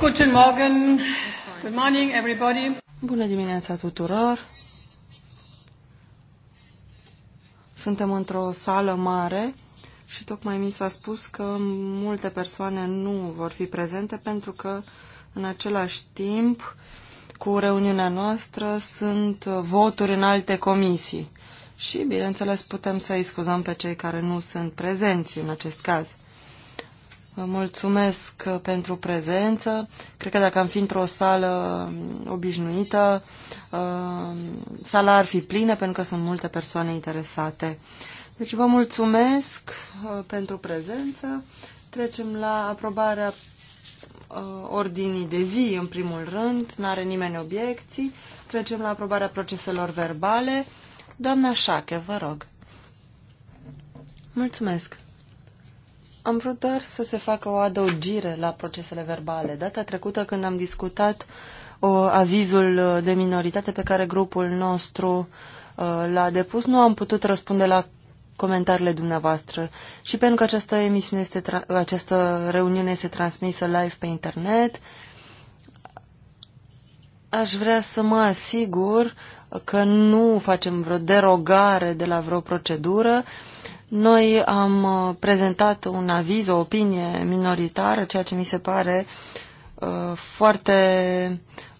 guten Morgen. Good morning, everybody. Bună dimineața tuturor. Suntem într-o sală mare și tocmai mi s-a spus că multe persoane nu vor fi prezente pentru că în același timp cu reuniunea noastră sunt voturi în alte comisii. Și, bineînțeles, putem să-i scuzăm pe cei care nu sunt prezenți în acest caz. Mulțumesc uh, pentru prezență. Cred că dacă am fi într-o sală mm, obișnuită, uh, sala ar fi plină pentru că sunt multe persoane interesate. Deci vă mulțumesc uh, pentru prezență. Trecem la aprobarea ordinii de zi, în primul rând. N-are nimeni obiecții. Trecem la aprobarea proceselor verbale. Doamna Șache, vă rog. Mulțumesc. Am vrut doar să se facă o adăugire la procesele verbale. Data trecută când am discutat o, uh, avizul uh, de minoritate pe care grupul nostru uh, l-a depus, nu am putut răspunde la comentariile dumneavoastră. Și pentru că această, emisiune este această reuniune este transmisă live pe internet, aș vrea să mă asigur că nu facem vreo derogare de la vreo procedură uh, noi am uh, prezentat un aviz, o opinie minoritară, ceea ce mi se pare uh, foarte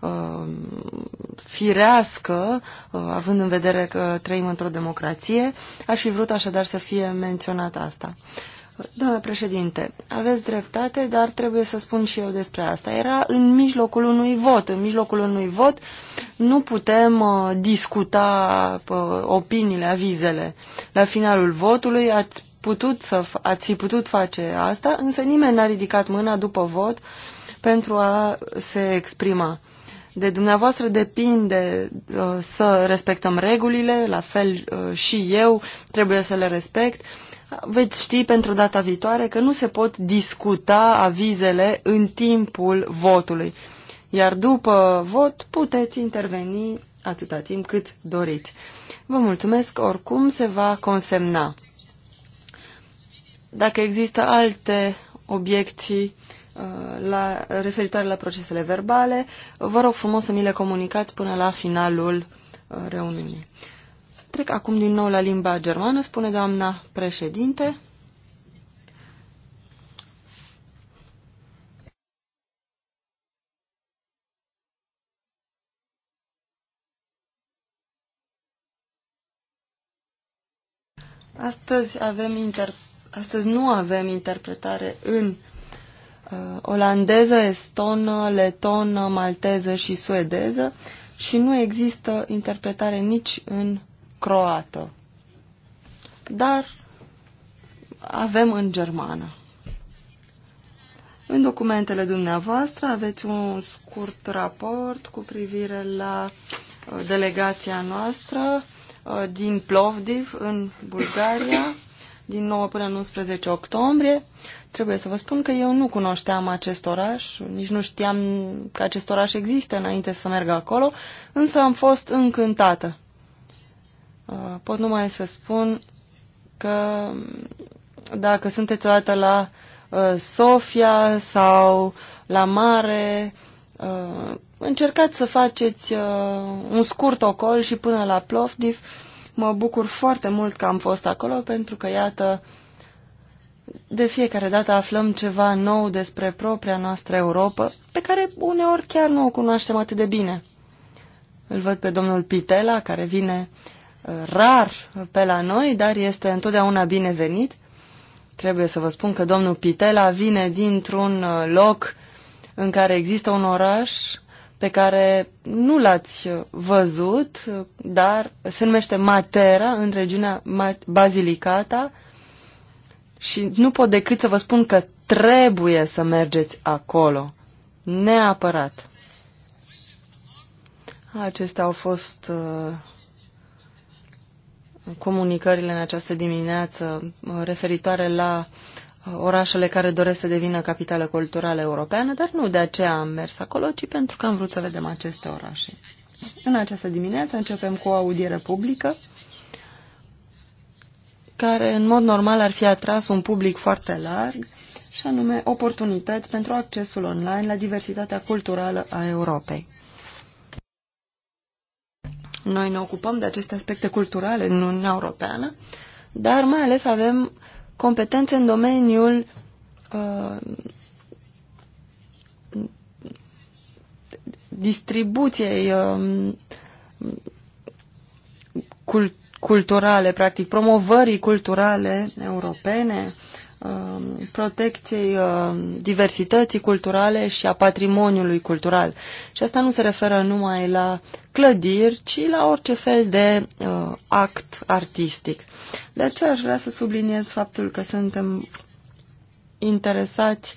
uh, firească, uh, având în vedere că trăim într-o democrație. Aș fi vrut așadar să fie menționat asta. Uh, Domnule președinte, aveți dreptate, dar trebuie să spun și eu despre asta. Era în mijlocul unui vot. În mijlocul unui vot nu putem uh, discuta uh, opiniile, avizele. La finalul votului ați, putut să, ați fi putut face asta, însă nimeni n-a ridicat mâna după vot pentru a se exprima. De dumneavoastră depinde uh, să respectăm regulile, la fel uh, și eu trebuie să le respect. Uh, veți ști pentru data viitoare că nu se pot discuta avizele în timpul votului. Iar după vot puteți interveni atâta timp cât doriți. Vă mulțumesc, oricum se va consemna. Dacă există alte obiecții uh, la, referitoare la procesele verbale, vă rog frumos să mi le comunicați până la finalul uh, reuniunii. Trec acum din nou la limba germană, spune doamna președinte. Astăzi, avem inter... Astăzi nu avem interpretare în uh, olandeză, estonă, letonă, malteză și suedeză și nu există interpretare nici în croată, dar avem în germană. În documentele dumneavoastră aveți un scurt raport cu privire la uh, delegația noastră uh, din Plovdiv, în Bulgaria, din 9 până 11 octombrie. Trebuie să vă spun că eu nu cunoșteam acest oraș, nici nu știam că acest oraș există înainte să merg acolo, însă am fost încântată. Uh, pot numai să spun că dacă sunteți o dată la uh, Sofia sau la mare, uh, încercați să faceți un scurt ocol și până la Plovdiv. Mă bucur foarte mult că am fost acolo pentru că, iată, de fiecare dată aflăm ceva nou despre propria noastră Europa, pe care uneori chiar nu o cunoaștem atât de bine. Îl văd pe domnul Pitela, care vine uh, rar pe la noi, dar este întotdeauna binevenit. Trebuie să vă spun că domnul Pitela vine dintr-un uh, loc în care există un oraș pe care nu l-ați văzut, dar se numește Matera, în regiunea Basilicata, și nu pot decât să vă spun că trebuie să mergeți acolo. Neapărat. Acestea au fost uh, comunicările în această dimineață uh, referitoare la uh, orașele care doresc să devină capitală culturală europeană, dar nu de aceea am mers acolo, ci pentru că am vrut să vedem aceste orașe. În această dimineață începem cu o audiere publică care în mod normal ar fi atras un public foarte larg și anume oportunități pentru accesul online la diversitatea culturală a Europei. Noi ne ocupăm de aceste aspecte culturale în Uniunea Europeană, dar mai ales avem competențe în domeniul uh, distribuției uh, cult culturale, practic, promovării culturale europene, Um, protecției um, diversității culturale și a patrimoniului cultural. Și asta nu se referă numai la clădiri, ci la orice fel de uh, act artistic. De aceea aș vrea să subliniez faptul că suntem interesați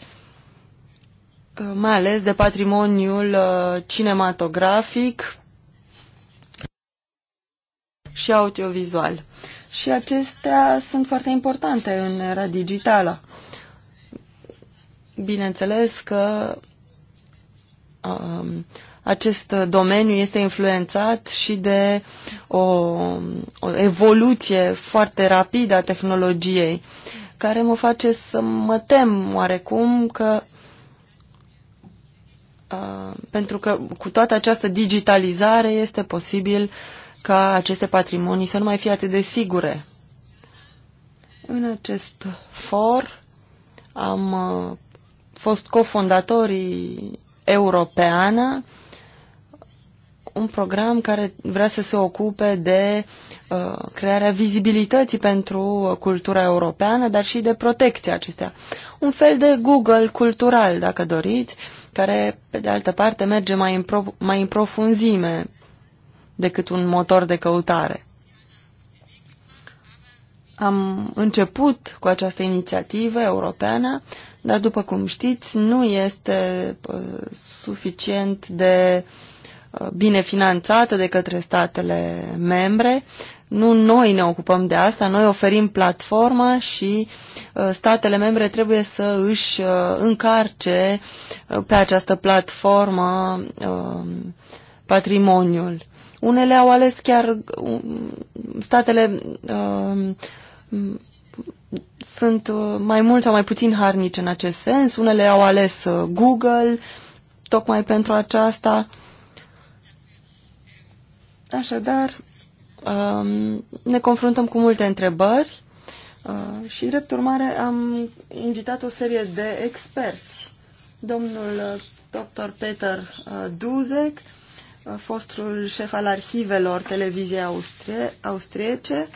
uh, mai ales de patrimoniul uh, cinematografic și audiovizual și acestea sunt foarte importante în era digitală. Bineînțeles că um, acest domeniu este influențat și de o, o evoluție foarte rapidă a tehnologiei, care mă face să mă tem oarecum că uh, pentru că cu toată această digitalizare este posibil uh, ca aceste patrimonii să nu mai fie atât de sigure. În acest for am uh, fost cofondatorii europeană, un program care vrea să se ocupe de uh, crearea vizibilității pentru cultura europeană, dar și de protecția acestea. Un fel de Google cultural, dacă doriți, care, pe de altă parte, merge mai în, pro- mai în profunzime decât un motor de căutare. Am început cu această inițiativă europeană, dar după cum știți, nu este suficient de bine finanțată de către statele membre. Nu noi ne ocupăm de asta, noi oferim platforma și statele membre trebuie să își încarce pe această platformă patrimoniul. Unele au ales chiar um, statele um, uh, sunt mai mult sau mai puțin harnice în acest sens. Unele au ales uh, Google tocmai pentru aceasta. Așadar, um, ne confruntăm cu multe întrebări uh, și, drept urmare, am invitat o serie de experți. Domnul uh, dr. Peter uh, Duzek, fostul șef al arhivelor televiziei austrie, austriece,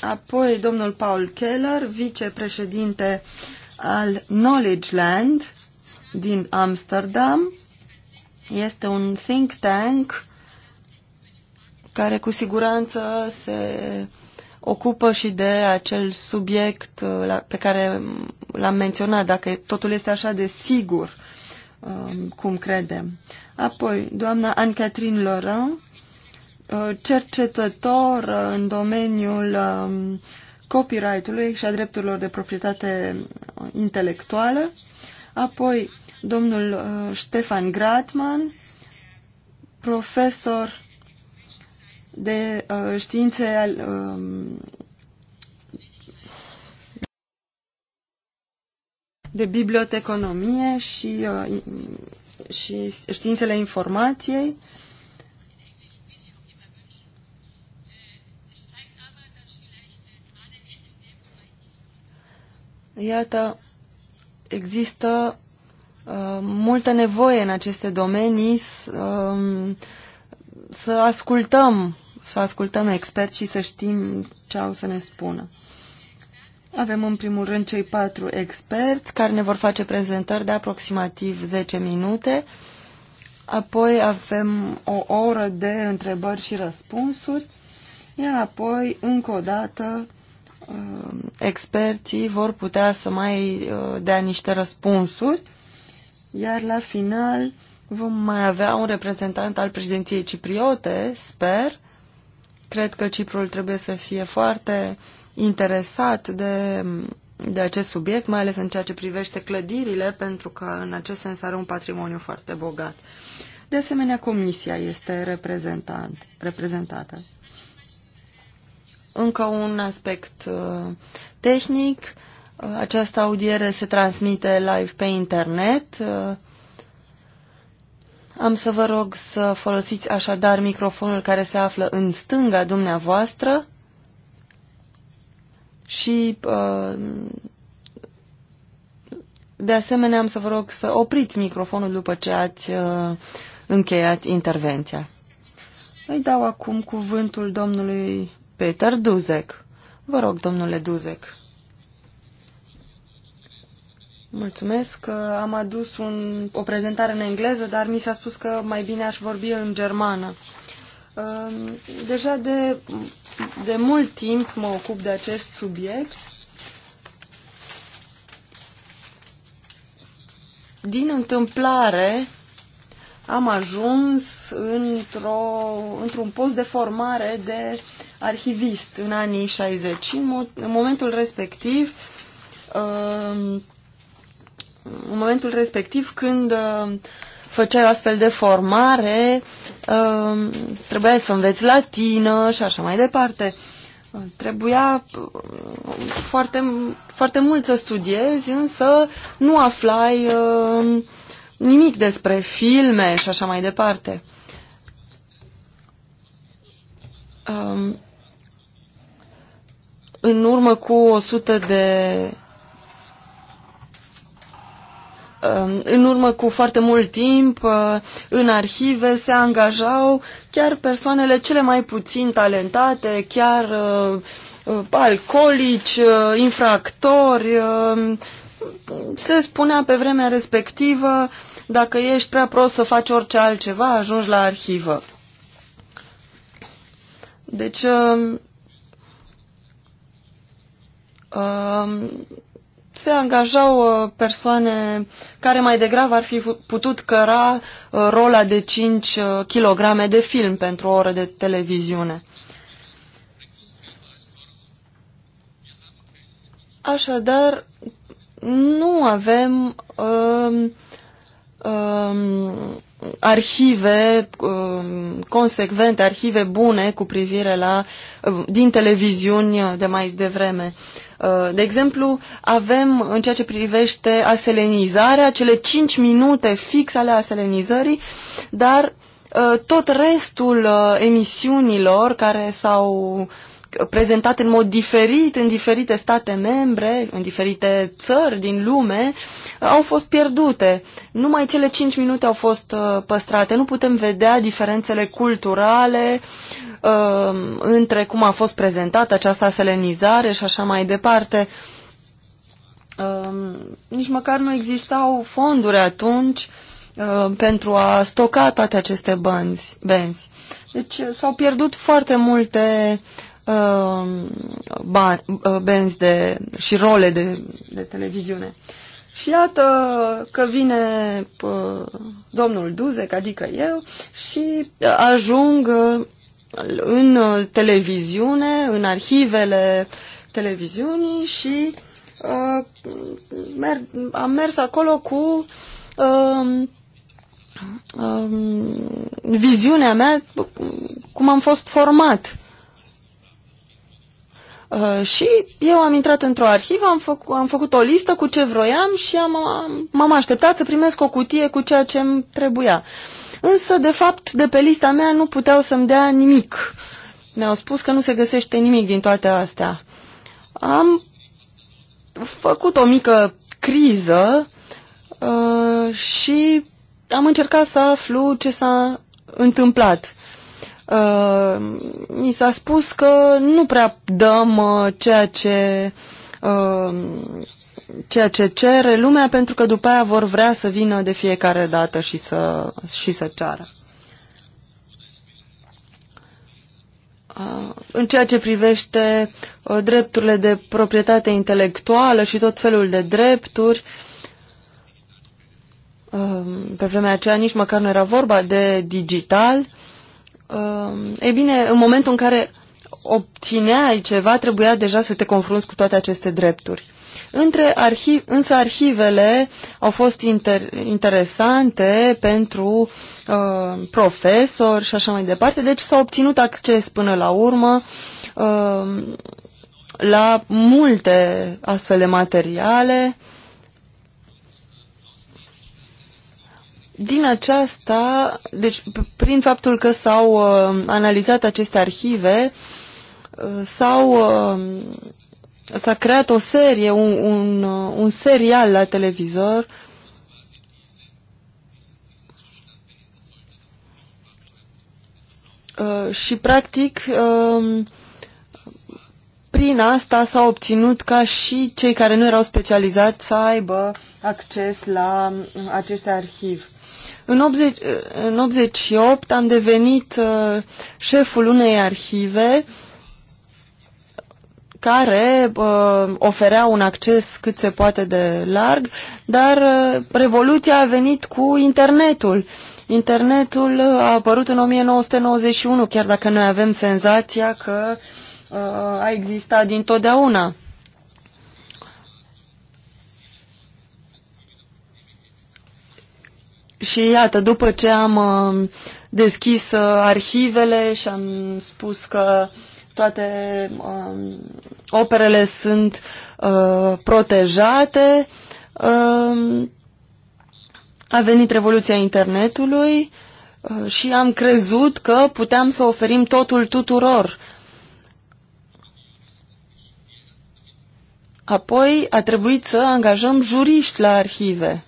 apoi domnul Paul Keller, vicepreședinte al Knowledge Land din Amsterdam. Este un think tank care cu siguranță se ocupă și de acel subiect uh, pe care l-am menționat, dacă totul este așa de sigur Um, cum credem. Apoi, doamna Anne-Catherine Laurent, uh, cercetător în domeniul um, copyright-ului și a drepturilor de proprietate uh, intelectuală. Apoi, domnul uh, Ștefan Gratman, profesor de științe um, de biblioteconomie și, uh, și științele informației. Iată, există uh, multă nevoie în aceste domenii uh, să ascultăm, să ascultăm experți și să știm ce au să ne spună. Avem în primul rând cei patru experți care ne vor face prezentări de aproximativ 10 minute. Apoi avem o oră de întrebări și răspunsuri, iar apoi, încă o dată, um, experții vor putea să mai uh, dea niște răspunsuri, iar la final vom mai avea un reprezentant al președinției cipriote, sper. Cred că Ciprul trebuie să fie foarte interesat de, de acest subiect, mai ales în ceea ce privește clădirile, pentru că în acest sens are un patrimoniu foarte bogat. De asemenea, comisia este reprezentant, reprezentată. Încă un aspect uh, tehnic. Uh, această audiere se transmite live pe internet. Uh, am să vă rog să folosiți așadar microfonul care se află în stânga dumneavoastră și uh, de asemenea am să vă rog să opriți microfonul după ce ați uh, încheiat intervenția. Îi dau acum cuvântul domnului Peter Duzek. Vă rog, domnule Duzek. Mulțumesc că am adus un, o prezentare în engleză, dar mi s-a spus că mai bine aș vorbi în germană. Ehm, deja de, de mult timp mă ocup de acest subiect. Din întâmplare am ajuns într într-un post de formare de arhivist în anii 60 în, mo- în momentul respectiv ehm, în momentul respectiv când făceai o astfel de formare, um, trebuia să înveți latină și așa mai departe. Trebuia um, foarte, foarte mult să studiezi, însă nu aflai um, nimic despre filme și așa mai departe. În urmă cu 100 de Um, în urmă cu foarte mult timp, uh, în arhive se angajau chiar persoanele cele mai puțin talentate, chiar uh, uh, alcoolici, infractori. Um, se spunea pe vremea respectivă, dacă ești prea prost să faci orice altceva, ajungi la arhivă. Deci, um, se angajau uh, persoane care mai degrabă ar fi putut căra uh, rola de 5 uh, kg de film pentru o oră de televiziune. Așadar, nu avem um, um, arhive um, consecvente, arhive bune cu privire la din televiziuni de mai devreme. Uh, de exemplu, avem în ceea ce privește aselenizarea, cele 5 minute fix ale aselenizării, dar uh, tot restul uh, emisiunilor care s-au prezentat în mod diferit în diferite state membre, în diferite țări din lume, au fost pierdute. Numai cele 5 minute au fost păstrate. Nu putem vedea diferențele culturale, Um, între cum a fost prezentată această selenizare și așa mai departe. Um, nici măcar nu existau fonduri atunci um, pentru a stoca toate aceste bănzi, benzi. Deci uh, s-au pierdut foarte multe uh, benzi de, și role de, de televiziune. Și iată că vine uh, domnul Duzec, adică eu, și ajung în uh, televiziune, în arhivele televiziunii și uh, mer am mers acolo cu uh, uh, viziunea mea, cum am fost format. Uh, și eu am intrat într-o arhivă, am, făc, am făcut o listă cu ce vroiam și am, m-am așteptat să primesc o cutie cu ceea ce îmi trebuia. Uh, însă, de fapt, de pe lista mea nu puteau să-mi dea nimic. Mi-au spus că nu se găsește nimic din toate astea. Am făcut o mică criză uh, și am încercat să aflu ce s-a întâmplat. Uh, mi s-a spus că nu prea dăm uh, ceea ce uh, ceea ce cere lumea, pentru că după aia vor vrea să vină de fiecare dată și să, și să ceară. Uh, în ceea ce privește uh, drepturile de proprietate intelectuală și tot felul de drepturi, uh, pe vremea aceea nici măcar nu era vorba de digital, e bine, în momentul în care obțineai ceva, trebuia deja să te confrunți cu toate aceste drepturi. Între arhi însă arhivele au fost inter interesante pentru uh, profesori și așa mai departe, deci s-a obținut acces până la urmă uh, la multe astfel de materiale. Din aceasta, deci prin faptul că s-au uh, analizat aceste arhive, uh, s-au uh, s-a creat o serie, un, un, uh, un serial la televizor uh, și practic um, prin asta s-a obținut ca și cei care nu erau specializați să aibă acces la uh, aceste arhiv. În, 80, în 88 am devenit șeful unei arhive uh, care uh, oferea un acces cât se poate de larg, dar uh, revoluția a venit cu internetul. Internetul a apărut în 1991, chiar dacă noi avem senzația că uh, a existat dintotdeauna. Și iată, după ce am uh, deschis uh, arhivele și am spus că uh, toate um, operele sunt uh, protejate. Um, a venit revoluția internetului uh, și am crezut că puteam să oferim totul tuturor. Apoi a trebuit să angajăm juriști la arhive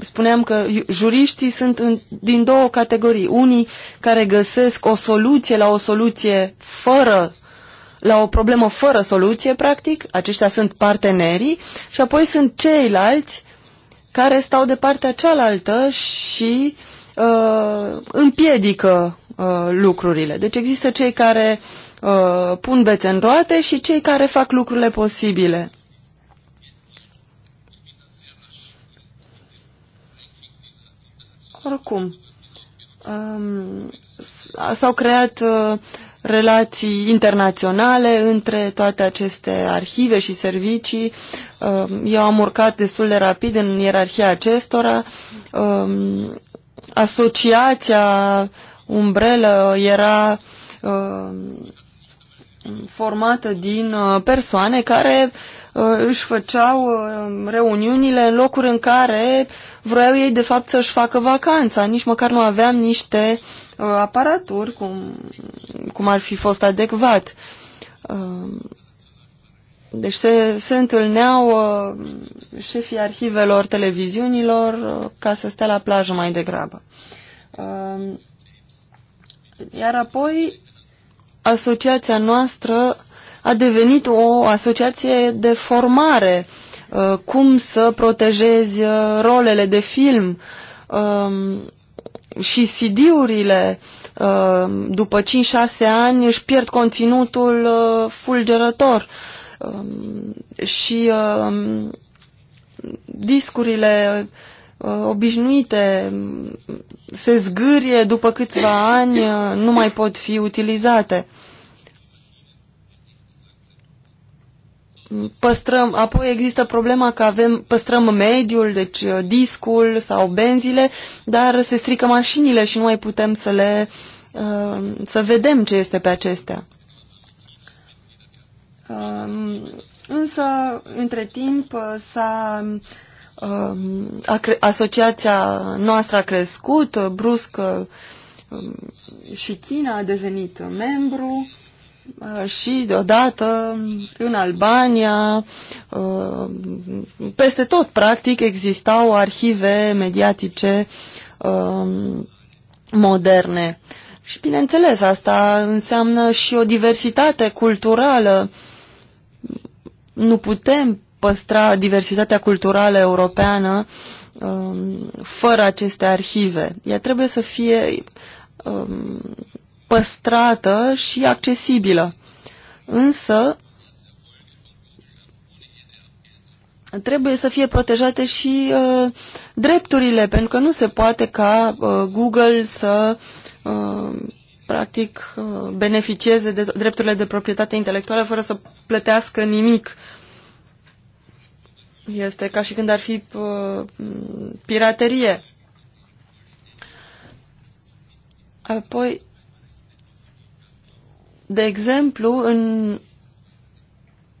spuneam că juriștii sunt în, din două categorii. Unii care găsesc o soluție la o soluție fără, la o problemă fără soluție, practic, aceștia sunt partenerii, și apoi sunt ceilalți care stau de partea cealaltă și uh, împiedică uh, lucrurile. Deci există cei care uh, pun bețe în roate și cei care fac lucrurile posibile. Oricum, um, s-au creat uh, relații internaționale între toate aceste arhive și servicii. Uh, eu am urcat destul de rapid în ierarhia acestora. Uh, asociația umbrelă era um, formată din uh, persoane care Uh, își făceau uh, reuniunile în locuri în care vroiau ei de fapt să-și facă vacanța. Nici măcar nu aveam niște uh, aparaturi cum, cum ar fi fost adecvat. Deci se, se întâlneau șefii arhivelor televiziunilor ca să stea la plajă mai degrabă. Iar apoi asociația noastră a devenit o asociație de formare, uh, cum să protejezi uh, rolele de film um, și CD-urile uh, după 5-6 ani își pierd conținutul fulgerător um, și um, discurile obișnuite se zgârie după câțiva ani, nu mai pot fi utilizate. păstrăm, apoi există problema că avem, păstrăm mediul, deci uh, discul sau benzile, dar se strică mașinile și nu mai putem să le uh, să vedem ce este pe acestea. Um, însă, între timp, uh, s-a um, asociația noastră a crescut, brusc um, și China a devenit membru Uh, și deodată în Albania, uh, peste tot, practic, existau arhive mediatice um, moderne. Și, bineînțeles, asta înseamnă și o diversitate culturală. Nu putem păstra diversitatea culturală europeană um, fără aceste arhive. Ea trebuie să fie um, păstrată și accesibilă. Însă, trebuie să fie protejate și uh, drepturile, pentru că nu se poate ca uh, Google să uh, practic uh, beneficieze de drepturile de proprietate intelectuală fără să plătească nimic. Este ca și când ar fi uh, piraterie. Apoi, de exemplu, în,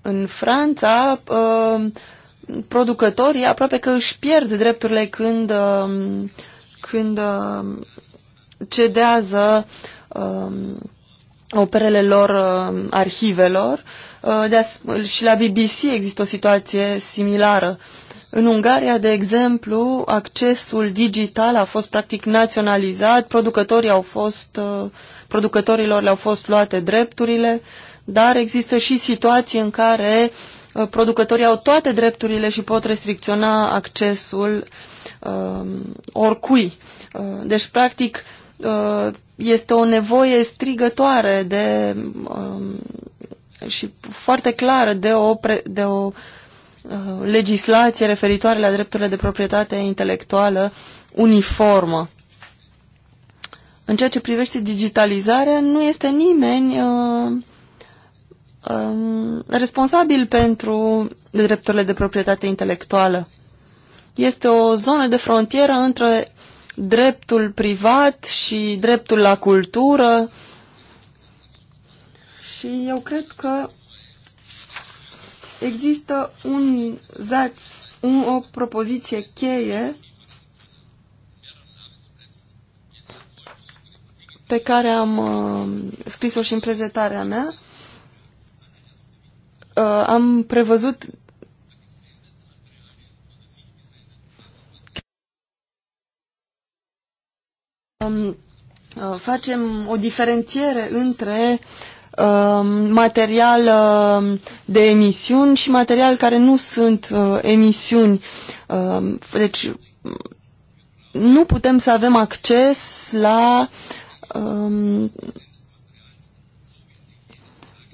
în Franța, uh, producătorii aproape că își pierd drepturile când, uh, când uh, cedează um, operele lor arhivelor. De și la BBC există o situație similară. În Ungaria, de exemplu, accesul digital a fost practic naționalizat, producătorii au fost uh, producătorilor le-au fost luate drepturile, dar există și situații în care uh, producătorii au toate drepturile și pot restricționa accesul uh, oricui. Uh, deci, practic, uh, este o nevoie strigătoare de, uh, și foarte clară de o, pre, de o uh, legislație referitoare la drepturile de proprietate intelectuală uniformă. În ceea ce privește digitalizarea, nu este nimeni uh, uh, responsabil pentru drepturile de proprietate intelectuală. Este o zonă de frontieră între dreptul privat și dreptul la cultură și eu cred că există un zaț, un, o propoziție cheie pe care am uh, scris-o și în prezentarea mea, uh, am prevăzut um, uh, facem o diferențiere între um, material um, de emisiuni și material care nu sunt uh, emisiuni. Um, deci nu putem să avem acces la uh, um,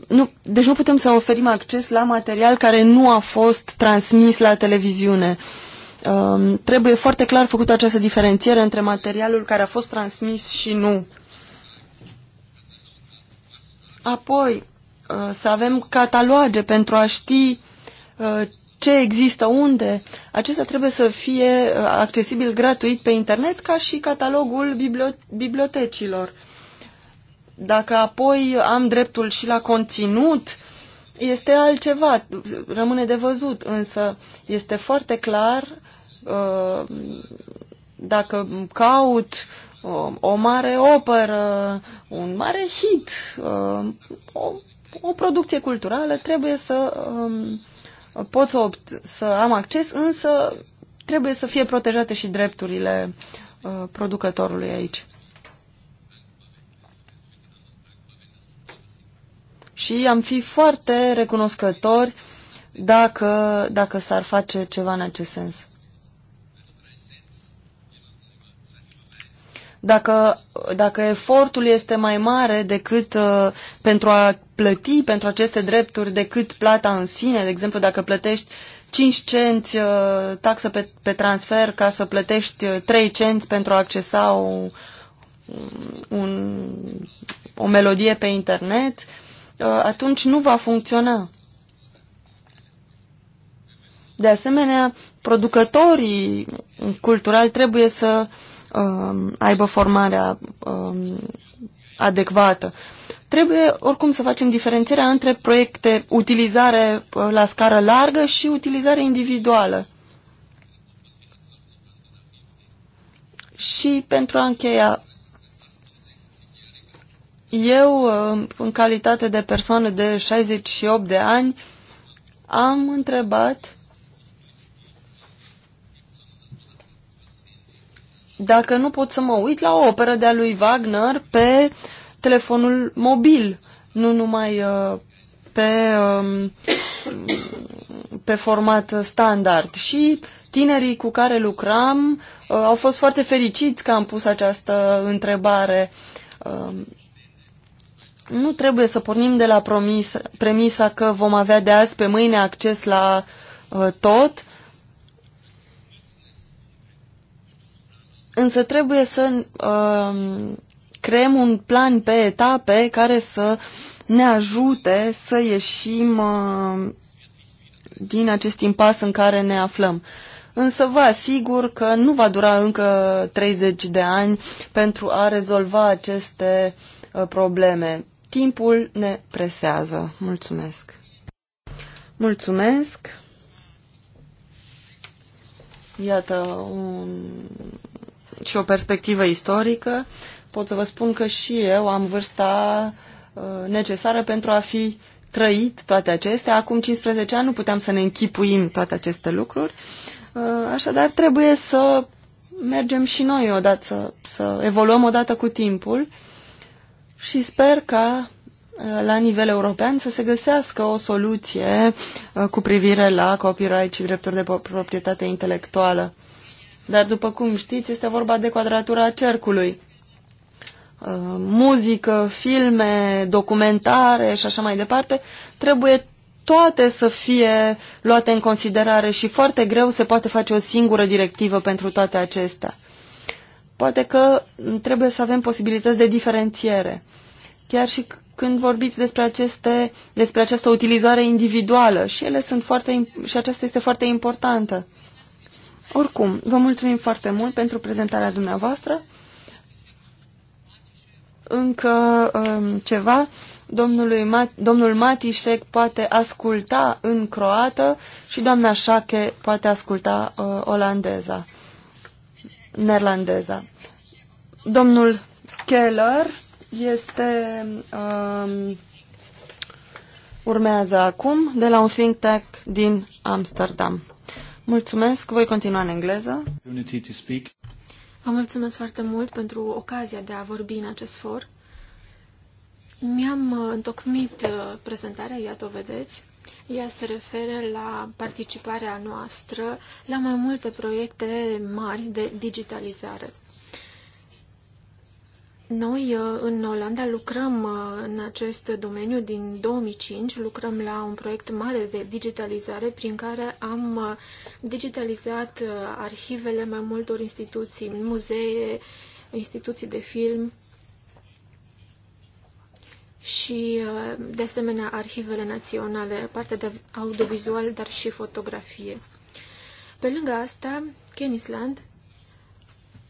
nu, deci nu putem să oferim acces la material care nu a fost transmis la televiziune. Um, trebuie foarte clar făcută această diferențiere între materialul care a fost transmis și nu. Apoi, uh, să avem cataloage pentru a ști uh, ce există unde, acesta trebuie să fie uh, accesibil gratuit pe internet ca și catalogul bibliotecilor. Dacă apoi am dreptul și la conținut, este altceva, rămâne de văzut, însă este foarte clar uh, dacă caut uh, o mare operă, un mare hit, o, o producție culturală, trebuie să um, pot să, opt, să am acces, însă trebuie să fie protejate și drepturile uh, producătorului aici. Și am fi foarte recunoscători dacă, dacă s-ar face ceva în acest sens. Dacă, dacă efortul este mai mare decât uh, pentru a plăti pentru aceste drepturi decât plata în sine, de exemplu, dacă plătești 5 cenți uh, taxă pe, pe transfer ca să plătești 3 uh, cenți pentru a accesa o, un, o melodie pe internet, uh, atunci nu va funcționa. De asemenea, producătorii culturali trebuie să uh, uh, aibă formarea uh, adecvată. Trebuie oricum să facem diferențierea între proiecte utilizare uh, la scară largă și utilizare individuală. Și pentru a încheia, eu, um, în calitate de persoană de 68 de ani, am întrebat dacă nu pot să mă uit la o operă de-a lui Wagner pe telefonul mobil, nu numai uh, pe, um, pe format standard. Și tinerii cu care lucram uh, au fost foarte fericiți că am pus această întrebare. Um, nu trebuie să pornim de la promis, premisa că vom avea de azi pe mâine acces la uh, tot, Însă trebuie să uh, creăm un plan pe etape care să ne ajute să ieșim uh, din acest impas în care ne aflăm. Însă vă asigur că nu va dura încă 30 de ani pentru a rezolva aceste uh, probleme. Timpul ne presează. Mulțumesc! Mulțumesc! Iată un și o perspectivă istorică, pot să vă spun că și eu am vârsta uh, necesară pentru a fi trăit toate acestea. Acum 15 ani nu puteam să ne închipuim toate aceste lucruri. Uh, așadar, trebuie să mergem și noi odată, să, să evoluăm odată cu timpul și sper ca uh, la nivel european să se găsească o soluție cu privire la copyright și drepturi de proprietate intelectuală. Dar, după cum știți, este vorba de quadratura cercului. Uh, muzică, filme, documentare și așa mai departe, trebuie toate să fie luate în considerare și foarte greu se poate face o singură directivă pentru toate acestea. Poate că trebuie să avem posibilități de diferențiere. Chiar și când vorbiți despre, aceste, despre această utilizare individuală și, ele sunt foarte, și aceasta este foarte importantă. Oricum, vă mulțumim foarte mult pentru prezentarea dumneavoastră. Încă um, ceva, Domnului Mat domnul Matișek poate asculta în croată și doamna Șache poate asculta uh, olandeza, neerlandeza. Domnul Keller este... Um, urmează acum de la un think tank din Amsterdam. Mulțumesc, voi continua în engleză. Vă mulțumesc foarte mult pentru ocazia de a vorbi în acest for. Mi-am uh, întocmit uh, prezentarea, iată o vedeți. Ea se referă la participarea noastră la mai multe proiecte mari de digitalizare. Noi uh, în Olanda lucrăm în acest domeniu din 2005, lucrăm la un proiect mare de digitalizare prin care am digitalizat uh, arhivele mai multor instituții, muzee, instituții de film și, uh, de asemenea, arhivele naționale, partea de audiovizual, dar și fotografie. Pe lângă asta, Kenisland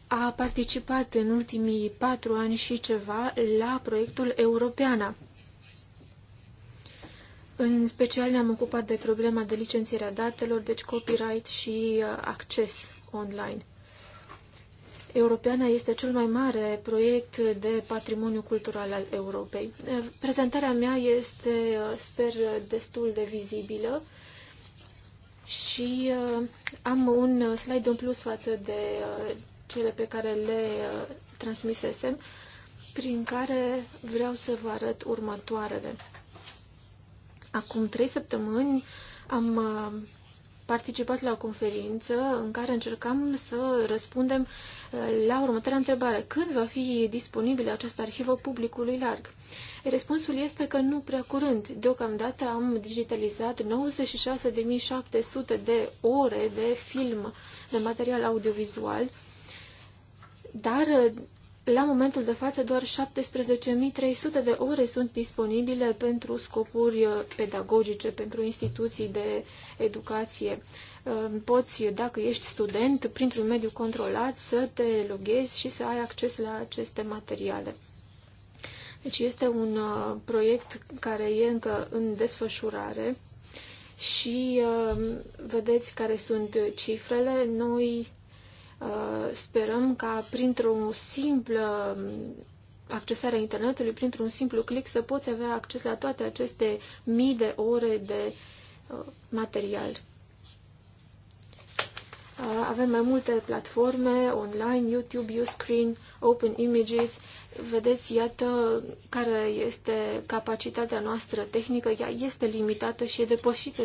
a participat în ultimii patru ani și ceva la proiectul Europeana, în special ne-am ocupat de problema de licențierea datelor, deci copyright și uh, acces online. Europeana este cel mai mare proiect de patrimoniu cultural al Europei. Uh, prezentarea mea este, uh, sper, destul de vizibilă și am un slide în plus față de cele pe care le transmisesem, prin care vreau să vă arăt următoarele. Acum trei săptămâni am uh, participat la o conferință în care încercam să răspundem uh, la următoarea întrebare. Când va fi disponibilă această arhivă publicului larg? Răspunsul este că nu prea curând. Deocamdată am digitalizat 96.700 de ore de film, de material audiovizual, dar uh, la momentul de față, doar 17.300 de ore sunt disponibile pentru scopuri uh, pedagogice, pentru instituții de educație. Um, poți, dacă ești student, printr-un mediu controlat, să te loghezi și să ai acces la aceste materiale. Deci este un uh, proiect care e încă în desfășurare și um, vedeți care sunt cifrele. Noi Uh, sperăm ca printr-o simplă a internetului, printr-un simplu click, să poți avea acces la toate aceste mii de ore de uh, material. Uh, avem mai multe platforme online, YouTube, Uscreen, Open Images. Vedeți, iată care este capacitatea noastră tehnică. Ea este limitată și e depășită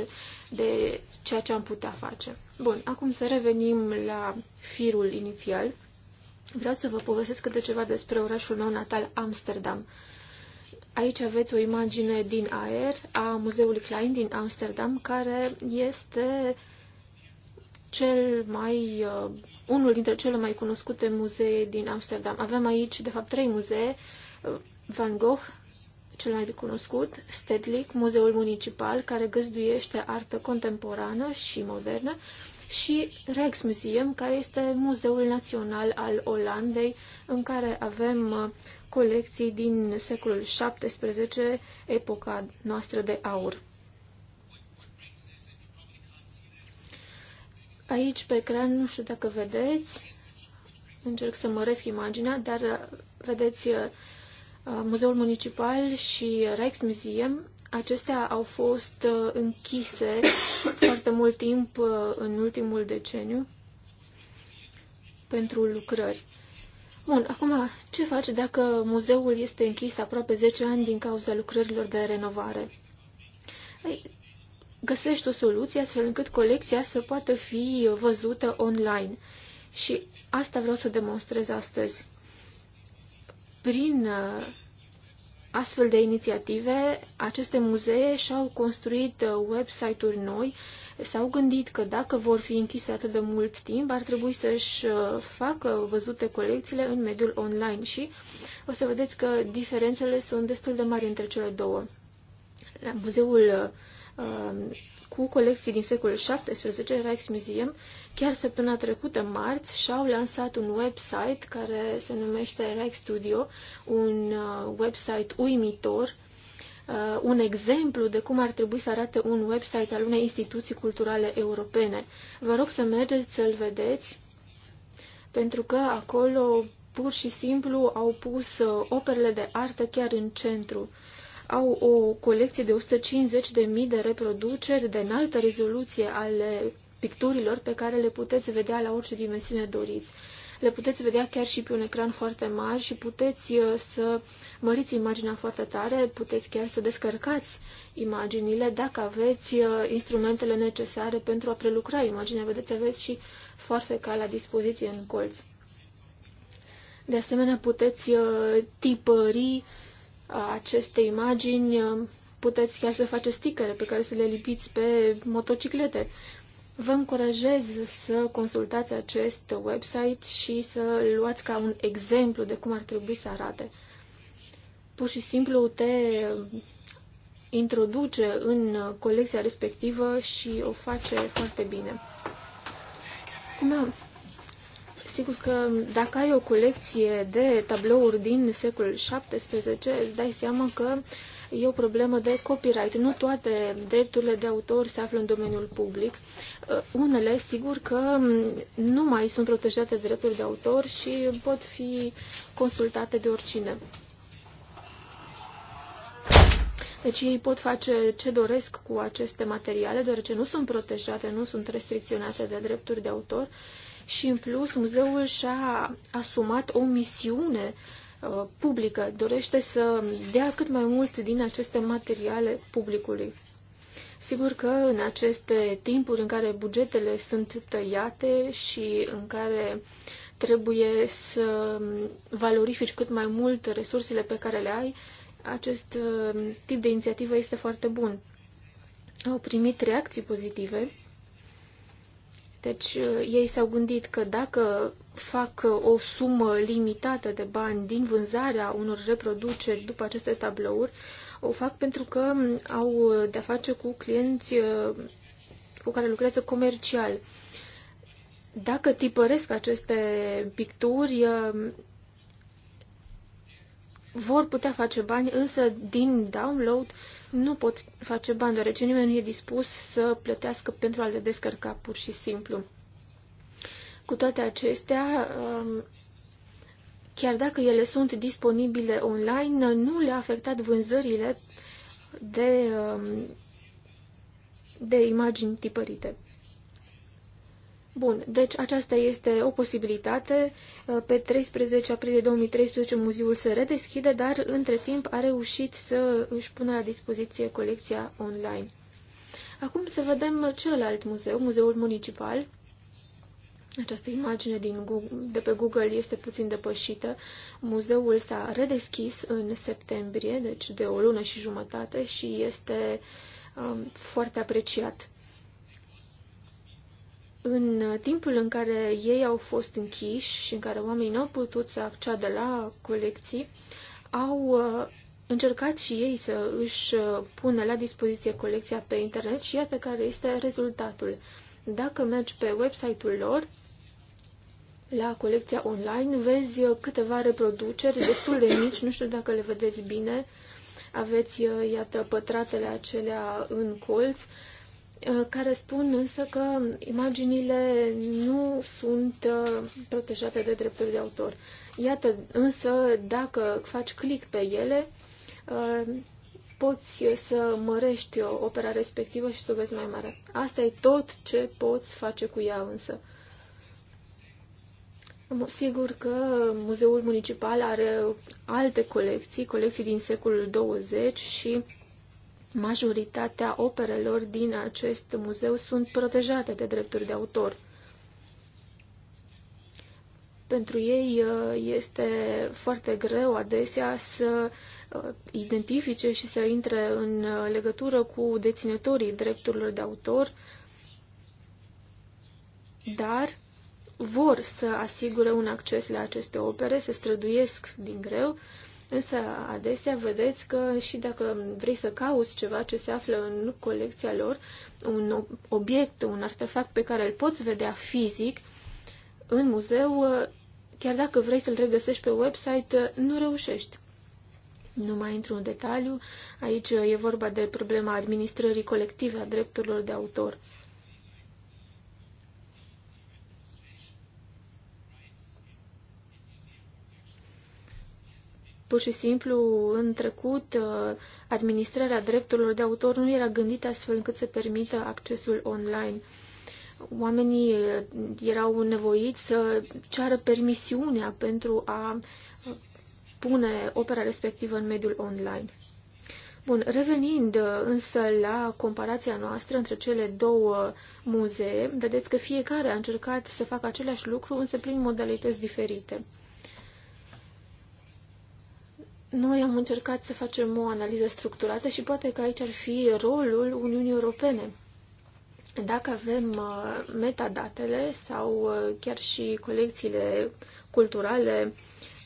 de ceea ce am putea face. Bun, acum să revenim la firul inițial. Vreau să vă povestesc câte ceva despre orașul meu natal, Amsterdam. Aici aveți o imagine din aer a muzeului Klein din Amsterdam, care este cel mai, uh, unul dintre cele mai cunoscute muzee din Amsterdam. Avem aici, de fapt, trei muzee, uh, Van Gogh, cel mai cunoscut, Stedlic, Muzeul Municipal, care găzduiește artă contemporană și modernă, și Rijksmuseum, care este Muzeul Național al Olandei, în care avem uh, colecții din secolul XVII, epoca noastră de aur. Aici pe ecran, nu știu dacă vedeți, încerc să măresc imaginea, dar uh, vedeți uh, Muzeul Municipal și Rijksmuseum, acestea au fost uh, închise foarte mult timp uh, în ultimul deceniu pentru lucrări. Bun, acum, ce faci dacă muzeul este închis aproape 10 ani din cauza lucrărilor de renovare? Ei, găsești o soluție astfel încât colecția să poată fi văzută online. Și asta vreau să demonstrez astăzi. Prin uh, astfel de inițiative, aceste muzee și-au construit uh, website-uri noi, s-au gândit că dacă vor fi închise atât de mult timp, ar trebui să-și uh, facă văzute colecțiile în mediul online și o să vedeți că diferențele sunt destul de mari între cele două. La muzeul uh, cu colecții din secolul XVII, Museum, chiar săptămâna trecută, marți, și-au lansat un website care se numește Studio, un uh, website uimitor, uh, un exemplu de cum ar trebui să arate un website al unei instituții culturale europene. Vă rog să mergeți să-l vedeți, pentru că acolo pur și simplu au pus uh, operele de artă chiar în centru au o colecție de 150.000 de reproduceri de înaltă rezoluție ale picturilor pe care le puteți vedea la orice dimensiune doriți. Le puteți vedea chiar și pe un ecran foarte mare și puteți uh, să măriți imaginea foarte tare, puteți chiar să descărcați imaginile dacă aveți uh, instrumentele necesare pentru a prelucra imaginea. Vedeți, aveți și foarfeca la dispoziție în colț. De asemenea, puteți uh, tipări aceste imagini, puteți chiar să faceți sticăre pe care să le lipiți pe motociclete. Vă încurajez să consultați acest website și să luați ca un exemplu de cum ar trebui să arate. Pur și simplu te introduce în colecția respectivă și o face foarte bine. Cum da. am? sigur că dacă ai o colecție de tablouri din secolul XVII, îți dai seama că e o problemă de copyright. Nu toate drepturile de autor se află în domeniul public. Uh, unele, sigur că mm, nu mai sunt protejate de drepturi de autor și pot fi consultate de oricine. Deci ei pot face ce doresc cu aceste materiale, deoarece nu sunt protejate, nu sunt restricționate de drepturi de autor și în plus muzeul și-a asumat o misiune uh, publică, dorește să dea cât mai mult din aceste materiale publicului. Sigur că în aceste timpuri în care bugetele sunt tăiate și în care trebuie să valorifici cât mai mult resursele pe care le ai, acest uh, tip de inițiativă este foarte bun. Au primit reacții pozitive deci uh, ei s-au gândit că dacă fac uh, o sumă limitată de bani din vânzarea unor reproduceri după aceste tablouri, o fac pentru că um, au uh, de-a face cu clienți cu care lucrează comercial. Dacă tipăresc aceste picturi, um, vor putea face bani, însă din download nu pot face bani, deoarece nimeni nu e dispus să plătească pentru a le descărca pur și simplu. Cu toate acestea, um, chiar dacă ele sunt disponibile online, nu le-a afectat vânzările de, um, de imagini tipărite. Bun, deci aceasta este o posibilitate. Uh, pe 13 aprilie 2013 muzeul se redeschide, dar între timp a reușit să își pună la dispoziție colecția online. Acum să vedem celălalt muzeu, muzeul municipal. Această imagine din Google, de pe Google este puțin depășită. Muzeul s-a redeschis în septembrie, deci de o lună și jumătate și este um, foarte apreciat. În uh, timpul în care ei au fost închiși și în care oamenii nu au putut să acceadă la colecții, au uh, încercat și ei să își uh, pună la dispoziție colecția pe internet și iată care este rezultatul. Dacă mergi pe website-ul lor, la colecția online, vezi câteva reproduceri destul de mici, nu știu dacă le vedeți bine, aveți, iată, pătratele acelea în colț Uh, care spun însă că imaginile nu sunt uh, protejate de drepturi de autor. Iată, însă, dacă faci click pe ele, uh, poți să mărești opera respectivă și să o vezi mai mare. Asta e tot ce poți face cu ea însă. Sigur că Muzeul Municipal are alte colecții, colecții din secolul 20 și Majoritatea operelor din acest muzeu sunt protejate de drepturi de autor. Pentru ei uh, este foarte greu adesea să uh, identifice și să intre în uh, legătură cu deținătorii drepturilor de autor, dar vor să asigure un acces la aceste opere, se străduiesc din greu Însă adesea vedeți că și dacă vrei să cauți ceva ce se află în colecția lor, un obiect, un artefact pe care îl poți vedea fizic în muzeu, chiar dacă vrei să-l regăsești pe website, nu reușești. Nu mai intru în detaliu, aici e vorba de problema administrării colective a drepturilor de autor. Pur și simplu, în trecut, uh, administrarea drepturilor de autor nu era gândită astfel încât să permită accesul online. Oamenii uh, erau nevoiți să ceară permisiunea pentru a uh, pune opera respectivă în mediul online. Bun, revenind însă la comparația noastră între cele două muzee, vedeți că fiecare a încercat să facă același lucru, însă prin modalități diferite. Noi am încercat să facem o analiză structurată și poate că aici ar fi rolul Uniunii Europene. Dacă avem uh, metadatele sau uh, chiar și colecțiile culturale,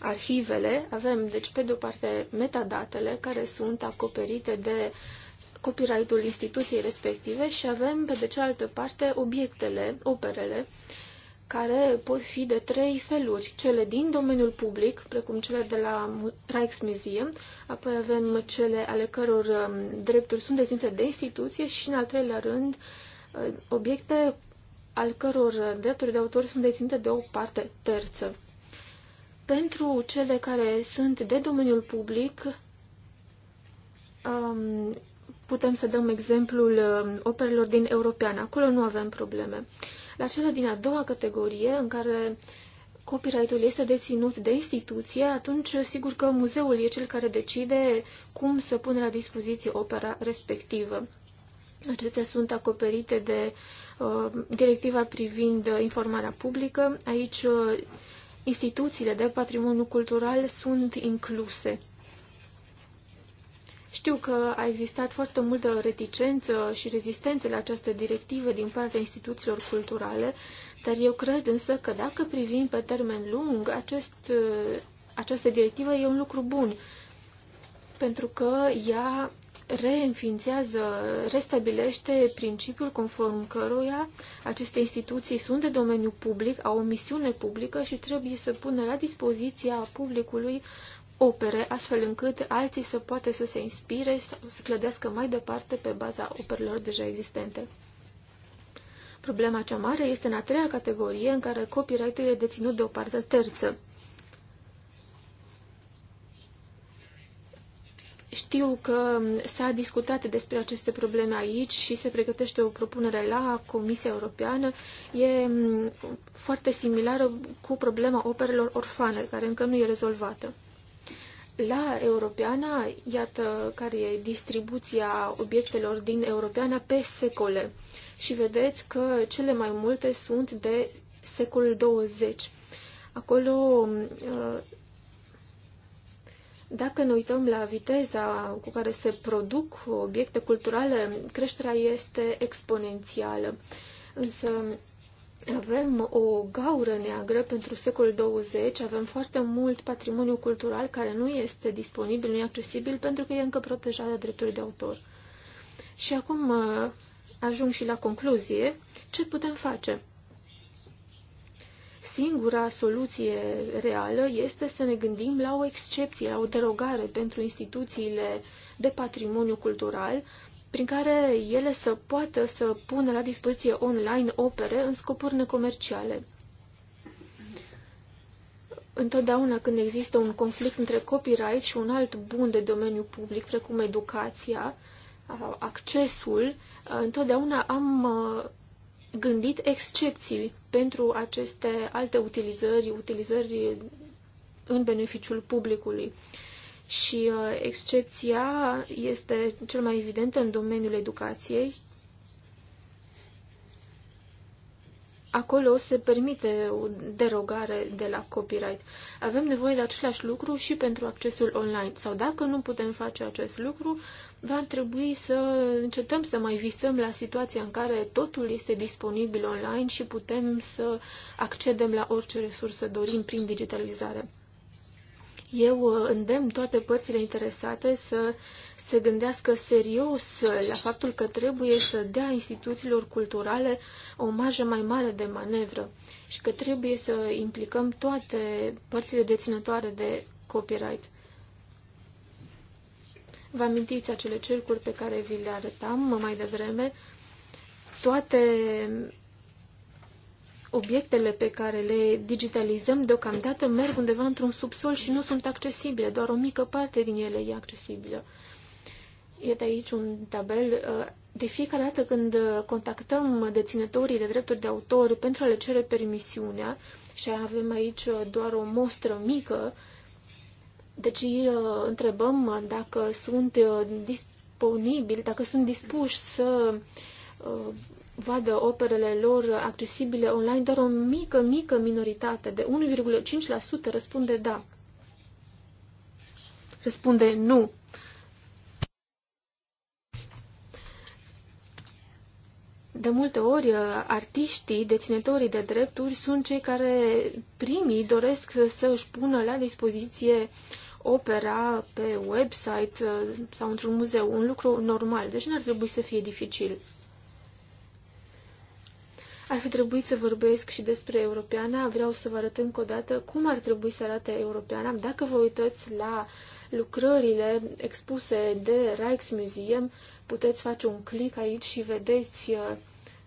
arhivele, avem deci pe de o parte metadatele care sunt acoperite de copyright-ul instituției respective și avem pe de cealaltă parte obiectele, operele, care pot fi de trei feluri. Cele din domeniul public, precum cele de la Rijksmuseum, apoi avem cele ale căror um, drepturi sunt deținute de instituție și, în al treilea rând, uh, obiecte al căror drepturi de autor sunt deținute de o parte terță. Pentru cele care sunt de domeniul public, um, putem să dăm exemplul um, operelor din European. Acolo nu avem probleme la cele din a doua categorie, în care copyright-ul este deținut de instituție, atunci sigur că muzeul e cel care decide cum să pune la dispoziție opera respectivă. Acestea sunt acoperite de uh, directiva privind informarea publică. Aici uh, instituțiile de patrimoniu cultural sunt incluse. Știu că a existat foarte multă reticență și rezistență la această directivă din partea instituțiilor culturale, dar eu cred însă că dacă privim pe termen lung, acest, această directivă e un lucru bun, pentru că ea reînființează, restabilește principiul conform căruia aceste instituții sunt de domeniu public, au o misiune publică și trebuie să pună la dispoziția publicului opere, astfel încât alții să poată să se inspire sau să clădească mai departe pe baza operelor deja existente. Problema cea mare este în a treia categorie, în care copyright-ul e deținut de o parte terță. Știu că s-a discutat despre aceste probleme aici și se pregătește o propunere la Comisia Europeană. E foarte similară cu problema operelor orfane, care încă nu e rezolvată la Europeana, iată care e distribuția obiectelor din Europeana pe secole. Și vedeți că cele mai multe sunt de secolul 20. Acolo, uh, dacă ne uităm la viteza cu care se produc obiecte culturale, creșterea este exponențială. Însă, avem o gaură neagră pentru secolul 20, avem foarte mult patrimoniu cultural care nu este disponibil, nu e accesibil pentru că e încă protejat de drepturi de autor. Și acum uh, ajung și la concluzie, ce putem face? Singura soluție reală este să ne gândim la o excepție, la o derogare pentru instituțiile de patrimoniu cultural, prin care ele să poată să pună la dispoziție online opere în scopuri necomerciale. Întotdeauna când există un conflict între copyright și un alt bun de domeniu public, precum educația, accesul, întotdeauna am gândit excepții pentru aceste alte utilizări, utilizări în beneficiul publicului și uh, excepția este cel mai evidentă în domeniul educației. Acolo se permite o derogare de la copyright. Avem nevoie de același lucru și pentru accesul online. Sau dacă nu putem face acest lucru, va trebui să încetăm să mai visăm la situația în care totul este disponibil online și putem să accedem la orice resursă dorim prin digitalizare. Eu uh, îndemn toate părțile interesate să se gândească serios uh, la faptul că trebuie să dea instituțiilor culturale o marjă mai mare de manevră și că trebuie să implicăm toate părțile deținătoare de copyright. Vă amintiți acele cercuri pe care vi le arătam mai devreme? Toate obiectele pe care le digitalizăm deocamdată merg undeva într-un subsol și nu sunt accesibile, doar o mică parte din ele e accesibilă. Iată aici un tabel. Uh, de fiecare dată când uh, contactăm deținătorii de drepturi de autor pentru a le cere permisiunea, și avem aici uh, doar o mostră mică, deci întrebăm dacă sunt disponibili, dacă sunt dispuși să vadă operele lor accesibile online, doar o mică, mică minoritate de 1,5% răspunde da. Răspunde nu. De multe ori, uh, artiștii, deținătorii de drepturi sunt cei care primii doresc să își pună la dispoziție opera pe website uh, sau într-un muzeu, un lucru normal, deci nu ar trebui să fie dificil. Ar fi trebuit să vorbesc și despre europeana. Vreau să vă arăt încă o dată cum ar trebui să arate europeana. Dacă vă uitați la lucrările expuse de Rijksmuseum, puteți face un click aici și vedeți uh,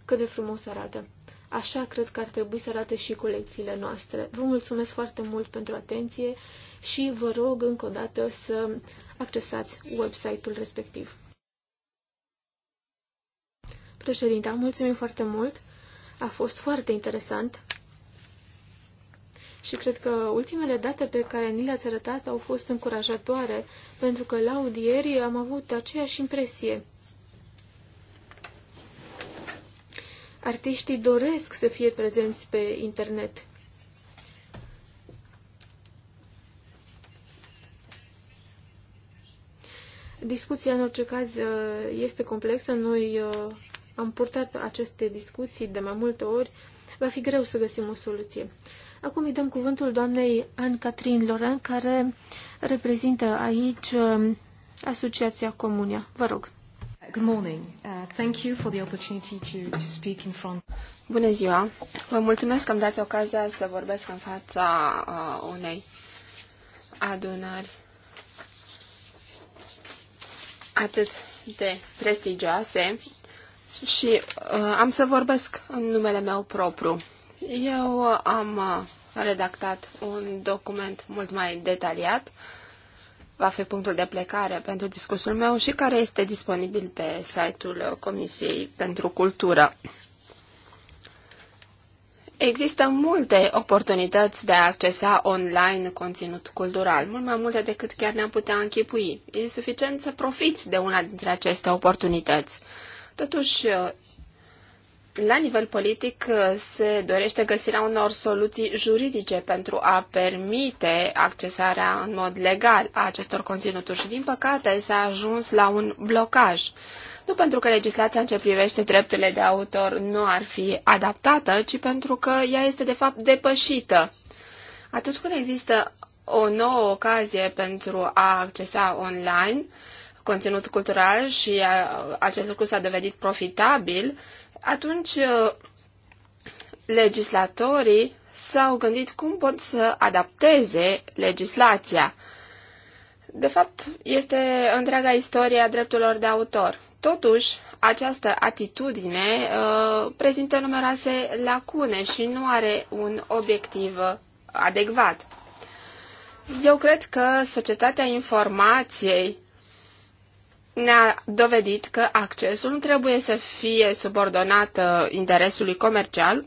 cât de frumos arată. Așa cred că ar trebui să arate și colecțiile noastre. Vă mulțumesc foarte mult pentru atenție și vă rog încă o dată să accesați website-ul respectiv. Președinte, mulțumim foarte mult! A fost foarte interesant. Și cred că ultimele date pe care ni le-ați arătat au fost încurajatoare, pentru că la audieri am avut aceeași impresie. Artiștii doresc să fie prezenți pe internet. Discuția, în orice caz, este complexă. Noi uh, am purtat aceste discuții de mai multe ori, va fi greu să găsim o soluție. Acum îi dăm cuvântul doamnei Anne-Catherine Loren, care reprezintă aici um, Asociația Comunia. Vă rog. Good morning. Uh, thank you for the opportunity to, to speak in front. Bună ziua. Vă mulțumesc că îmi dați ocazia să vorbesc în fața uh, unei adunări atât de prestigioase și uh, am să vorbesc în numele meu propriu. Eu uh, am uh, redactat un document mult mai detaliat, va fi punctul de plecare pentru discursul meu și care este disponibil pe site-ul uh, Comisiei pentru Cultură. Există multe oportunități de a accesa online conținut cultural, mult mai multe decât chiar ne-am putea închipui. E suficient să profiți de una dintre aceste oportunități. Totuși, uh, la nivel politic uh, se dorește găsirea unor soluții juridice pentru a permite accesarea în mod legal a acestor conținuturi și, din păcate, s-a ajuns la un blocaj. Nu pentru că legislația în ce privește drepturile de autor nu ar fi adaptată, ci pentru că ea este, de fapt, depășită. Atunci când există o nouă ocazie pentru a accesa online, conținut cultural și uh, acest lucru s-a devenit profitabil, atunci uh, legislatorii s-au gândit cum pot să adapteze legislația. De fapt, este întreaga istorie a drepturilor de autor. Totuși, această atitudine uh, prezintă numeroase lacune și nu are un obiectiv adecvat. Eu cred că societatea informației ne-a dovedit că accesul nu trebuie să fie subordonat uh, interesului comercial,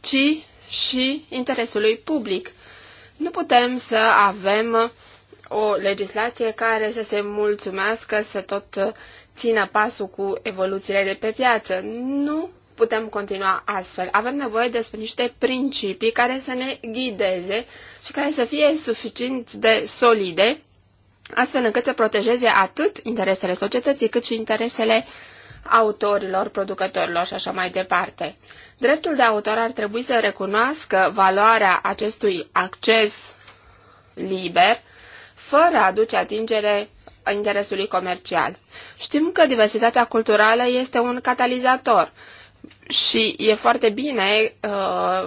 ci și interesului public. Nu putem să avem o legislație care să se mulțumească să tot uh, țină pasul cu evoluțiile de pe piață. Nu putem continua astfel. Avem nevoie despre niște principii care să ne ghideze și care să fie suficient de solide astfel încât să protejeze atât interesele societății, cât și interesele autorilor, producătorilor și așa mai departe. Dreptul de autor ar trebui să recunoască valoarea acestui acces liber, fără a aduce atingere a interesului comercial. Știm că diversitatea culturală este un catalizator și e foarte bine uh,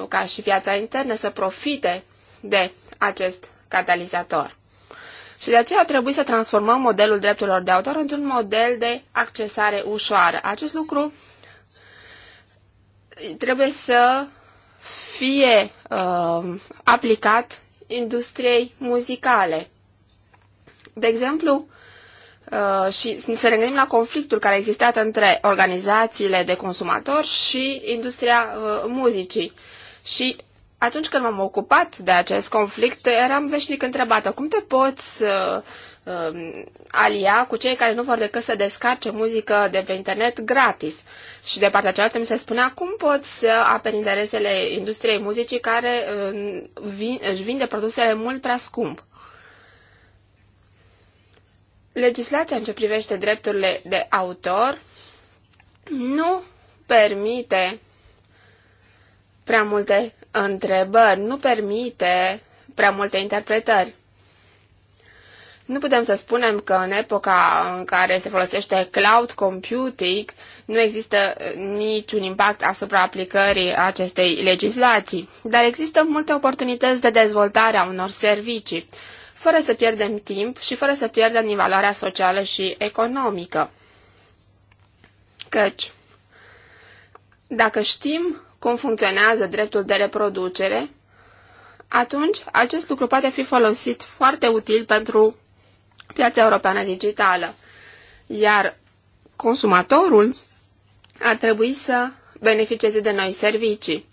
ca și piața internă să profite de acest catalizator. Și de aceea trebuie să transformăm modelul drepturilor de autor într-un model de accesare ușoară. Acest lucru trebuie să fie uh, aplicat industriei muzicale. De exemplu, uh, și să ne gândim la conflictul care a existat între organizațiile de consumatori și industria uh, muzicii. Și atunci când m-am ocupat de acest conflict, eram veșnic întrebată, cum te poți uh, uh, alia cu cei care nu vor decât să descarce muzică de pe internet gratis? Și de partea cealaltă mi se spunea, cum poți să aperi interesele industriei muzicii care uh, vin, își vinde produsele mult prea scump? Legislația în ce privește drepturile de autor nu permite prea multe întrebări, nu permite prea multe interpretări. Nu putem să spunem că în epoca în care se folosește cloud computing nu există niciun impact asupra aplicării acestei legislații, dar există multe oportunități de dezvoltare a unor servicii, fără să pierdem timp și fără să pierdem din valoarea socială și economică. Căci, dacă știm cum funcționează dreptul de reproducere, atunci acest lucru poate fi folosit foarte util pentru piața europeană digitală. Iar consumatorul ar trebui să beneficieze de noi servicii.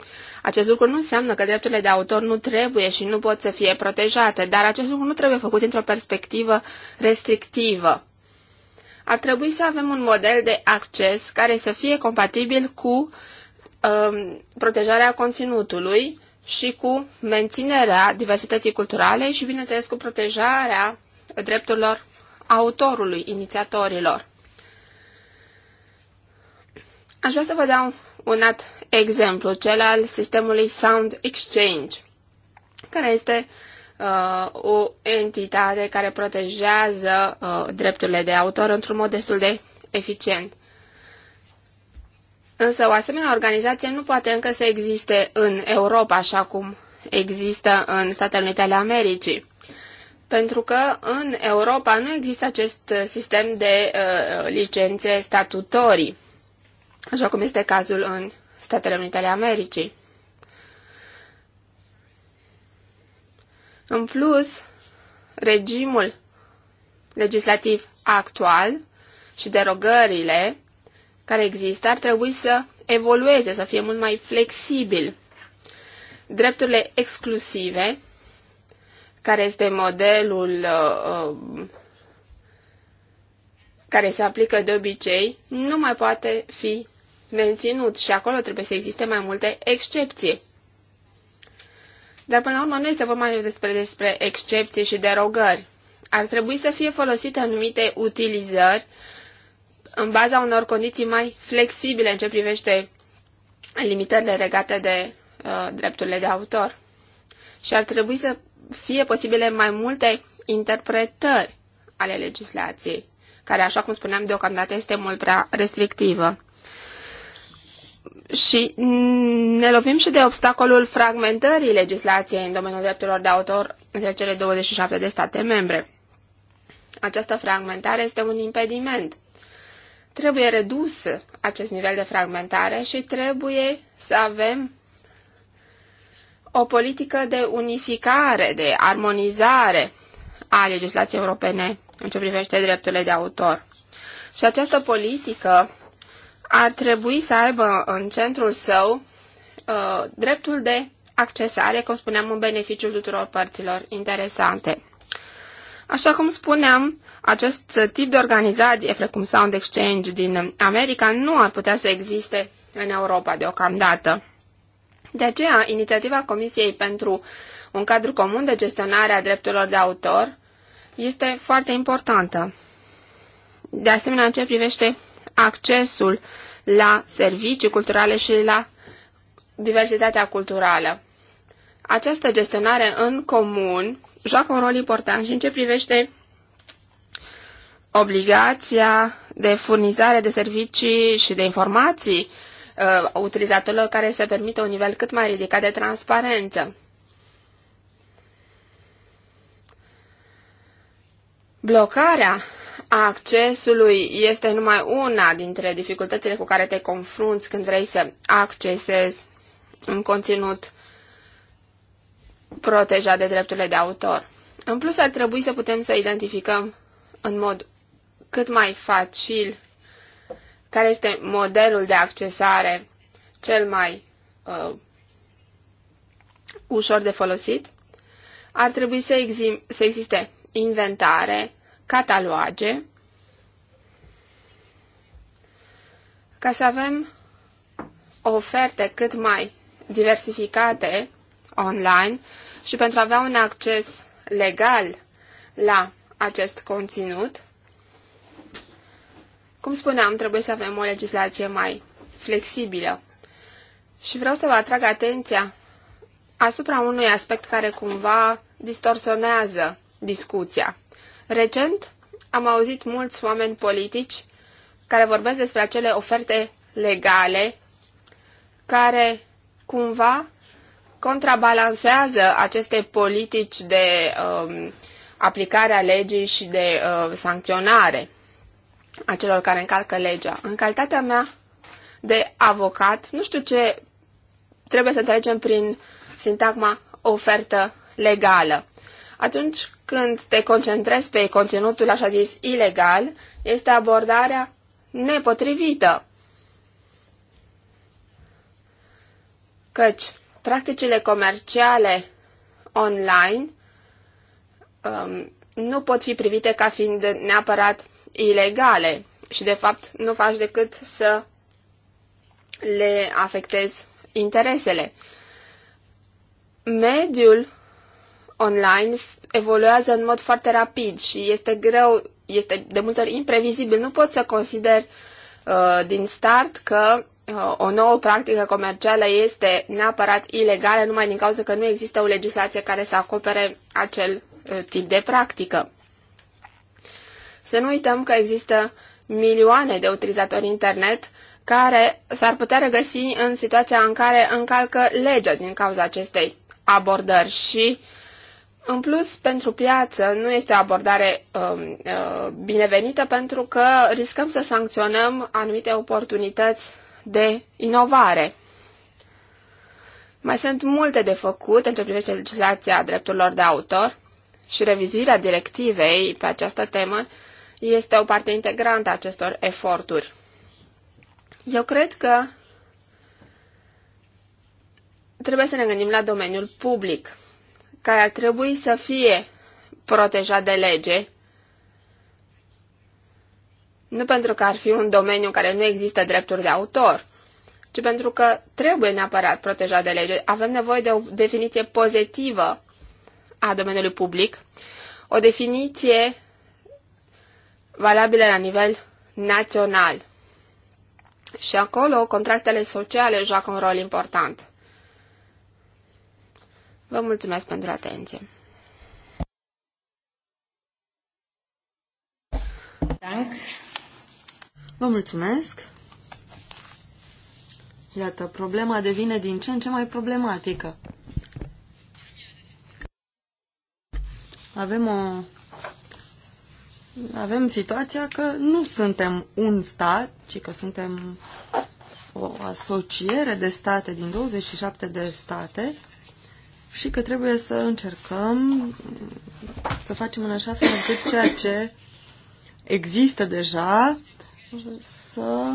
Acest lucru nu înseamnă că drepturile de autor nu trebuie și nu pot să fie protejate, dar acest lucru nu trebuie făcut într-o perspectivă restrictivă. Ar trebui să avem un model de acces care să fie compatibil cu uh, Um, protejarea conținutului și cu menținerea diversității culturale și, bineînțeles, cu protejarea drepturilor autorului, inițiatorilor. Aș vrea să vă dau un alt exemplu, cel al sistemului Sound Exchange, care este uh, o entitate care protejează uh, drepturile de autor într-un mod destul de eficient. Însă o asemenea organizație nu poate încă să existe în Europa așa cum există în Statele Unite ale Americii. Pentru că în Europa nu există acest sistem de uh, licențe statutorii, așa cum este cazul în Statele Unite ale Americii. În plus, regimul legislativ actual și derogările care există ar trebui să evolueze, să fie mult mai flexibil. Drepturile exclusive, care este modelul uh, uh, care se aplică de obicei, nu mai poate fi menținut și acolo trebuie să existe mai multe excepții. Dar până la urmă nu este vorba despre, despre excepții și derogări. Ar trebui să fie folosite anumite utilizări în baza unor condiții mai flexibile în ce privește limitările legate de uh, drepturile de autor. Și ar trebui să fie posibile mai multe interpretări ale legislației, care, așa cum spuneam, deocamdată este mult prea restrictivă. Și ne lovim și de obstacolul fragmentării legislației în domeniul drepturilor de autor între cele 27 de state membre. Această fragmentare este un impediment Trebuie redus acest nivel de fragmentare și trebuie să avem o politică de unificare, de armonizare a legislației europene în ce privește drepturile de autor. Și această politică ar trebui să aibă în centrul său uh, dreptul de accesare, cum spuneam, în beneficiul tuturor părților interesante. Așa cum spuneam, acest tip de organizație, precum Sound Exchange din America, nu ar putea să existe în Europa deocamdată. De aceea, inițiativa Comisiei pentru un cadru comun de gestionare a drepturilor de autor este foarte importantă. De asemenea, în ce privește accesul la servicii culturale și la diversitatea culturală. Această gestionare în comun joacă un rol important și în ce privește obligația de furnizare de servicii și de informații uh, utilizatorilor care să permită un nivel cât mai ridicat de transparență. Blocarea accesului este numai una dintre dificultățile cu care te confrunți când vrei să accesezi un conținut protejat de drepturile de autor. În plus, ar trebui să putem să identificăm în mod cât mai facil care este modelul de accesare cel mai uh, ușor de folosit, ar trebui să, exim- să existe inventare, cataloage, ca să avem oferte cât mai diversificate online și pentru a avea un acces legal la acest conținut, cum spuneam, trebuie să avem o legislație mai flexibilă. Și vreau să vă atrag atenția asupra unui aspect care cumva distorsionează discuția. Recent am auzit mulți oameni politici care vorbesc despre acele oferte legale care cumva contrabalansează aceste politici de um, aplicare a legii și de uh, sancționare a celor care încalcă legea. În calitatea mea de avocat, nu știu ce trebuie să înțelegem prin sintagma ofertă legală. Atunci când te concentrezi pe conținutul așa zis ilegal, este abordarea nepotrivită. Căci practicile comerciale online um, nu pot fi privite ca fiind neapărat ilegale și, de fapt, nu faci decât să le afectezi interesele. Mediul online evoluează în mod foarte rapid și este greu, este de multe ori imprevizibil. Nu poți să consideri uh, din start că uh, o nouă practică comercială este neapărat ilegală numai din cauza că nu există o legislație care să acopere acel uh, tip de practică. Să nu uităm că există milioane de utilizatori internet care s-ar putea regăsi în situația în care încalcă legea din cauza acestei abordări și, în plus, pentru piață nu este o abordare uh, uh, binevenită pentru că riscăm să sancționăm anumite oportunități de inovare. Mai sunt multe de făcut în ce privește legislația drepturilor de autor și revizuirea directivei pe această temă, este o parte integrantă a acestor eforturi. Eu cred că trebuie să ne gândim la domeniul public, care ar trebui să fie protejat de lege, nu pentru că ar fi un domeniu în care nu există drepturi de autor, ci pentru că trebuie neapărat protejat de lege. Avem nevoie de o definiție pozitivă a domeniului public, o definiție valabile la nivel național. Și acolo contractele sociale joacă un rol important. Vă mulțumesc pentru atenție. Dank. Vă mulțumesc. Iată, problema devine din ce în ce mai problematică. Avem o avem situația că nu suntem un stat, ci că suntem o asociere de state din 27 de state și că trebuie să încercăm să facem în așa fel încât ceea ce există deja să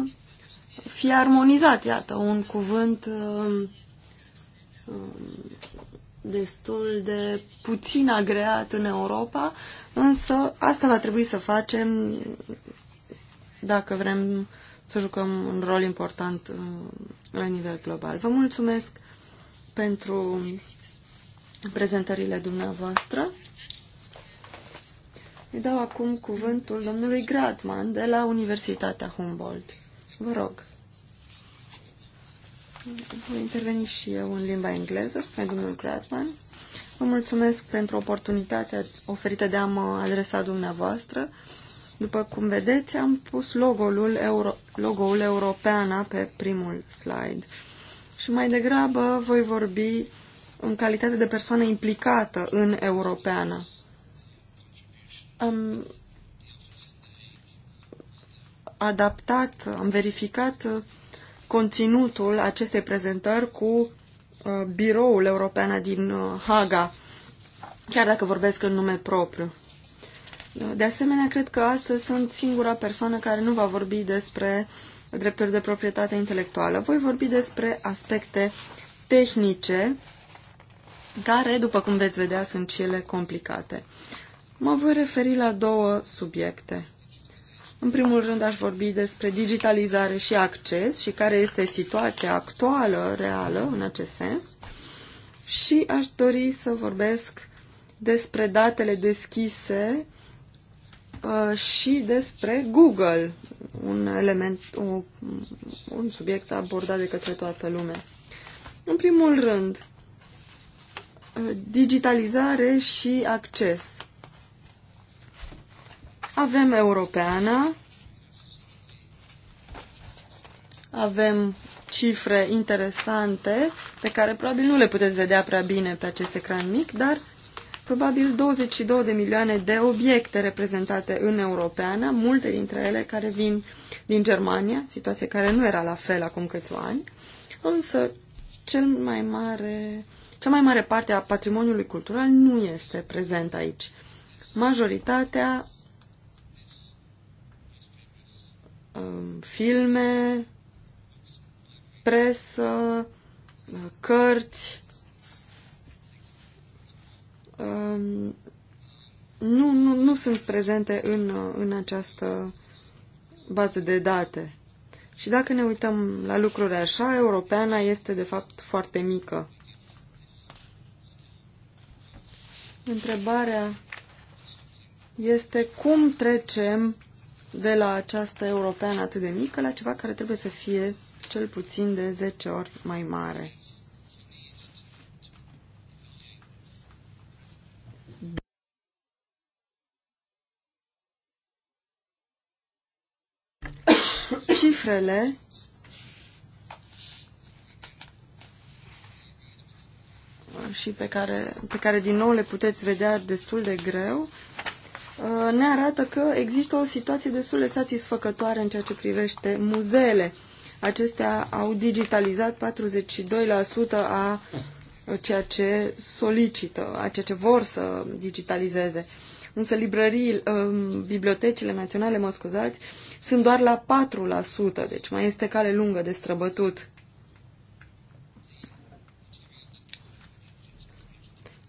fie armonizat. Iată, un cuvânt um, um, destul de puțin agreat în Europa, însă asta va trebui să facem dacă vrem să jucăm un rol important uh, la nivel global. Vă mulțumesc pentru prezentările dumneavoastră. Îi dau acum cuvântul domnului Gradman de la Universitatea Humboldt. Vă rog. Voi interveni și eu în limba engleză, spune domnul Gratman. Vă mulțumesc pentru oportunitatea oferită de a mă adresa dumneavoastră. După cum vedeți, am pus logo-ul Euro, logo Europeana pe primul slide. Și mai degrabă voi vorbi în calitate de persoană implicată în Europeană. Am adaptat, am verificat conținutul acestei prezentări cu uh, biroul european din uh, Haga, chiar dacă vorbesc în nume propriu. Uh, de asemenea, cred că astăzi sunt singura persoană care nu va vorbi despre drepturi de proprietate intelectuală. Voi vorbi despre aspecte tehnice care, după cum veți vedea, sunt cele complicate. Mă voi referi la două subiecte. În primul rând aș vorbi despre digitalizare și acces și care este situația actuală, reală, în acest sens. Și aș dori să vorbesc despre datele deschise uh, și despre Google, un element, un, subiect abordat de către toată lumea. În primul rând, uh, digitalizare și acces. Avem Europeana, avem cifre interesante pe care probabil nu le puteți vedea prea bine pe acest ecran mic, dar probabil 22 de milioane de obiecte reprezentate în Europeană, multe dintre ele care vin din Germania, situație care nu era la fel acum câțiva ani, însă cel mai mare, cea mai mare parte a patrimoniului cultural nu este prezent aici. Majoritatea Um, filme, presă, uh, cărți. Um, nu, nu, nu sunt prezente în, uh, în această bază de date. Și dacă ne uităm la lucruri așa, europeana este de fapt foarte mică. Întrebarea este cum trecem de la această europeană atât de mică la ceva care trebuie să fie cel puțin de 10 ori mai mare. Cifrele și pe care, pe care din nou le puteți vedea destul de greu Uh, ne arată că există o situație destul de satisfăcătoare în ceea ce privește muzeele. Acestea au digitalizat 42% a ceea ce solicită, a ceea ce vor să digitalizeze. Însă librării, uh, bibliotecile naționale, mă scuzați, sunt doar la 4%, deci mai este cale lungă de străbătut.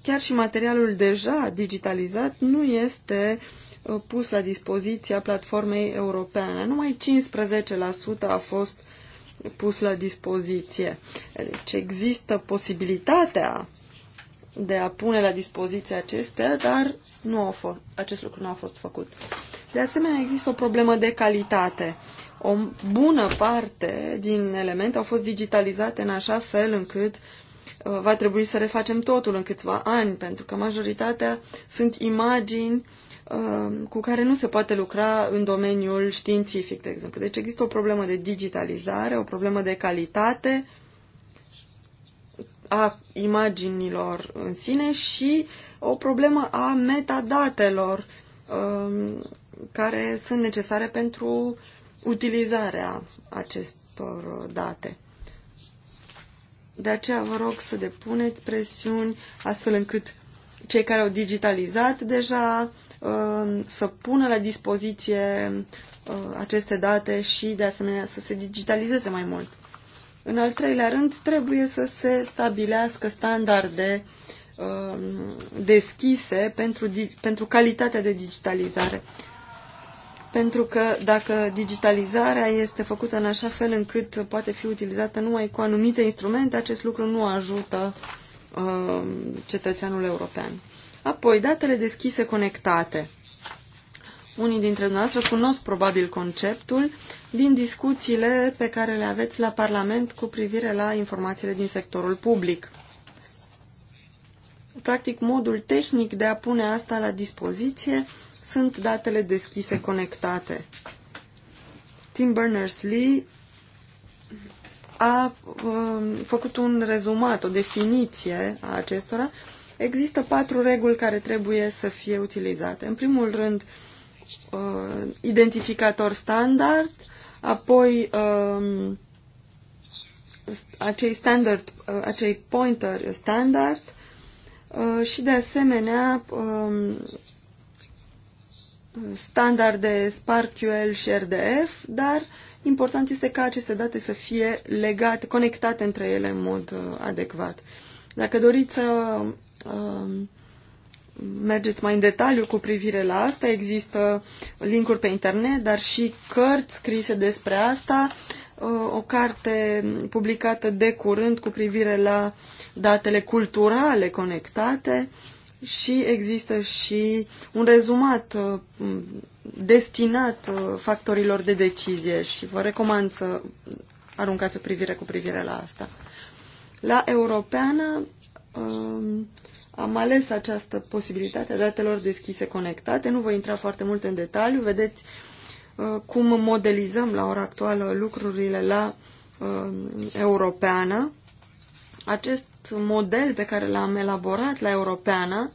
Chiar și materialul deja digitalizat nu este uh, pus la dispoziția platformei europene. Numai 15% a fost pus la dispoziție. Deci există posibilitatea de a pune la dispoziție acestea, dar nu a fost, acest lucru nu a fost făcut. De asemenea, există o problemă de calitate. O bună parte din elemente au fost digitalizate în așa fel încât uh, Uh, va trebui să refacem totul în câțiva ani, pentru că majoritatea sunt imagini uh, cu care nu se poate lucra în domeniul științific, de exemplu. Deci există o problemă de digitalizare, o problemă de calitate a imaginilor în sine și o problemă a metadatelor um, care sunt necesare pentru utilizarea acestor date. De aceea vă rog să depuneți presiuni astfel încât cei care au digitalizat deja uh, să pună la dispoziție uh, aceste date și de asemenea să se digitalizeze mai mult. În al treilea rând, trebuie să se stabilească standarde uh, deschise pentru, pentru calitatea de digitalizare pentru că dacă digitalizarea este făcută în așa fel încât poate fi utilizată numai cu anumite instrumente, acest lucru nu ajută uh, cetățeanul european. Apoi, datele deschise conectate. Unii dintre dumneavoastră cunosc probabil conceptul din discuțiile pe care le aveți la Parlament cu privire la informațiile din sectorul public. Practic, modul tehnic de a pune asta la dispoziție sunt datele deschise conectate. Tim Berners-Lee a um, făcut un rezumat, o definiție a acestora. Există patru reguli care trebuie să fie utilizate. În primul rând, uh, identificator standard, apoi um, acei standard, uh, acei pointer standard uh, și de asemenea um, standarde SparkQL și RDF, dar important este ca aceste date să fie legate, conectate între ele în mod uh, adecvat. Dacă doriți să um, mergeți mai în detaliu cu privire la asta, există linkuri pe internet, dar și cărți scrise despre asta, uh, o carte publicată de curând cu privire la datele culturale conectate, și există și un rezumat uh, destinat uh, factorilor de decizie și vă recomand să aruncați o privire cu privire la asta. La europeană um, am ales această posibilitate a datelor deschise conectate. Nu voi intra foarte mult în detaliu. Vedeți uh, cum modelizăm la ora actuală lucrurile la um, europeană. Acest model pe care l-am elaborat la europeană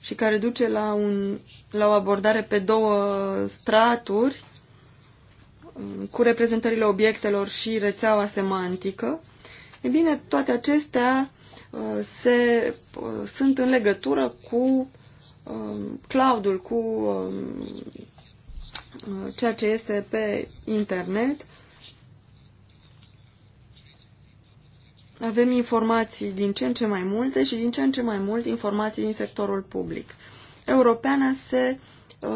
și care duce la, un, la o abordare pe două straturi cu reprezentările obiectelor și rețeaua semantică, e bine, toate acestea uh, se, uh, sunt în legătură cu um, cloudul, cu um, uh, ceea ce este pe internet avem informații din ce în ce mai multe și din ce în ce mai mult informații din sectorul public. Europeana se uh,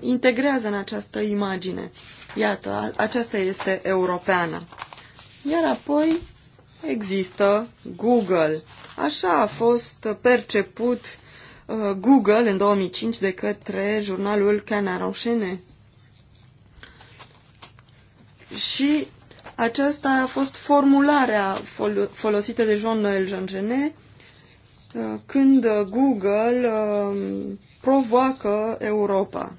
integrează în această imagine. Iată, aceasta este europeană. Iar apoi există Google. Așa a fost perceput uh, Google în 2005 de către jurnalul Canard Și aceasta a fost formularea fol folosită de Jean-Noël Jean uh, când Google uh, provoacă Europa.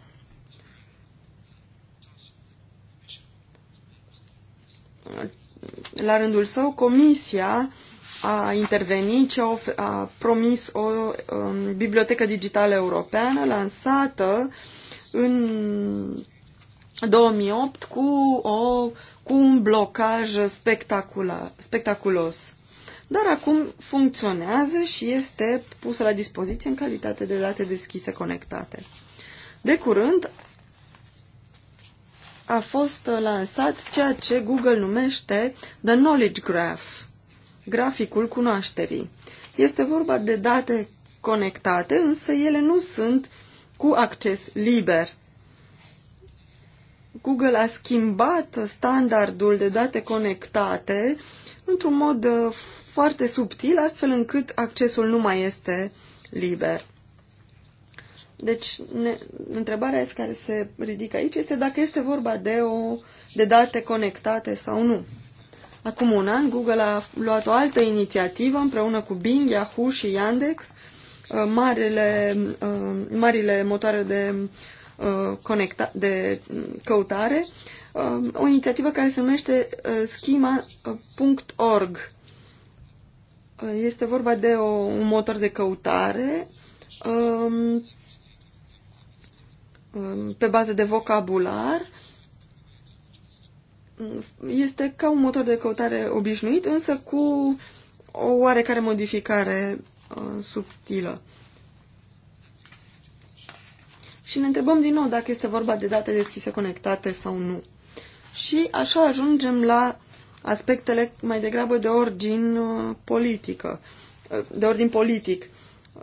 La rândul său, Comisia a intervenit și a, a promis o um, bibliotecă digitală europeană lansată în 2008 cu o cu un blocaj spectaculos. Dar acum funcționează și este pusă la dispoziție în calitate de date deschise conectate. De curând a fost lansat ceea ce Google numește The Knowledge Graph, graficul cunoașterii. Este vorba de date conectate, însă ele nu sunt cu acces liber. Google a schimbat standardul de date conectate într-un mod uh, foarte subtil, astfel încât accesul nu mai este liber. Deci, ne, întrebarea care se ridică aici este dacă este vorba de, o, de date conectate sau nu. Acum un an, Google a luat o altă inițiativă împreună cu Bing, Yahoo și Yandex, uh, marile uh, marile motoare de Uh, conecta, de căutare, uh, o inițiativă care se numește uh, schema.org. Este vorba de o, un motor de căutare um, um, pe bază de vocabular. Este ca un motor de căutare obișnuit, însă cu o oarecare modificare uh, subtilă și ne întrebăm din nou dacă este vorba de date deschise conectate sau nu. Și așa ajungem la aspectele mai degrabă de ordin uh, politică, uh, de ordin politic.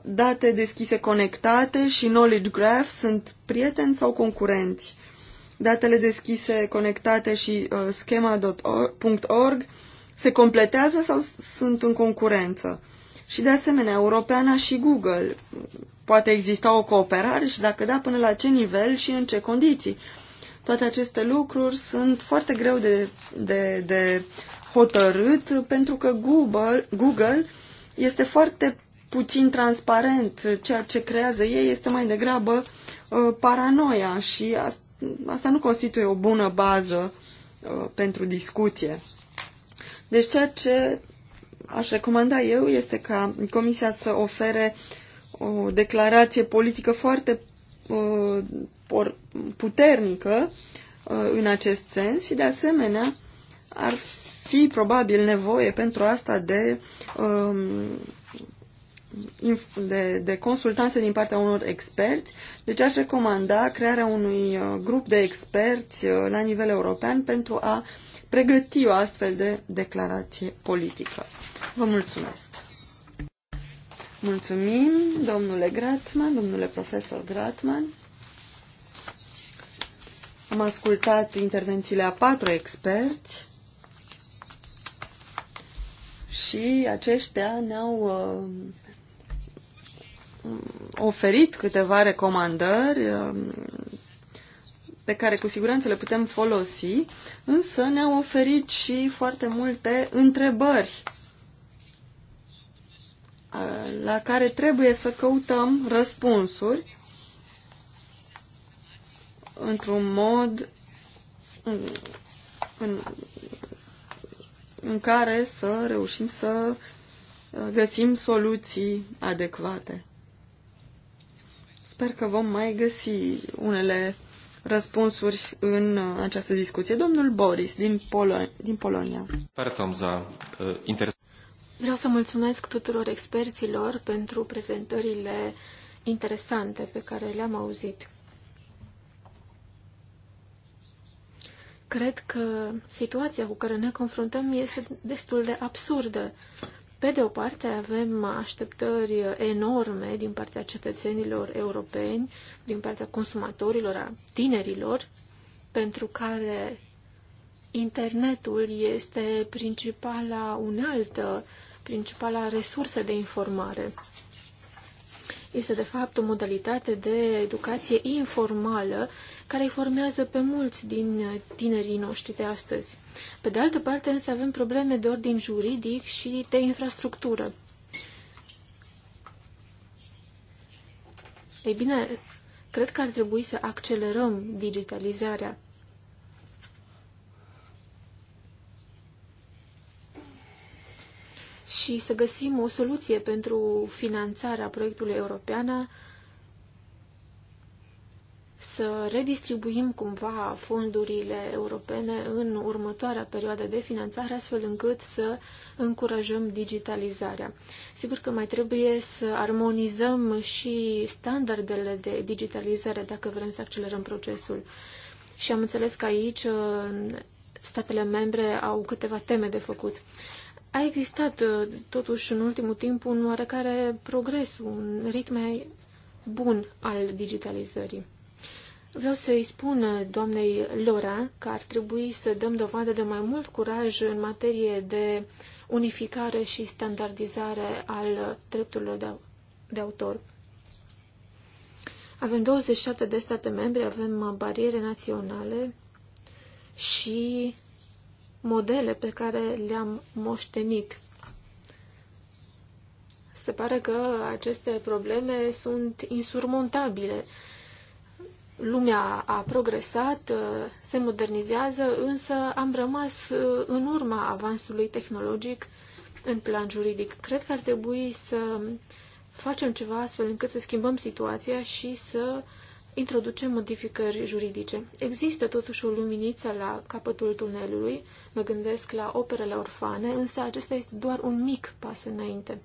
Date deschise conectate și knowledge graph sunt prieteni sau concurenți. Datele deschise conectate și uh, schema.org se completează sau sunt în concurență. Și de asemenea, Europeana și Google poate exista o cooperare și dacă da, până la ce nivel și în ce condiții. Toate aceste lucruri sunt foarte greu de, de, de hotărât pentru că Google, Google este foarte puțin transparent. Ceea ce creează ei este mai degrabă uh, paranoia și asta, asta nu constituie o bună bază uh, pentru discuție. Deci ceea ce aș recomanda eu este ca Comisia să ofere uh, o declarație politică foarte uh, puternică uh, în acest sens și de asemenea ar fi probabil nevoie pentru asta de, um, de, de consultanțe din partea unor experți. Deci aș recomanda crearea unui uh, grup de experți la nivel european pentru a pregăti o astfel de declarație politică. Vă mulțumesc! Mulțumim, domnule Gratman, domnule profesor Gratman. Am ascultat intervențiile a patru experți și aceștia ne-au uh, oferit câteva recomandări uh, pe care cu siguranță le putem folosi, însă ne-au oferit și foarte multe întrebări la care trebuie să căutăm răspunsuri într-un mod în, în, care să reușim să uh, găsim soluții adecvate. Sper că vom mai găsi unele răspunsuri în uh, această discuție. Domnul Boris din, Polo- din Polonia. Partom za uh, interes. Vreau să mulțumesc tuturor experților pentru prezentările interesante pe care le-am auzit. Cred că situația cu care ne confruntăm este destul de absurdă. Pe de o parte, avem așteptări enorme din partea cetățenilor europeni, din partea consumatorilor, a tinerilor, pentru care internetul este principala unealtă principala resursă de informare. Este, de fapt, o modalitate de educație informală care îi formează pe mulți din tinerii noștri de astăzi. Pe de altă parte, însă, avem probleme de ordin juridic și de infrastructură. Ei bine, cred că ar trebui să accelerăm digitalizarea. și să găsim o soluție pentru finanțarea proiectului european, să redistribuim cumva fondurile europene în următoarea perioadă de finanțare, astfel încât să încurajăm digitalizarea. Sigur că mai trebuie să armonizăm și standardele de digitalizare dacă vrem să accelerăm procesul. Și am înțeles că aici statele membre au câteva teme de făcut. A existat, uh, totuși, în ultimul timp, un oarecare progres, un ritm mai bun al digitalizării. Vreau să-i spun uh, doamnei Lora că ar trebui să dăm dovadă de mai mult curaj în materie de unificare și standardizare al drepturilor de, de autor. Avem 27 de state membre, avem bariere naționale și modele pe care le-am moștenit. Se pare că aceste probleme sunt insurmontabile. Lumea a progresat, se modernizează, însă am rămas uh, în urma avansului tehnologic în plan juridic. Cred că ar trebui să facem ceva astfel încât să schimbăm situația și să introduce modificări juridice. Există totuși o luminiță la capătul tunelului, mă gândesc la operele orfane, însă acesta este doar un mic pas înainte.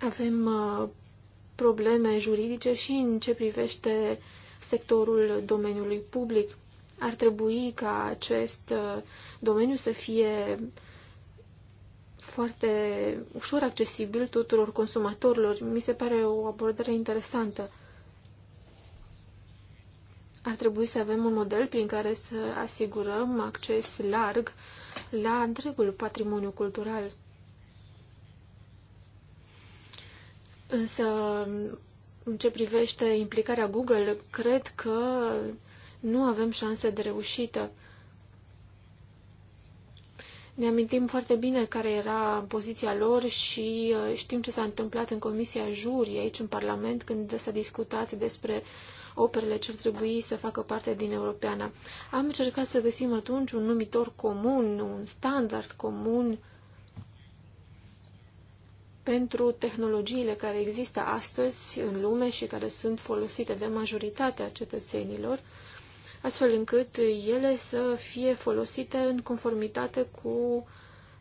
Avem uh, probleme juridice și în ce privește sectorul domeniului public. Ar trebui ca acest uh, domeniu să fie uh, foarte ușor accesibil tuturor consumatorilor. Mi se pare o abordare interesantă. Ar trebui să avem un model prin care să asigurăm acces larg la întregul patrimoniu cultural. Însă, în ce privește implicarea Google, cred că nu avem șanse de reușită. Ne amintim foarte bine care era poziția lor și uh, știm ce s-a întâmplat în Comisia jurii aici în Parlament când s-a discutat despre operele ce ar trebui să facă parte din Europeana. Am încercat să găsim atunci un numitor comun, un standard comun pentru tehnologiile care există astăzi în lume și care sunt folosite de majoritatea cetățenilor, astfel încât ele să fie folosite în conformitate cu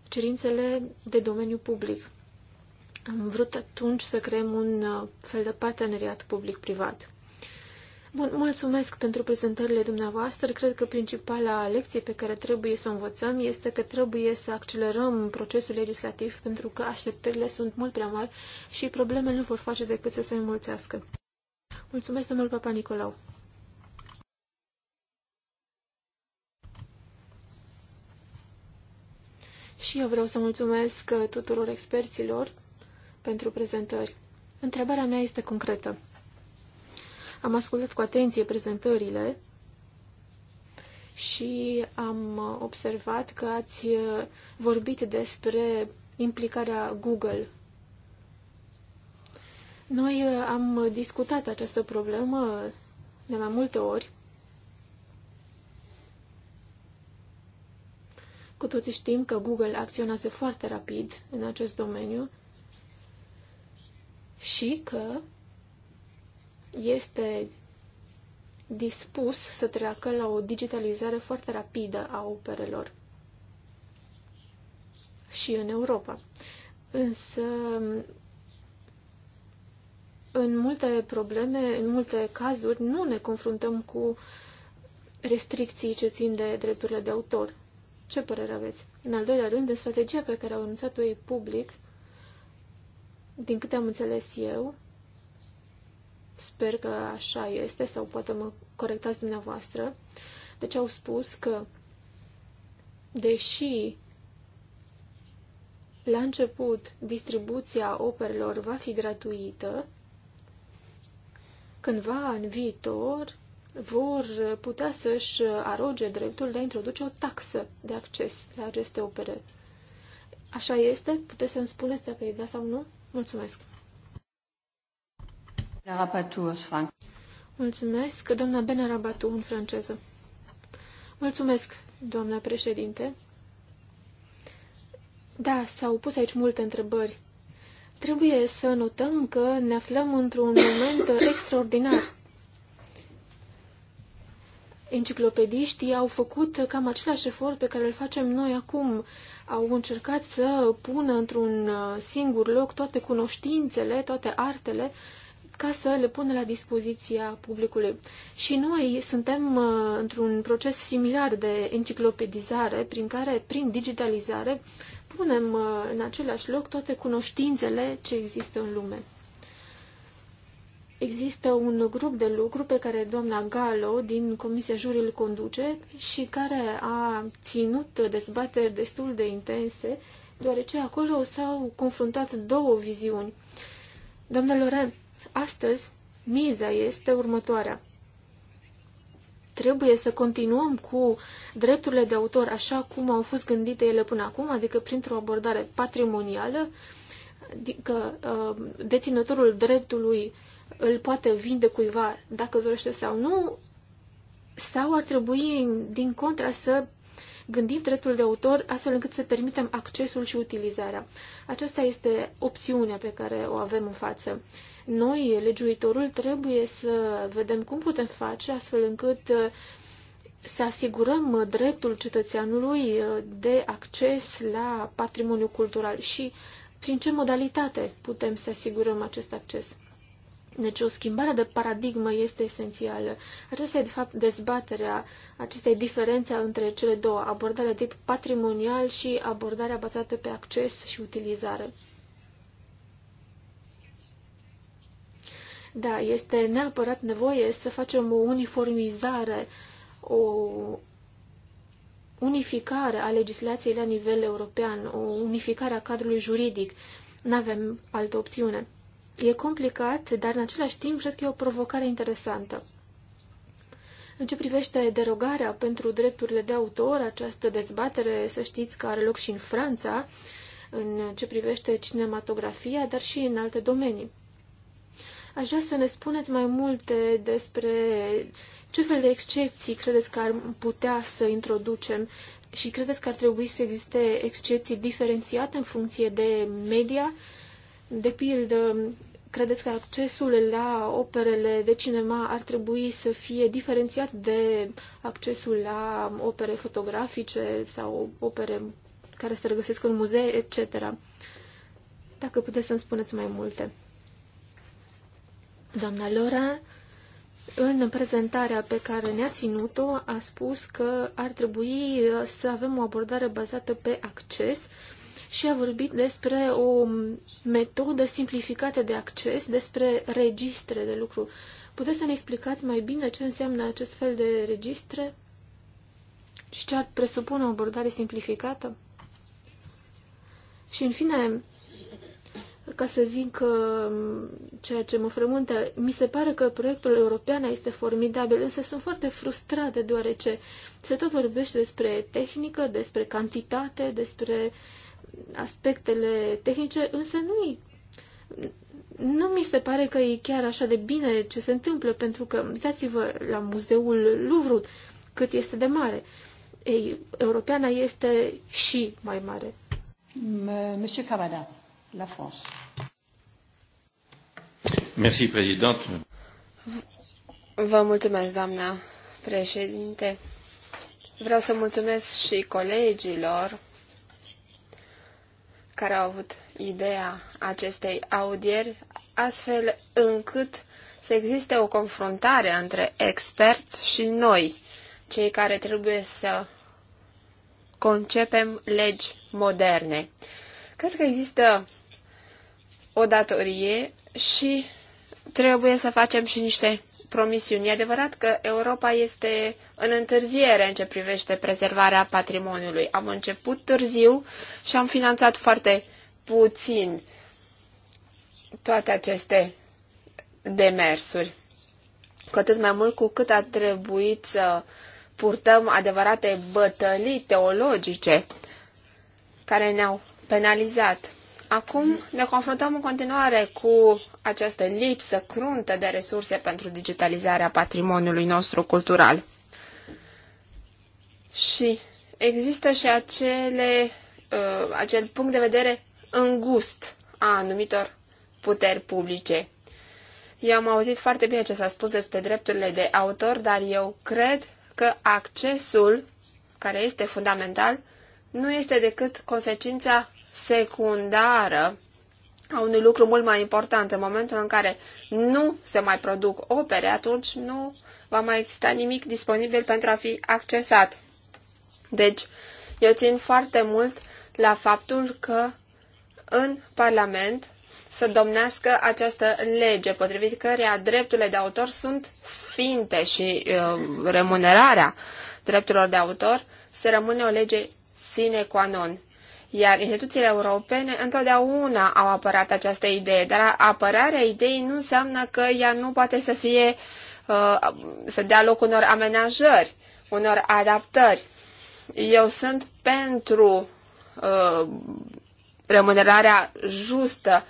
cerințele de domeniu public. Am vrut atunci să creăm un uh, fel de parteneriat public-privat. Bun, mulțumesc pentru prezentările dumneavoastră. Cred că principala lecție pe care trebuie să o învățăm este că trebuie să accelerăm procesul legislativ pentru că așteptările sunt mult prea mari și problemele nu vor face decât să se înmulțească. Mulțumesc mult, Papa Nicolau! Și eu vreau să mulțumesc uh, tuturor experților pentru prezentări. Întrebarea mea este concretă. Am ascultat cu atenție prezentările și am uh, observat că ați uh, vorbit despre implicarea Google. Noi am discutat această problemă de mai multe ori Cu toții știm că Google acționează foarte rapid în acest domeniu și că este dispus să treacă la o digitalizare foarte rapidă a operelor și în Europa. Însă, în multe probleme, în multe cazuri, nu ne confruntăm cu restricții ce țin de drepturile de autor. Ce părere aveți? În al doilea rând, de strategia pe care au anunțat-o ei public, din câte am înțeles eu, sper că așa este, sau poate mă corectați dumneavoastră, deci au spus că, deși la început distribuția operelor va fi gratuită, cândva în viitor vor putea să-și aroge dreptul de a introduce o taxă de acces la aceste opere. Așa este? Puteți să-mi spuneți dacă e da sau nu? Mulțumesc! Mulțumesc, doamna Bena Rabatu, în franceză. Mulțumesc, doamna președinte. Da, s-au pus aici multe întrebări. Trebuie să notăm că ne aflăm într-un moment extraordinar enciclopediștii au făcut cam același efort pe care îl facem noi acum. Au încercat să pună într-un uh, singur loc toate cunoștințele, toate artele, ca să le pună la dispoziția publicului. Și noi suntem uh, într-un proces similar de enciclopedizare, prin care, prin digitalizare, punem uh, în același loc toate cunoștințele ce există în lume. Există un grup de lucru pe care doamna Galo din Comisia juriul conduce și care a ținut dezbateri destul de intense, deoarece acolo s-au confruntat două viziuni. Doamna Loren, astăzi miza este următoarea. Trebuie să continuăm cu drepturile de autor așa cum au fost gândite ele până acum, adică printr-o abordare patrimonială, adică uh, deținătorul dreptului îl poate vinde cuiva, dacă dorește sau nu, sau ar trebui, din contra, să gândim dreptul de autor astfel încât să permitem accesul și utilizarea. Aceasta este opțiunea pe care o avem în față. Noi, legiuitorul, trebuie să vedem cum putem face astfel încât uh, să asigurăm dreptul cetățeanului uh, de acces la patrimoniul cultural și prin ce modalitate putem să asigurăm acest acces. Deci o schimbare de paradigmă este esențială. Aceasta e, de fapt, dezbaterea, aceasta e diferența între cele două, abordarea tip patrimonial și abordarea bazată pe acces și utilizare. Da, este neapărat nevoie să facem o uniformizare, o unificare a legislației la nivel european, o unificare a cadrului juridic. Nu avem altă opțiune. E complicat, dar în același timp cred că e o provocare interesantă. În ce privește derogarea pentru drepturile de autor, această dezbatere, să știți că are loc și în Franța, în ce privește cinematografia, dar și în alte domenii. Aș vrea să ne spuneți mai multe despre ce fel de excepții credeți că ar putea să introducem și credeți că ar trebui să existe excepții diferențiate în funcție de media, de pildă credeți că accesul la operele de cinema ar trebui să fie diferențiat de accesul la opere fotografice sau opere care se regăsesc în muzee, etc. Dacă puteți să-mi spuneți mai multe. Doamna Lora, în prezentarea pe care ne-a ținut-o, a spus că ar trebui să avem o abordare bazată pe acces, uh, și a vorbit despre o metodă simplificată de acces, despre registre de lucru. Puteți să ne explicați mai bine ce înseamnă acest fel de registre și ce ar presupune o abordare simplificată? Și în fine, ca să zic uh, ceea ce mă frământă, mi se pare că proiectul european este formidabil, însă sunt foarte frustrată deoarece se tot vorbește despre tehnică, despre cantitate, despre aspectele tehnice, însă nu nu mi se pare că e chiar așa de bine ce se întâmplă, pentru că uitați-vă la muzeul Louvre, cât este de mare. Ei, europeana este și mai mare. Monsieur Cavada, la France. Merci, présidente. Vă mulțumesc, doamna președinte. Vreau să mulțumesc și colegilor care au avut ideea acestei audieri, astfel încât să existe o confruntare între experți și noi, cei care trebuie să concepem legi moderne. Cred că există o datorie și trebuie să facem și niște promisiuni. E adevărat că Europa este în întârziere în ce privește prezervarea patrimoniului. Am început târziu și am finanțat foarte puțin toate aceste demersuri. Cu atât mai mult cu cât a trebuit să purtăm adevărate bătălii teologice care ne-au penalizat. Acum ne confruntăm în continuare cu această lipsă cruntă de resurse pentru digitalizarea patrimoniului nostru cultural. Și există și acele, uh, acel punct de vedere îngust a anumitor puteri publice. Eu am auzit foarte bine ce s-a spus despre drepturile de autor, dar eu cred că accesul, care este fundamental, nu este decât consecința secundară a unui lucru mult mai important. În momentul în care nu se mai produc opere, atunci nu va mai exista nimic disponibil pentru a fi accesat. Deci, eu țin foarte mult la faptul că în Parlament să domnească această lege, potrivit căreia drepturile de autor sunt sfinte și uh, remunerarea drepturilor de autor să rămâne o lege sine qua non. Iar instituțiile europene întotdeauna au apărat această idee, dar apărarea ideii nu înseamnă că ea nu poate să fie, uh, să dea loc unor amenajări, unor adaptări. Eu sunt pentru uh, remunerarea justă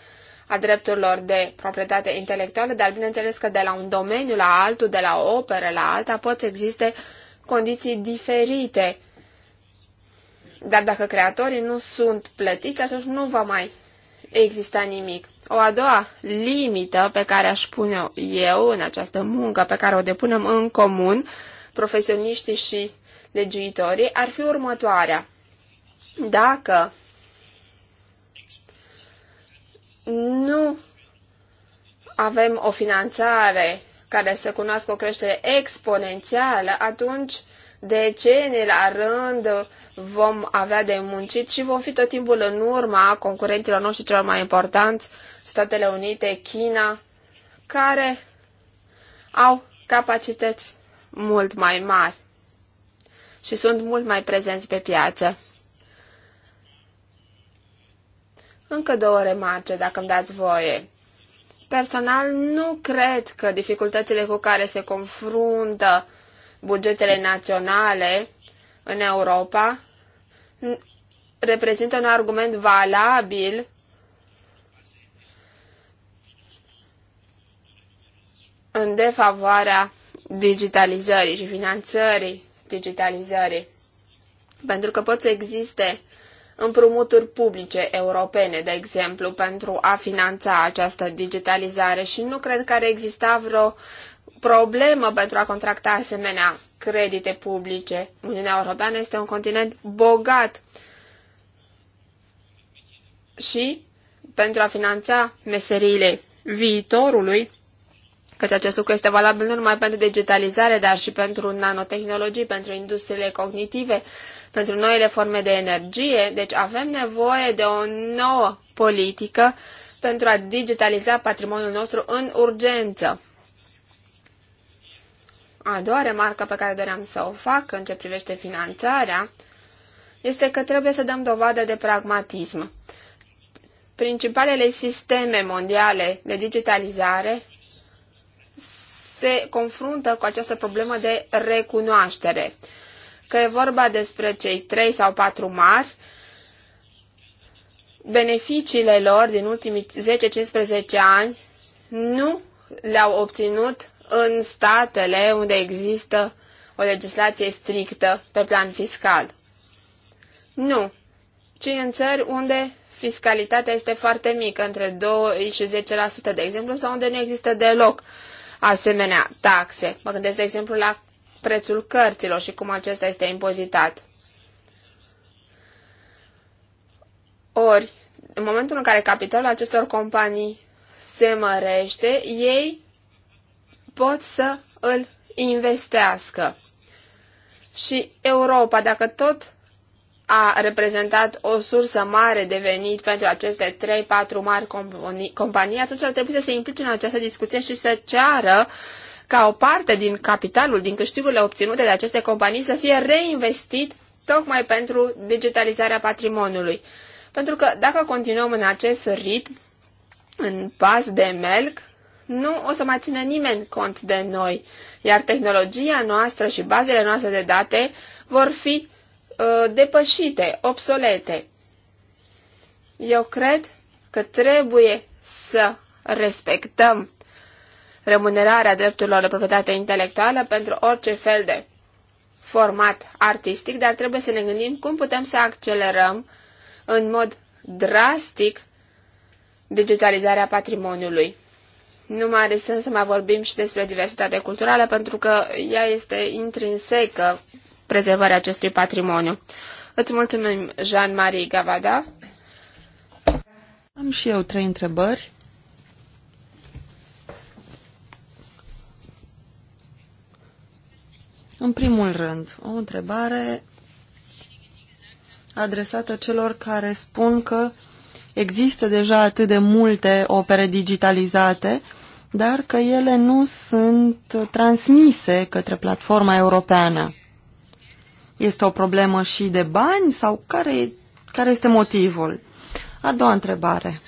a drepturilor de proprietate intelectuală, dar bineînțeles că de la un domeniu la altul, de la o operă la alta, pot să existe condiții diferite. Dar dacă creatorii nu sunt plătiți, atunci nu va mai exista nimic. O a doua limită pe care aș pune eu în această muncă pe care o depunem în comun, profesioniștii și legiuitorii ar fi următoarea. Dacă nu avem o finanțare care să cunoască o creștere exponențială, atunci decenii la rând vom avea de muncit și vom fi tot timpul în urma concurenților noștri celor mai importanți, Statele Unite, China, care au capacități mult mai mari și sunt mult mai prezenți pe piață. Încă două remarce, dacă îmi dați voie. Personal, nu cred că dificultățile cu care se confruntă bugetele naționale în Europa reprezintă un argument valabil în defavoarea digitalizării și finanțării digitalizării. Pentru că pot să existe împrumuturi publice europene, de exemplu, pentru a finanța această digitalizare și nu cred că ar exista vreo problemă pentru a contracta asemenea credite publice. Uniunea Europeană este un continent bogat și pentru a finanța meseriile viitorului, căci acest lucru este valabil nu numai pentru digitalizare, dar și pentru nanotehnologii, pentru industriile cognitive, pentru noile forme de energie. Deci avem nevoie de o nouă politică pentru a digitaliza patrimoniul nostru în urgență. A doua remarcă pe care doream să o fac în ce privește finanțarea este că trebuie să dăm dovadă de pragmatism. Principalele sisteme mondiale de digitalizare se confruntă cu această problemă de recunoaștere. Că e vorba despre cei trei sau patru mari, beneficiile lor din ultimii 10-15 ani nu le-au obținut în statele unde există o legislație strictă pe plan fiscal. Nu, ci în țări unde fiscalitatea este foarte mică, între 2 și 10%, de exemplu, sau unde nu există deloc asemenea taxe. Mă gândesc, de exemplu, la prețul cărților și cum acesta este impozitat. Ori, în momentul în care capitalul acestor companii se mărește, ei pot să îl investească. Și Europa, dacă tot a reprezentat o sursă mare de venit pentru aceste 3-4 mari companii, atunci ar trebui să se implice în această discuție și să ceară ca o parte din capitalul, din câștigurile obținute de aceste companii să fie reinvestit tocmai pentru digitalizarea patrimoniului. Pentru că dacă continuăm în acest ritm, în pas de melc, nu o să mai țină nimeni cont de noi, iar tehnologia noastră și bazele noastre de date vor fi Uh, depășite, obsolete. Eu cred că trebuie să respectăm remunerarea drepturilor de proprietate intelectuală pentru orice fel de format artistic, dar trebuie să ne gândim cum putem să accelerăm în mod drastic digitalizarea patrimoniului. Nu mai are sens să mai vorbim și despre diversitatea culturală, pentru că ea este intrinsecă prezervarea acestui patrimoniu. Îți mulțumim, Jean-Marie Gavada. Am și eu trei întrebări. În primul rând, o întrebare adresată celor care spun că există deja atât de multe opere digitalizate, dar că ele nu sunt transmise către platforma europeană. Este o problemă și de bani sau care, care este motivul? A doua întrebare.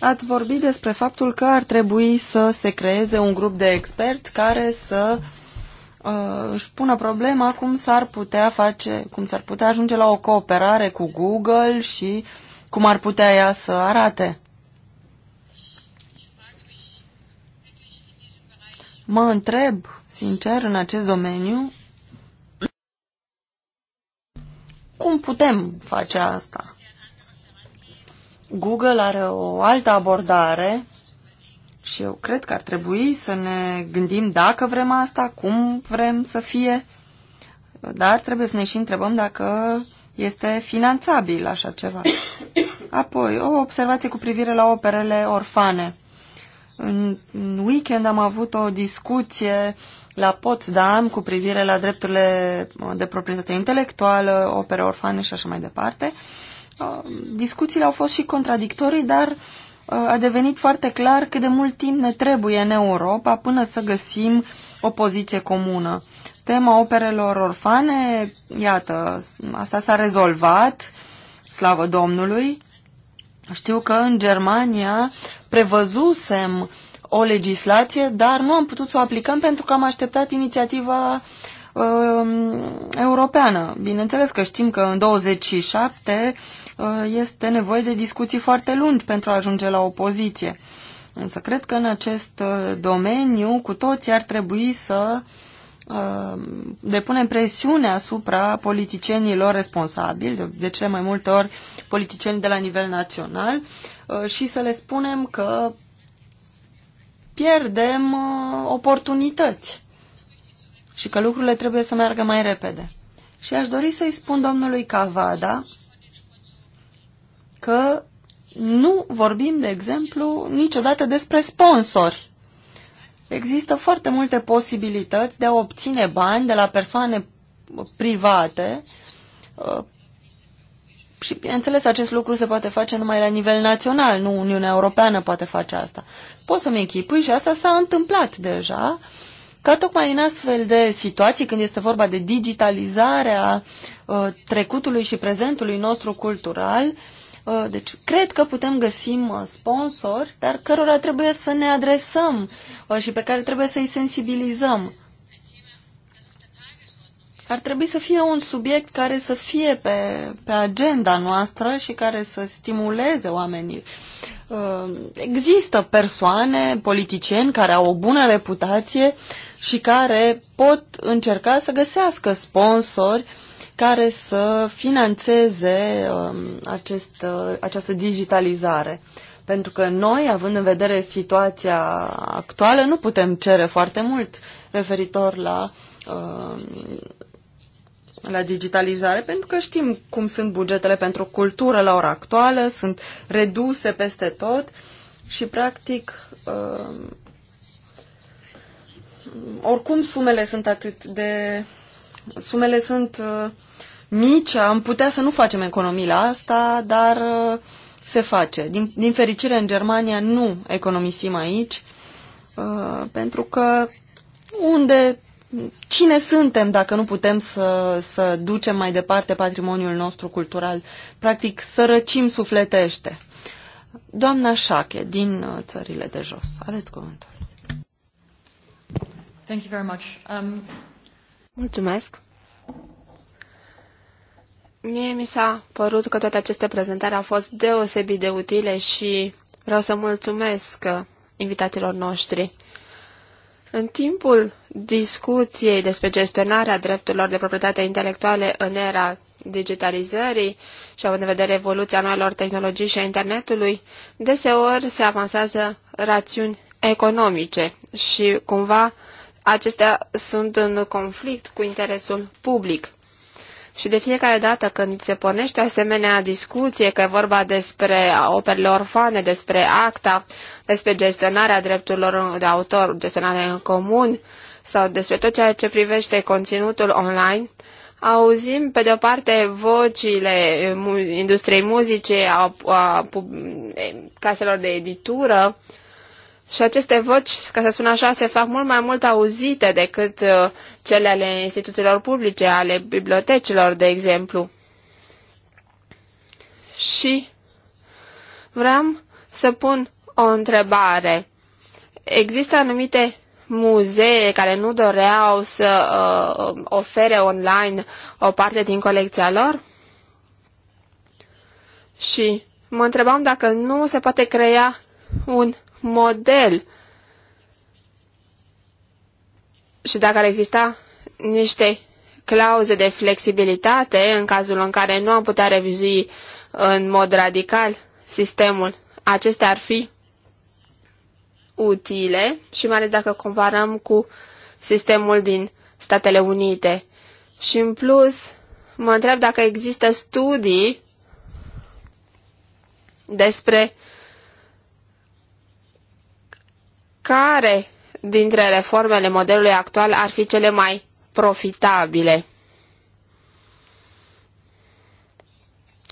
Ați vorbit despre faptul că ar trebui să se creeze un grup de experți care să uh, își pună problema cum s-ar putea face, cum s-ar putea ajunge la o cooperare cu Google și cum ar putea ea să arate. Mă întreb, sincer, în acest domeniu, cum putem face asta? Google are o altă abordare și eu cred că ar trebui să ne gândim dacă vrem asta, cum vrem să fie, dar trebuie să ne și întrebăm dacă este finanțabil așa ceva. Apoi, o observație cu privire la operele orfane. În weekend am avut o discuție la Potsdam cu privire la drepturile de proprietate intelectuală, opere orfane și așa mai departe. Uh, discuțiile au fost și contradictorii, dar uh, a devenit foarte clar cât de mult timp ne trebuie în Europa până să găsim o poziție comună. Tema operelor orfane, iată, asta s-a rezolvat, slavă Domnului, știu că în Germania prevăzusem o legislație, dar nu am putut să o aplicăm pentru că am așteptat inițiativa uh, europeană. Bineînțeles că știm că în 27 uh, este nevoie de discuții foarte lungi pentru a ajunge la o poziție. Însă cred că în acest uh, domeniu cu toții ar trebui să uh, Uh, depunem presiune asupra politicienilor responsabili, de, de cele mai multe ori politicieni de la nivel național, uh, și să le spunem că pierdem uh, oportunități și că lucrurile trebuie să meargă mai repede. Și aș dori să-i spun domnului Cavada că nu vorbim, de exemplu, niciodată despre sponsori. Există foarte multe posibilități de a obține bani de la persoane private uh, și, bineînțeles, acest lucru se poate face numai la nivel național, nu Uniunea Europeană poate face asta. Poți să-mi închipui și asta s-a întâmplat deja, ca tocmai în astfel de situații, când este vorba de digitalizarea uh, trecutului și prezentului nostru cultural, uh, Uh, deci, cred că putem găsi uh, sponsori, dar cărora trebuie să ne adresăm uh, și pe care trebuie să-i sensibilizăm. Ar trebui să fie un subiect care să fie pe, pe agenda noastră și care să stimuleze oamenii. Există persoane, politicieni care au o bună reputație și care pot încerca să găsească sponsori uh, care să financeze um, acest, uh, această digitalizare. Pentru că noi, având în vedere situația actuală, nu putem cere foarte mult referitor la, um, la digitalizare, pentru că știm cum sunt bugetele pentru cultură la ora actuală, sunt reduse peste tot și, practic, um, oricum sumele sunt atât de sumele sunt uh, mici, am putea să nu facem economii la asta, dar uh, se face. Din, din fericire, în Germania nu economisim aici, uh, pentru că unde, cine suntem dacă nu putem să, să ducem mai departe patrimoniul nostru cultural? Practic, sărăcim sufletește. Doamna Șache, din țările de jos, aveți cuvântul. Thank you very much. Um, Mulțumesc! Mie mi s-a părut că toate aceste prezentări au fost deosebit de utile și vreau să mulțumesc invitațiilor noștri. În timpul discuției despre gestionarea drepturilor de proprietate intelectuale în era digitalizării și având în vedere evoluția noilor tehnologii și a internetului, deseori se avansează rațiuni economice și cumva acestea sunt în conflict cu interesul public. Și de fiecare dată când se pornește o asemenea discuție, că e vorba despre operele orfane, despre acta, despre gestionarea drepturilor de autor, gestionarea în comun sau despre tot ceea ce privește conținutul online, auzim pe de-o parte vocile industriei muzice, a, a, a caselor de editură, și aceste voci, ca să spun așa, se fac mult mai mult auzite decât uh, cele ale instituțiilor publice, ale bibliotecilor, de exemplu. Și vreau să pun o întrebare. Există anumite muzee care nu doreau să uh, ofere online o parte din colecția lor? Și mă întrebam dacă nu se poate crea un model. Și dacă ar exista niște clauze de flexibilitate în cazul în care nu am putea revizui în mod radical sistemul, acestea ar fi utile și mai ales dacă comparăm cu sistemul din Statele Unite. Și în plus, mă întreb dacă există studii despre care dintre reformele modelului actual ar fi cele mai profitabile?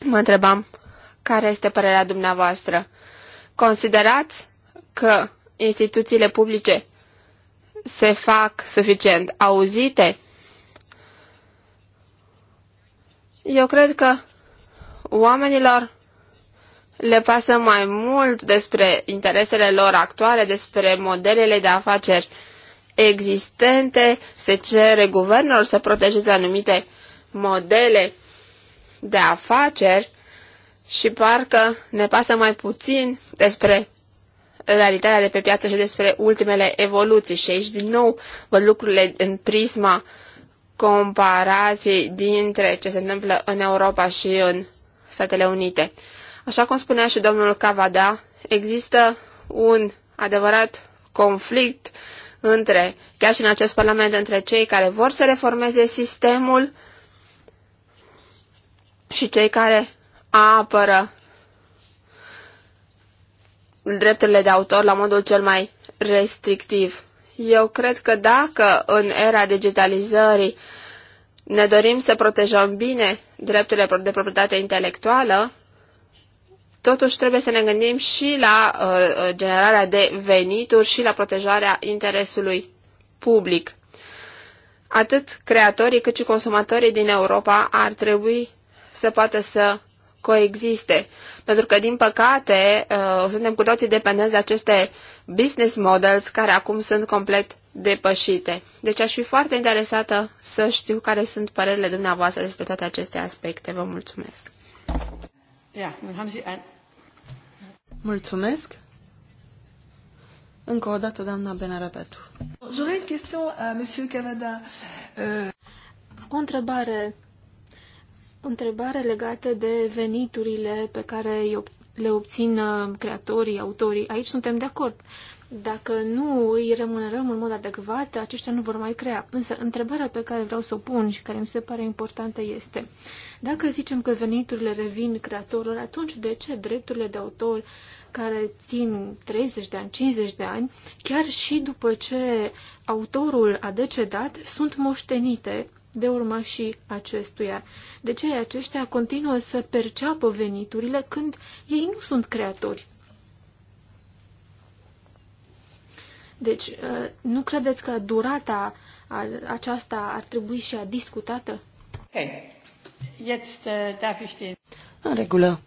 Mă întrebam care este părerea dumneavoastră. Considerați că instituțiile publice se fac suficient auzite? Eu cred că oamenilor le pasă mai mult despre interesele lor actuale, despre modelele de afaceri existente, se cere guvernul să protejeze anumite modele de afaceri și parcă ne pasă mai puțin despre realitatea de pe piață și despre ultimele evoluții. Și aici, din nou, văd lucrurile în prisma comparației dintre ce se întâmplă în Europa și în Statele Unite. Așa cum spunea și domnul Cavada, există un adevărat conflict între, chiar și în acest parlament, între cei care vor să reformeze sistemul și cei care apără drepturile de autor la modul cel mai restrictiv. Eu cred că dacă în era digitalizării ne dorim să protejăm bine drepturile de proprietate intelectuală, totuși trebuie să ne gândim și la uh, uh, generarea de venituri și la protejarea interesului public. Atât creatorii cât și consumatorii din Europa ar trebui să poată să coexiste. Pentru că, din păcate, uh, suntem cu toții dependenți de aceste business models care acum sunt complet depășite. Deci aș fi foarte interesată să știu care sunt părerile dumneavoastră despre toate aceste aspecte. Vă mulțumesc! Ja, nun haben Sie ein... Mulțumesc. Încă o dată, doamna Benarabetu. J'aurais une question à Monsieur Canada. Uh. O întrebare. O întrebare legată de veniturile pe care le obțin uh, creatorii, autorii. Aici suntem de acord. Dacă nu îi remunerăm în mod adecvat, aceștia nu vor mai crea. Însă, întrebarea pe care vreau să o pun și care mi se pare importantă este... Uh, dacă zicem că veniturile revin creatorilor, atunci de ce drepturile de autor care țin 30 de ani, 50 de ani, chiar și după ce autorul a decedat, sunt moștenite de urmașii acestuia. De ce aceștia continuă să perceapă veniturile când ei nu sunt creatori? Deci, uh, nu credeți că durata aceasta ar trebui și a discutată? Hey. Jetzt äh, darf ich den... În regulă.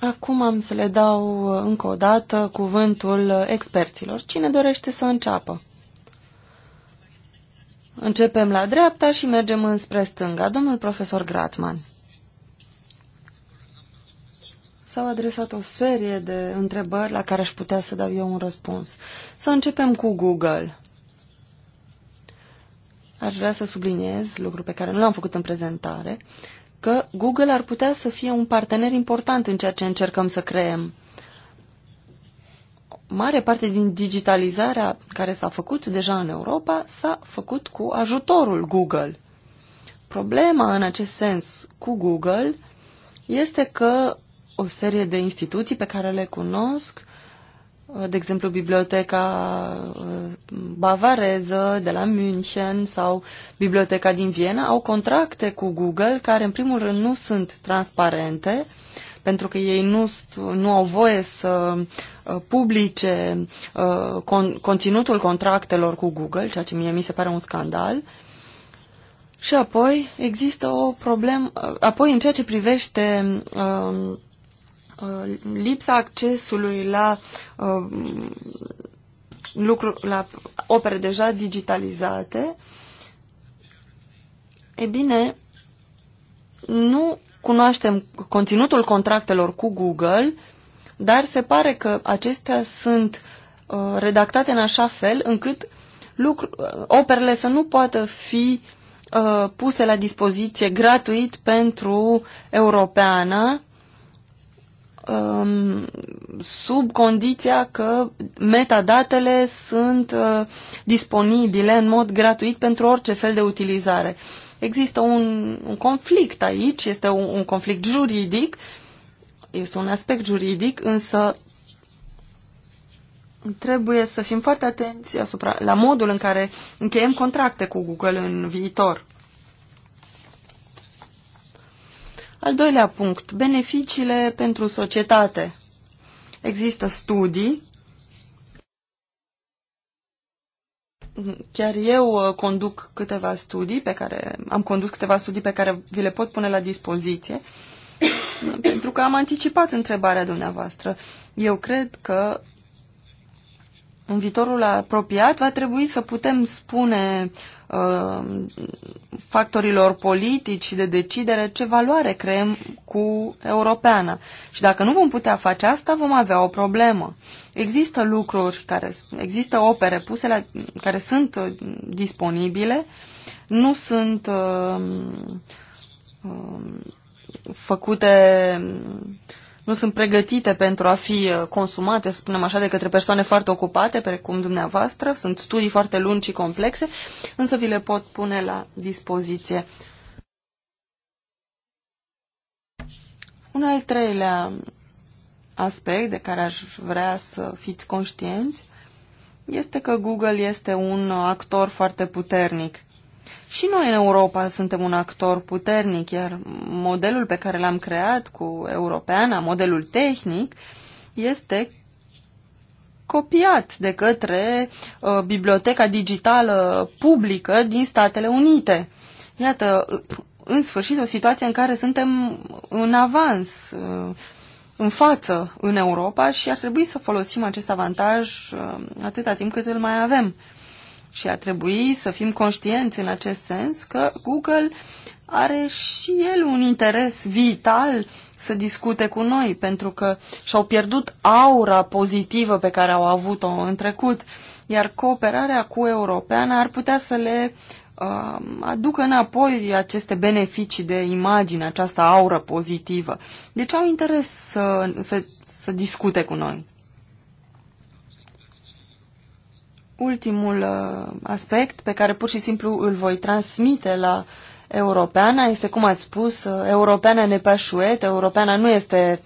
Acum am să le dau uh, încă o dată cuvântul uh, experților. Cine dorește să înceapă? Începem la dreapta și mergem înspre stânga. Domnul profesor Gratman. S-au adresat o serie de întrebări la care aș putea să dau eu un răspuns. Să începem cu Google. Aș vrea să subliniez lucru pe care nu l-am făcut în prezentare. Uh, că Google ar putea să fie un partener important în ceea ce încercăm să creăm. Mare parte din digitalizarea care s-a făcut deja în Europa s-a făcut cu ajutorul Google. Problema în acest sens cu Google este că o serie de instituții pe care le cunosc de exemplu, biblioteca uh, bavareză de la München sau biblioteca din Viena au contracte cu Google care, în primul rând, nu sunt transparente pentru că ei nu, nu au voie să uh, publice uh, con, conținutul contractelor cu Google, ceea ce mie mi se pare un scandal. Și apoi există o problemă, apoi în ceea ce privește uh, Uh, lipsa accesului la uh, lucru, la opere deja digitalizate, e bine, nu cunoaștem conținutul contractelor cu Google, dar se pare că acestea sunt uh, redactate în așa fel încât lucru, uh, operele să nu poată fi uh, puse la dispoziție gratuit pentru europeană um, sub condiția că metadatele sunt uh, disponibile în mod gratuit pentru orice fel de utilizare. Există un, un conflict aici, este un, un conflict juridic, este un aspect juridic, însă trebuie să fim foarte atenți asupra, la modul în care încheiem contracte cu Google în viitor. Al doilea punct, beneficiile pentru societate. Există studii. Chiar eu uh, conduc câteva studii pe care am condus câteva studii pe care vi le pot pune la dispoziție pentru că am anticipat întrebarea dumneavoastră. Eu cred că în viitorul apropiat va trebui să putem spune uh, Uh, factorilor politici și de decidere ce valoare creăm cu europeană. Și dacă nu vom putea face asta, vom avea o problemă. Există lucruri, care, există opere puse la, care sunt uh, disponibile, nu sunt uh, uh, făcute nu sunt pregătite pentru a fi uh, consumate, să spunem așa, de către persoane foarte ocupate, precum dumneavoastră. Sunt studii foarte lungi și complexe, însă vi le pot pune la dispoziție. Un al treilea aspect de care aș vrea să fiți conștienți este că Google este un actor foarte puternic. Și noi în Europa suntem un actor puternic, iar modelul pe care l-am creat cu Europeana, modelul tehnic, este copiat de către uh, biblioteca digitală publică din Statele Unite. Iată, uh, în sfârșit, o situație în care suntem în avans, uh, în față în Europa și ar trebui să folosim acest avantaj uh, atâta timp cât îl mai avem. Uh, și ar trebui să fim conștienți în acest sens că Google are și el un interes vital să discute cu noi, pentru că și-au pierdut aura pozitivă pe care au avut-o în trecut, iar cooperarea cu europeană ar putea să le uh, aducă înapoi aceste beneficii de imagine, această aură pozitivă. Deci au interes să, să, să discute cu noi. ultimul uh, aspect pe care pur și simplu îl voi transmite la europeana este, cum ați spus, uh, europeana nepașuet, europeana nu este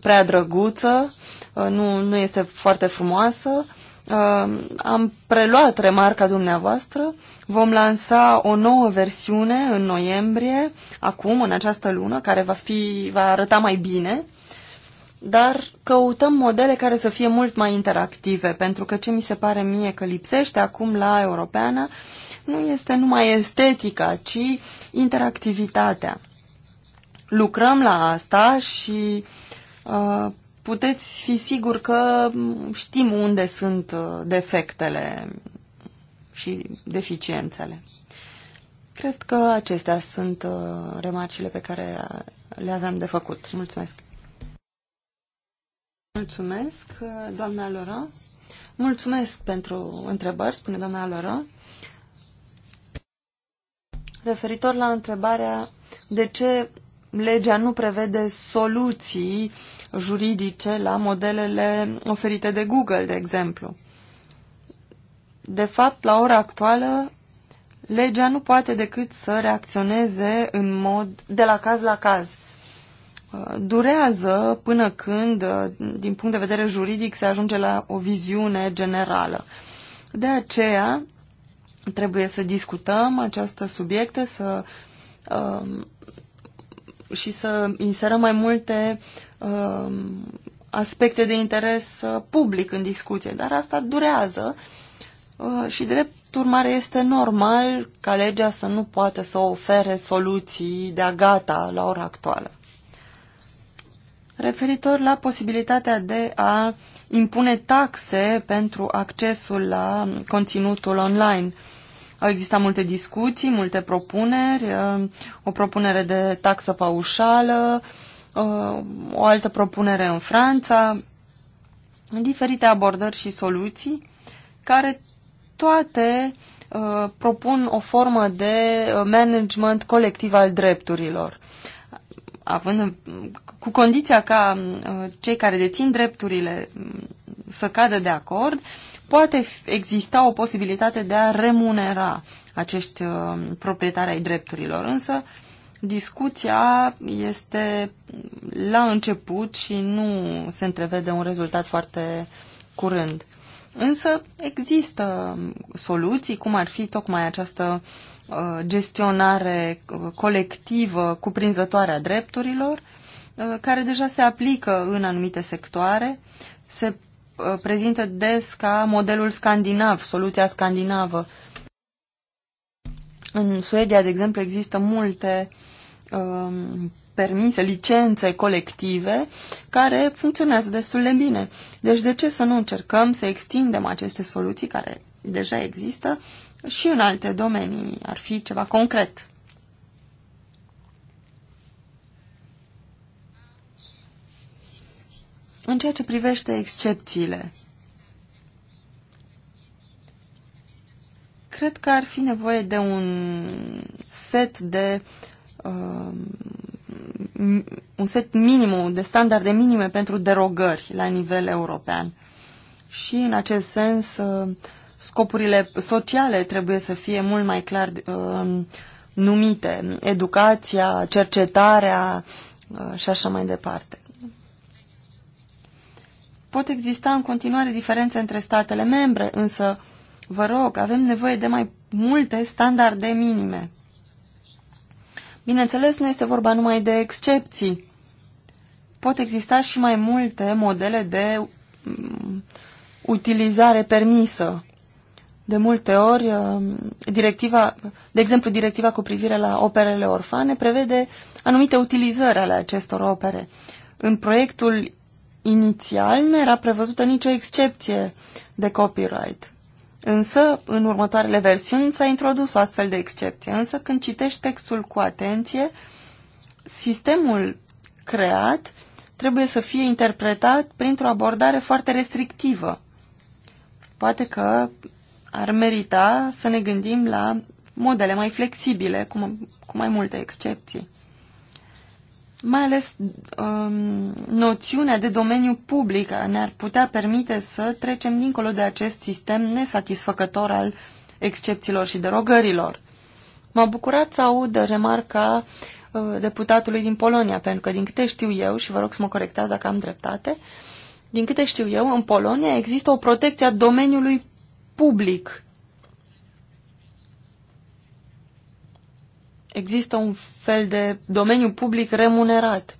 prea drăguță, uh, nu, nu este foarte frumoasă. Am preluat remarca dumneavoastră, vom lansa o nouă versiune în noiembrie, acum, în această lună, care va, fi, va arăta mai bine dar căutăm modele care să fie mult mai interactive, pentru că ce mi se pare mie că lipsește acum la europeană nu este numai estetica, ci interactivitatea. Lucrăm la asta și uh, puteți fi sigur că știm unde sunt uh, defectele și deficiențele. Cred că acestea sunt uh, remarcile pe care le aveam de făcut. Mulțumesc! Mulțumesc, doamna Lora. Mulțumesc pentru întrebări, spune doamna Lora. Referitor la întrebarea de ce legea nu prevede soluții juridice la modelele oferite de Google, de exemplu. De fapt, la ora actuală, legea nu poate decât să reacționeze în mod de la caz la caz durează până când, uh, din punct de vedere juridic, se ajunge la o viziune generală. De aceea, trebuie să discutăm această subiecte să, um, și să inserăm mai multe um, aspecte de interes uh, public în discuție, dar asta durează uh, și drept urmare este normal ca legea să nu poată să ofere soluții de-a gata la ora actuală referitor la posibilitatea de a impune taxe pentru accesul la conținutul online. Au existat multe discuții, multe propuneri, uh, o propunere de taxă paușală, uh, o altă propunere în Franța, diferite abordări și soluții care toate uh, propun o formă de management colectiv al drepturilor având cu condiția ca uh, cei care dețin drepturile mm, să cadă de acord, poate exista o posibilitate de a remunera acești uh, proprietari ai drepturilor, însă discuția este la început și nu se întrevede un rezultat foarte curând. Însă există mm, soluții, cum ar fi tocmai această uh, Uh, gestionare uh, colectivă cuprinzătoare a drepturilor, uh, care deja se aplică în anumite sectoare, se prezintă des ca modelul scandinav, soluția scandinavă. În Suedia, de exemplu, există multe um, permise, licențe colective care funcționează destul de bine. Deci de ce să nu încercăm să extindem aceste soluții care deja există și în alte domenii. Ar fi ceva concret. În ceea ce privește excepțiile, cred că ar fi nevoie de un set de uh, un set minimum de standarde minime pentru derogări la nivel european. Și în acest sens uh, scopurile sociale trebuie să fie mult mai clar uh, numite, educația, cercetarea uh, și așa mai departe. Pot exista în continuare diferențe între statele membre, însă, vă rog, avem nevoie de mai multe standarde minime. Bineînțeles, nu este vorba numai de excepții. Pot exista și mai multe modele de mm, utilizare permisă. De multe ori, uh, directiva, de exemplu, directiva cu privire la operele orfane prevede anumite utilizări ale acestor opere. În proiectul inițial nu era prevăzută nicio excepție de copyright. Însă, în următoarele versiuni s-a introdus o astfel de excepție. Însă, când citești textul cu atenție, sistemul creat trebuie să fie interpretat printr-o abordare foarte restrictivă. Poate că ar merita să ne gândim la modele mai flexibile, cu, cu mai multe excepții. Mai ales um, noțiunea de domeniu public ne-ar putea permite să trecem dincolo de acest sistem nesatisfăcător al excepțiilor și derogărilor. M-a bucurat să aud remarca uh, deputatului din Polonia, pentru că din câte știu eu, și vă rog să mă corectați dacă am dreptate, din câte știu eu, în Polonia există o protecție a domeniului public. Există un fel de domeniu public remunerat.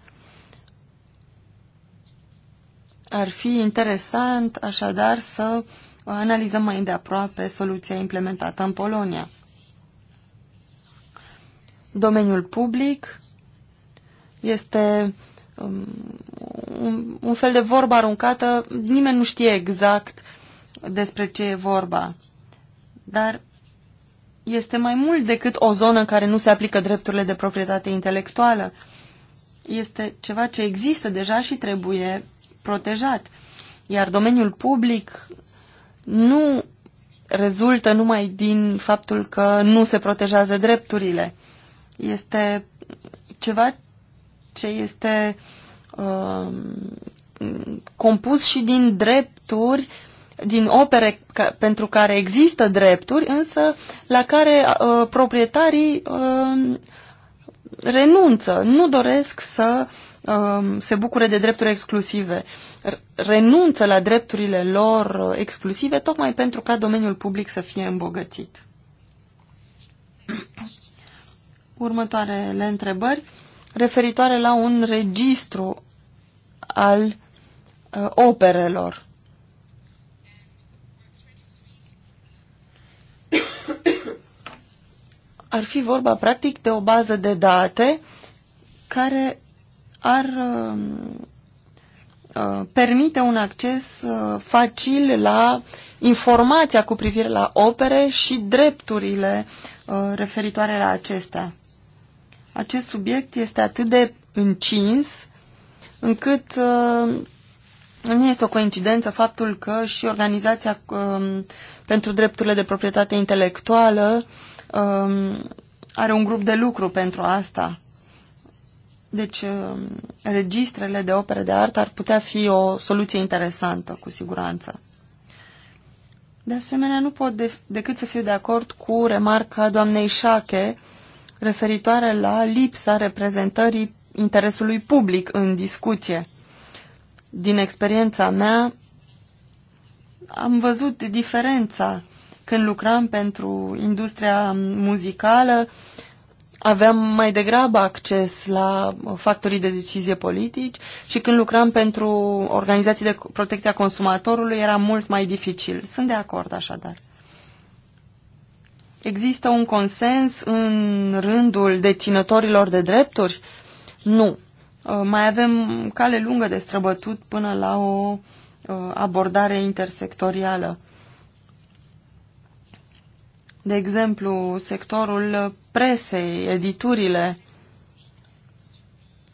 Ar fi interesant, așadar, să analizăm mai îndeaproape soluția implementată în Polonia. Domeniul public este um, un, fel de vorbă aruncată, nimeni nu știe exact despre ce e vorba. Dar este mai mult decât o zonă în care nu se aplică drepturile de proprietate intelectuală. Este ceva ce există deja și trebuie protejat. Iar domeniul public nu rezultă numai din faptul că nu se protejează drepturile. Este ceva ce este uh, compus și din drepturi uh, din opere ca, pentru care există drepturi, însă la care uh, proprietarii uh, renunță, nu doresc să uh, se bucure de drepturi exclusive. Renunță la drepturile lor exclusive tocmai pentru ca domeniul public să fie îmbogățit. Următoarele întrebări referitoare la un registru al uh, operelor ar fi vorba practic de o bază de date care ar um, uh, permite un acces uh, facil la informația cu privire la opere și drepturile uh, referitoare la acestea. Acest subiect este atât de încins încât nu este o coincidență faptul că și Organizația um, pentru Drepturile de Proprietate Intelectuală um, are un grup de lucru pentru asta. Deci, um, registrele de opere de artă ar putea fi o soluție interesantă, cu siguranță. De asemenea, nu pot de- decât să fiu de acord cu remarca doamnei Șache referitoare la lipsa reprezentării interesului public în discuție. Din experiența mea, am văzut diferența când lucram pentru industria muzicală, aveam mai degrabă acces la factorii de decizie politici și când lucram pentru organizații de protecție a consumatorului era mult mai dificil. Sunt de acord așadar. Există un consens în rândul deținătorilor de drepturi? Nu. Uh, mai avem cale lungă de străbătut până la o uh, abordare intersectorială de exemplu, sectorul presei, editurile.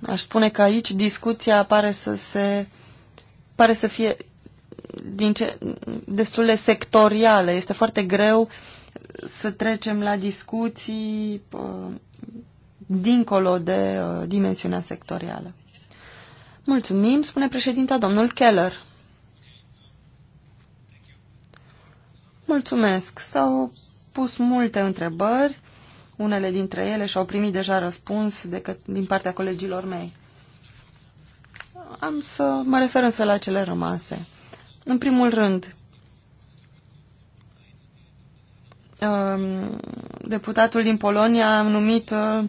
Aș spune că aici discuția pare să se pare să fie din ce, destul de sectorială. Este foarte greu să trecem la discuții uh, dincolo de uh, dimensiunea sectorială. Mulțumim, spune președinta domnul Keller. Mulțumesc. sau pus multe întrebări, unele dintre ele și-au primit deja răspuns de că din partea colegilor mei. Am să mă refer însă la cele rămase. În primul rând, um, deputatul din Polonia a numit uh,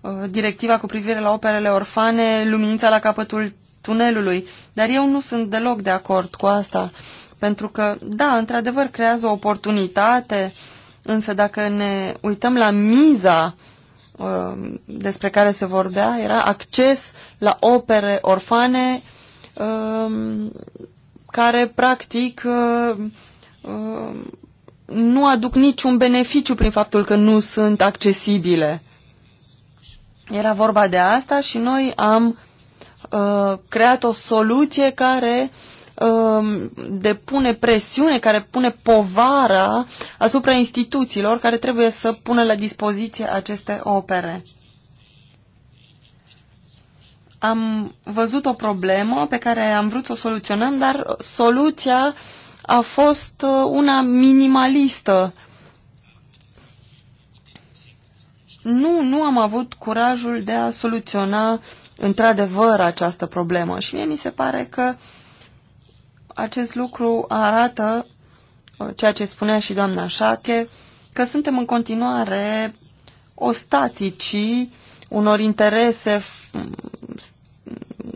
uh, directiva cu privire la operele orfane luminița la capătul tunelului, dar eu nu sunt deloc de acord cu asta, pentru că, da, într-adevăr, creează o oportunitate uh, Însă dacă ne uităm la miza uh, despre care se vorbea, era acces la opere orfane um, care practic uh, um, nu aduc niciun beneficiu prin faptul că nu sunt accesibile. Era vorba de asta și noi am uh, creat o soluție care Um, depune presiune, care pune povara asupra instituțiilor care trebuie să pună la dispoziție aceste opere. Am văzut o problemă pe care am vrut să o soluționăm, dar soluția a fost uh, una minimalistă. Nu, nu am avut curajul de a soluționa într-adevăr această problemă și mie mi se pare că uh, acest lucru arată, uh, ceea ce spunea și doamna Șache, că suntem în continuare ostaticii unor interese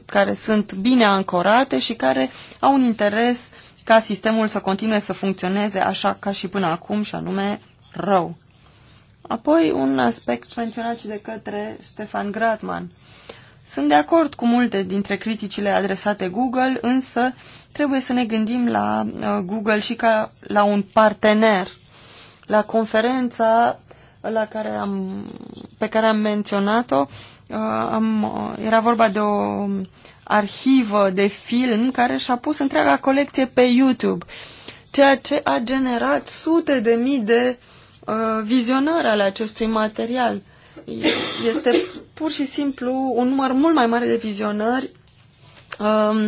care sunt bine ancorate și care au un interes ca sistemul să continue să funcționeze așa ca și până acum și anume rău. Apoi un aspect menționat și de către Stefan Gratman. Sunt de acord cu multe dintre criticile adresate Google, însă trebuie să ne gândim la uh, Google și ca la un partener. La conferința la care am, pe care am menționat-o, uh, am, uh, era vorba de o arhivă de film care și-a pus întreaga colecție pe YouTube, ceea ce a generat sute de mii de uh, vizionări ale acestui material. Este pur și simplu un număr mult mai mare de vizionări Uh,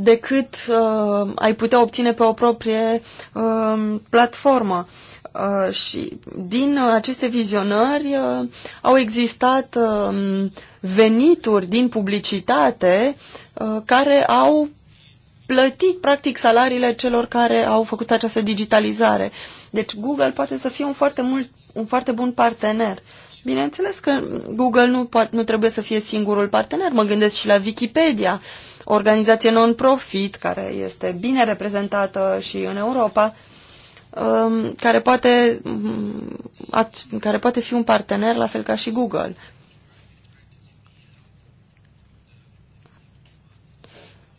decât uh, ai putea obține pe o proprie uh, platformă. Uh, și din uh, aceste vizionări uh, au existat uh, venituri din publicitate uh, care au plătit practic salariile celor care au făcut această digitalizare. Deci Google poate să fie un foarte, mult, un foarte bun partener. Bineînțeles că Google nu, poate, nu trebuie să fie singurul partener. Mă gândesc și la Wikipedia. Uh, organizație non-profit care este bine reprezentată și în Europa, um, care poate, um, care poate fi un partener la fel ca și Google.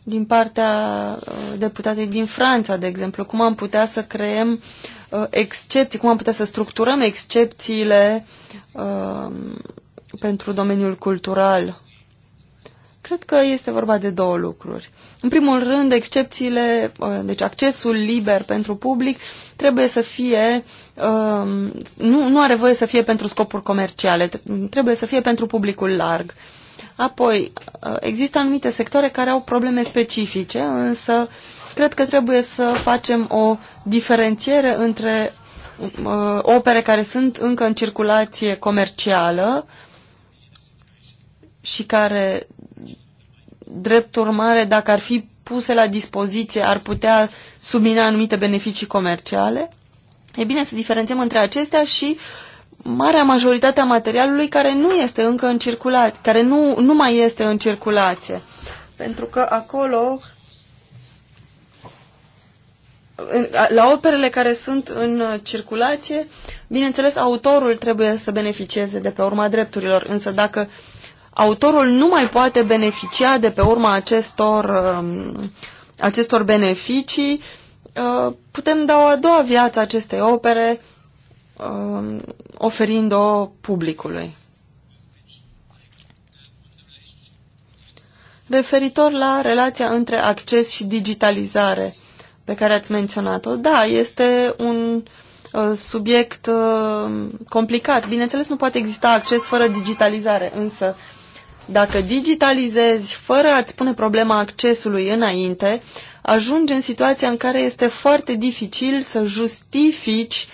Din partea uh, deputatei din Franța, de exemplu, cum am putea să creăm uh, excepții, cum am putea să structurăm excepțiile um, pentru domeniul cultural Cred că este vorba de două lucruri. În primul rând, excepțiile, uh, deci accesul liber pentru public trebuie să fie, um, nu, nu are voie să fie pentru scopuri comerciale, trebuie să fie pentru publicul larg. Apoi, uh, există anumite sectoare care au probleme specifice, însă cred că trebuie să facem o diferențiere între uh, opere care sunt încă în circulație comercială și care drept urmare, dacă ar fi puse la dispoziție, ar putea submina anumite beneficii comerciale? E bine să diferențiem între acestea și marea majoritate a materialului care nu este încă în circulație, care nu, nu mai este în circulație. Pentru că acolo la operele care sunt în circulație, bineînțeles, autorul trebuie să beneficieze de pe urma drepturilor, însă dacă uh, autorul nu mai poate beneficia de pe urma acestor, um, acestor beneficii. Uh, putem da o a doua viață acestei opere um, oferind-o publicului. Referitor la relația între acces și digitalizare pe care ați menționat-o, da, este un uh, subiect uh, complicat. Bineînțeles, nu poate exista acces fără digitalizare, însă dacă digitalizezi fără a-ți pune problema accesului înainte, ajungi în situația în care este foarte dificil să justifici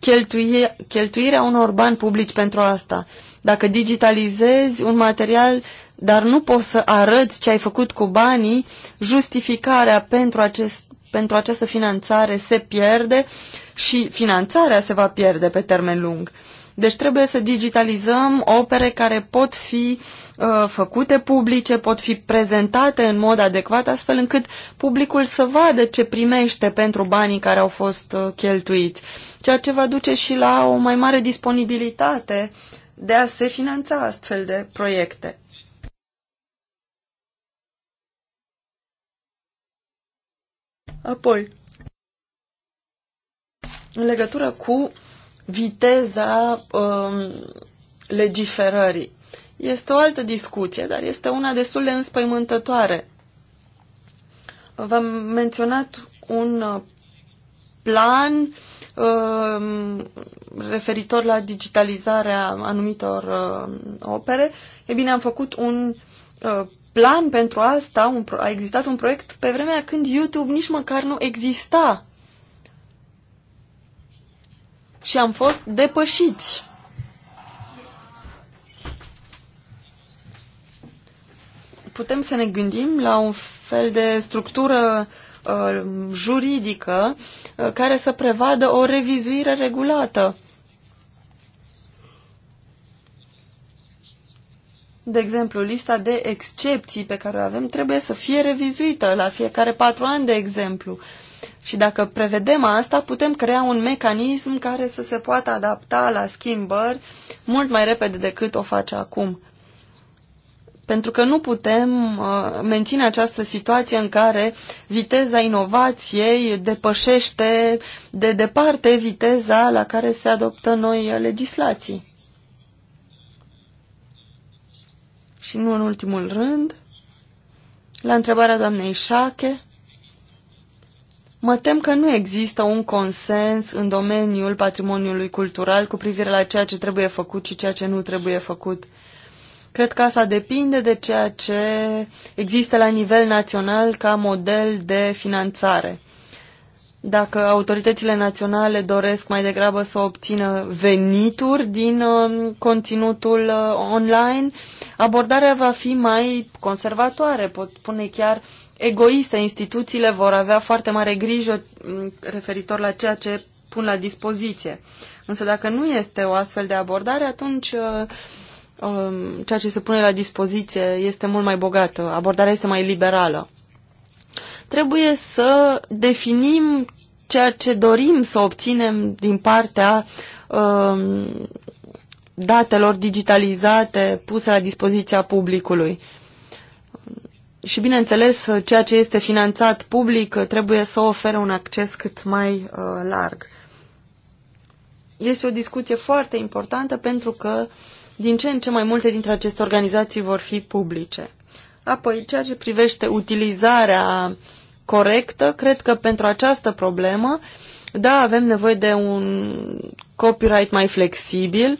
cheltuie, cheltuirea unor bani publici pentru asta. Dacă digitalizezi un material, dar nu poți să arăți ce ai făcut cu banii, justificarea pentru, acest, pentru această finanțare se pierde și finanțarea se va pierde pe termen lung. Deci trebuie să digitalizăm opere care pot fi uh, făcute publice, pot fi prezentate în mod adecvat, astfel încât publicul să vadă ce primește pentru banii care au fost uh, cheltuiți, ceea ce va duce și la o mai mare disponibilitate de a se finanța astfel de proiecte. Apoi, în legătură cu viteza um, legiferării. Este o altă discuție, dar este una destul de înspăimântătoare. V-am menționat un uh, plan um, referitor la digitalizarea anumitor um, opere. E bine, am făcut un uh, plan pentru asta, un, a existat un proiect pe vremea când YouTube nici măcar nu exista și am fost depășiți. Putem să ne gândim la un fel de structură uh, juridică uh, care să prevadă o revizuire regulată. De exemplu, lista de excepții pe care o avem trebuie să fie revizuită la fiecare patru ani, de exemplu. Uh, și dacă prevedem asta, putem crea un mecanism care să se poată adapta la schimbări mult mai repede decât o face acum. Pentru că nu putem uh, menține această situație în care viteza inovației depășește de departe viteza la care se adoptă noi legislații. Și nu în ultimul rând, la întrebarea doamnei Șache, Mă tem că nu există un consens în domeniul patrimoniului cultural cu privire la ceea ce trebuie făcut și ceea ce nu trebuie făcut. Cred că asta depinde de ceea ce există la nivel național ca model de finanțare. Dacă autoritățile naționale doresc mai degrabă să obțină venituri din um, conținutul uh, online, abordarea va fi mai conservatoare, pot pune chiar egoiste, instituțiile vor avea foarte mare grijă mm, referitor la ceea ce pun la dispoziție. Însă dacă nu este o astfel de abordare, atunci uh, um, ceea ce se pune la dispoziție este mult mai bogată, abordarea este mai liberală. Trebuie să definim ceea ce dorim să obținem din partea um, datelor digitalizate puse la dispoziția publicului. Și, bineînțeles, ceea ce este finanțat public trebuie să ofere un acces cât mai uh, larg. Este o discuție foarte importantă pentru că din ce în ce mai multe dintre aceste organizații vor fi publice. Apoi, ceea ce privește utilizarea corectă, cred că pentru această problemă, da, avem nevoie de un copyright mai flexibil,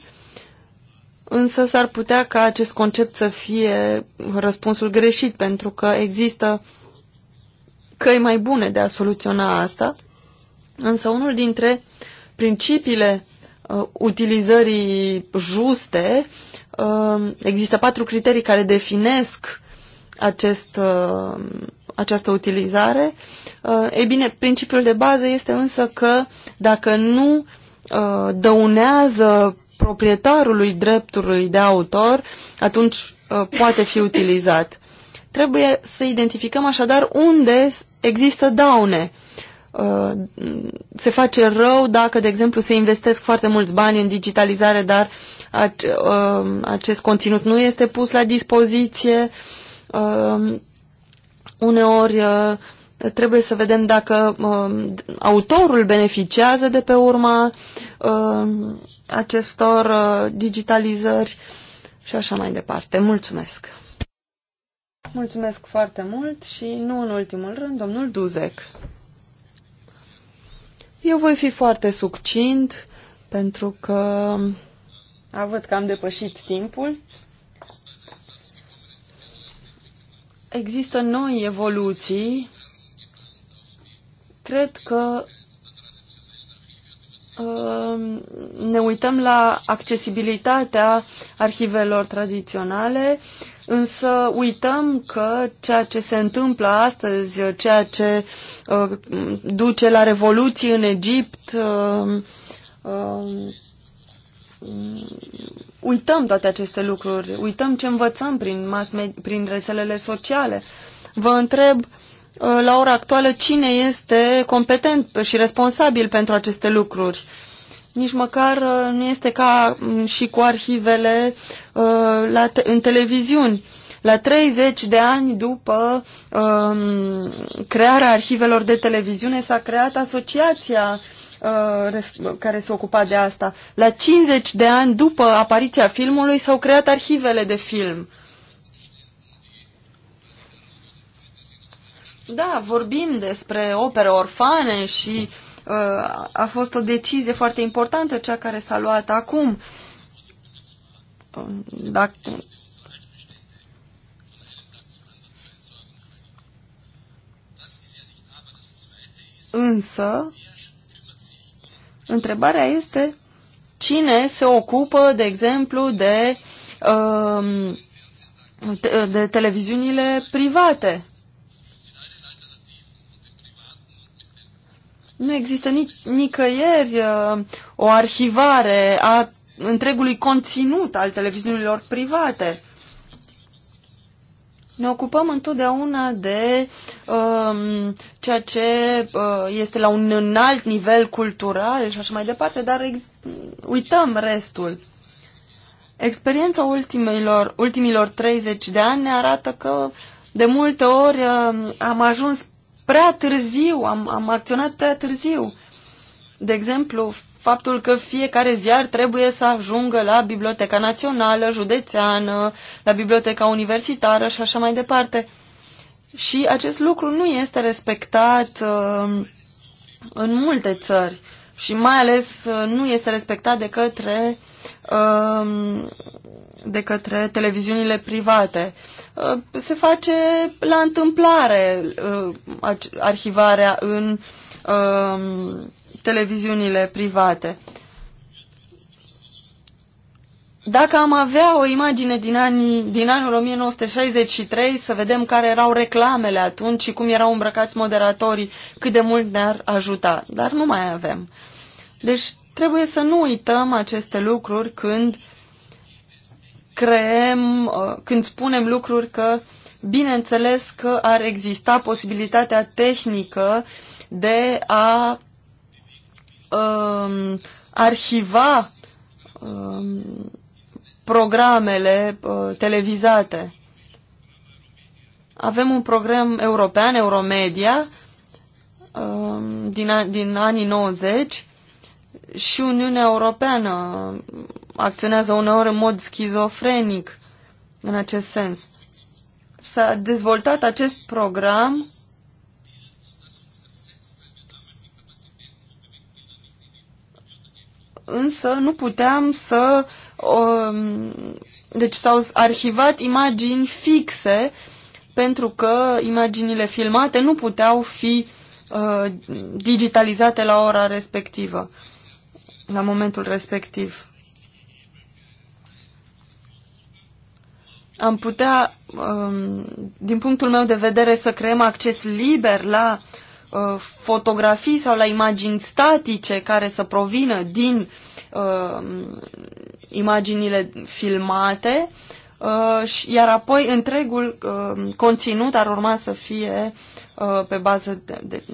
Însă s-ar putea ca acest concept să fie răspunsul greșit, pentru că există căi mai bune de a soluționa asta. Însă unul dintre principiile uh, utilizării juste, uh, există patru criterii care definesc acest, uh, această utilizare. Uh, ei bine, principiul de bază este însă că dacă nu uh, dăunează proprietarului dreptului de autor, atunci uh, poate fi utilizat. Trebuie să identificăm așadar unde există daune. Uh, se face rău dacă, de exemplu, se investesc foarte mulți bani în digitalizare, dar uh, acest conținut nu este pus la dispoziție. Uneori trebuie să vedem dacă autorul beneficiază de pe urma acestor uh, digitalizări și așa mai departe. Mulțumesc! Mulțumesc foarte mult și nu în ultimul rând, domnul Duzec. Eu voi fi foarte succint pentru că a, văd că am depășit timpul. Există noi evoluții. Cred că Um, ne uităm la accesibilitatea arhivelor tradiționale, însă uităm că ceea ce se întâmplă astăzi, ceea ce uh, duce la revoluții în Egipt, um, um, uităm toate aceste lucruri, uităm ce învățăm prin, mass prin rețelele sociale. Vă întreb, uh, Uh, la ora actuală cine este competent și responsabil pentru aceste lucruri. Nici măcar uh, nu este ca mm, și cu arhivele uh, la te- în televiziuni. La 30 de ani după um, crearea arhivelor de televiziune s-a creat asociația uh, care se ocupa de asta. La 50 de ani după apariția filmului s-au creat arhivele de film. Uh, Da, vorbim despre opere orfane și uh, a fost o decizie foarte importantă cea care s-a luat acum. Dacă, Însă, întrebarea este cine se ocupă, de exemplu, de, um, de televiziunile private. nu există nici, nicăieri uh, o arhivare a întregului conținut al televiziunilor private. Ne ocupăm întotdeauna de um, ceea ce uh, este la un înalt nivel cultural și așa mai departe, dar uităm restul. Experiența ultimilor, ultimilor 30 de ani ne arată că de multe ori uh, am ajuns prea târziu, am, am acționat prea târziu. De exemplu, faptul că fiecare ziar trebuie să ajungă la Biblioteca Națională, Județeană, la Biblioteca Universitară și așa mai departe. Și acest lucru nu este respectat uh, în multe țări și mai ales uh, nu este respectat de către, uh, de către televiziunile private. Uh, se face la întâmplare uh, arhivarea în um, televiziunile private. Dacă am avea o imagine din, anii, din anul 1963, să vedem care erau reclamele atunci și cum erau îmbrăcați moderatorii, cât de mult ne-ar ajuta. Dar nu mai avem. Deci trebuie să nu uităm aceste lucruri când uh, creăm, uh, când spunem lucruri că, bineînțeles că ar exista posibilitatea tehnică de a um, arhiva um, programele uh, televizate. Avem un program european, Euromedia, um, din, din anii 90, și Uniunea Europeană acționează uneori în mod schizofrenic în acest sens. S-a dezvoltat acest program însă nu puteam să um, deci s-au arhivat imagini fixe pentru că imaginile filmate nu puteau fi uh, digitalizate la ora respectivă. Uh, la momentul respectiv. Am putea, um, din punctul meu de vedere, să creăm acces liber la uh, fotografii sau la imagini statice care să provină din um, imaginile filmate, uh, iar apoi întregul um, conținut ar urma să fie uh, Uh, pe bază de, de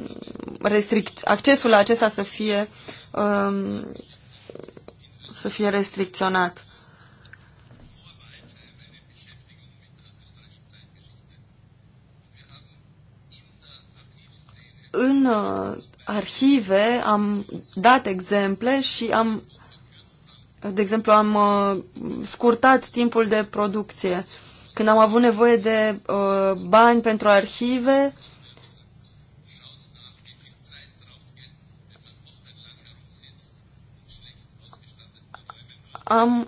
restrict, accesul la acesta să fie um, să fie restricționat. În uh, arhive am dat exemple și am, de exemplu, am uh, scurtat timpul de producție. Când am avut nevoie de uh, bani pentru arhive, uh, am,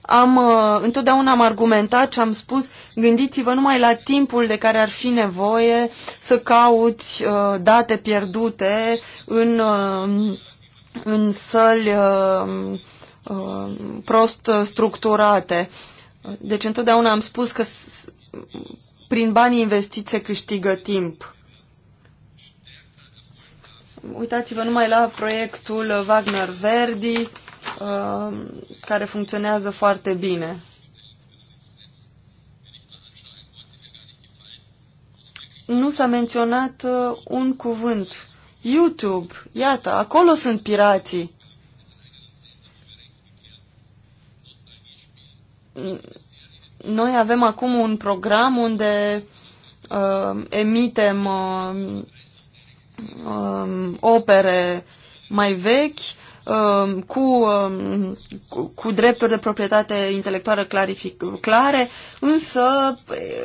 am, uh, întotdeauna am argumentat și am spus, gândiți-vă numai la timpul de care ar fi nevoie să cauți uh, date pierdute în, uh, în săli uh, uh, prost structurate. Deci întotdeauna am spus că prin banii investiți se câștigă timp. Uitați-vă numai la proiectul Wagner Verdi, Uh, care funcționează foarte bine. Nu s-a menționat uh, un cuvânt. YouTube, iată, acolo sunt pirații. Noi avem acum un program unde uh, emitem uh, um, opere mai vechi Um, um, cu, cu drepturi de proprietate intelectuală clarific, clare, însă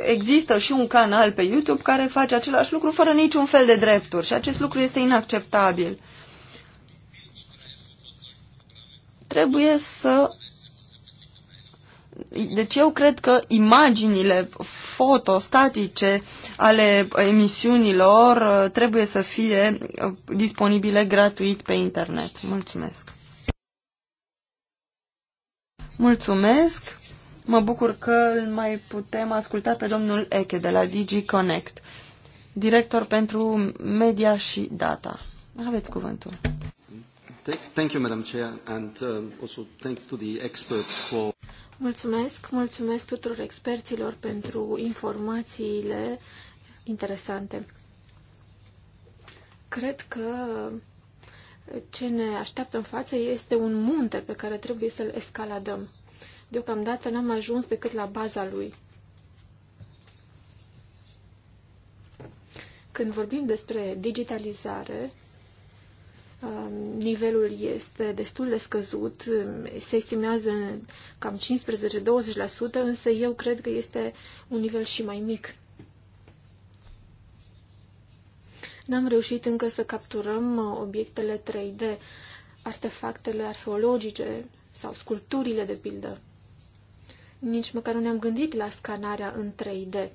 există și un canal pe YouTube care face același lucru fără niciun fel de drepturi și acest lucru este inacceptabil. Trebuie să deci eu cred că imaginile fotostatice ale emisiunilor uh, trebuie să fie uh, disponibile gratuit pe internet. Mulțumesc! Mulțumesc! Mă bucur că îl mai putem asculta pe domnul Eche de la Digiconnect, director pentru media și data. Aveți cuvântul. Thank you, Madam Chair, and uh, also thanks to the experts for Mulțumesc, mulțumesc tuturor experților pentru informațiile interesante. Cred că ce ne așteaptă în față este un munte pe care trebuie să-l escaladăm. Deocamdată n-am ajuns decât la baza lui. Când vorbim despre digitalizare, nivelul este destul de scăzut, se estimează cam 15-20%, însă eu cred că este un nivel și mai mic. N-am reușit încă să capturăm obiectele 3D, artefactele arheologice sau sculpturile de pildă. Nici măcar nu ne-am gândit la scanarea în 3D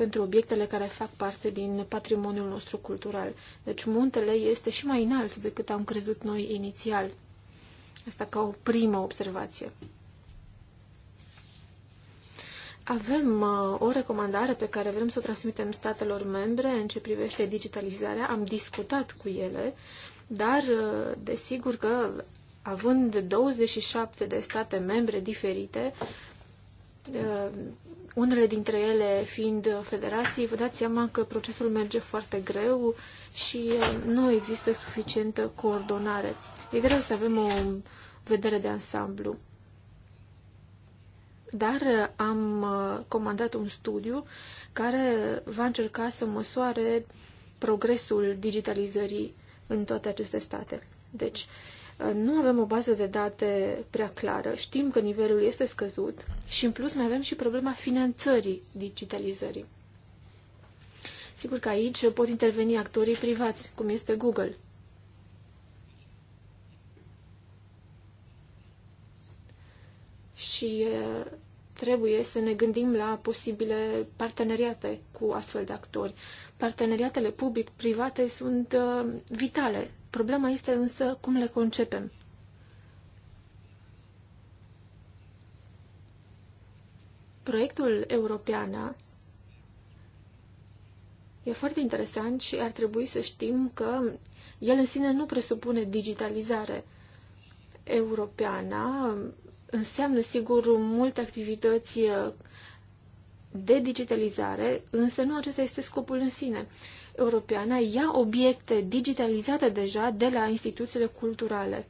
pentru obiectele care fac parte din patrimoniul nostru cultural. Deci muntele este și mai înalt decât am crezut noi inițial. Asta ca o primă observație. Avem uh, o recomandare pe care vrem să o transmitem statelor membre în ce privește digitalizarea. Am discutat cu ele, dar uh, desigur că având 27 de state membre diferite, uh, unele dintre ele fiind federații, vă dați seama că procesul merge foarte greu și uh, nu există suficientă coordonare. E greu să avem o vedere de ansamblu. Dar uh, am uh, comandat un studiu care va încerca să măsoare progresul digitalizării în toate aceste state. Deci, nu avem o bază de date prea clară, știm că nivelul este scăzut și în plus mai avem și problema finanțării digitalizării. Sigur că aici pot interveni actorii privați, cum este Google. Și trebuie să ne gândim la posibile parteneriate cu astfel de actori. Parteneriatele public-private sunt vitale Problema este însă cum le concepem. Proiectul Europeana e foarte interesant și ar trebui să știm că el în sine nu presupune digitalizare. Europeana înseamnă, sigur, multe activități de digitalizare, însă nu acesta este scopul în sine. Europeană ia obiecte digitalizate deja de la instituțiile culturale.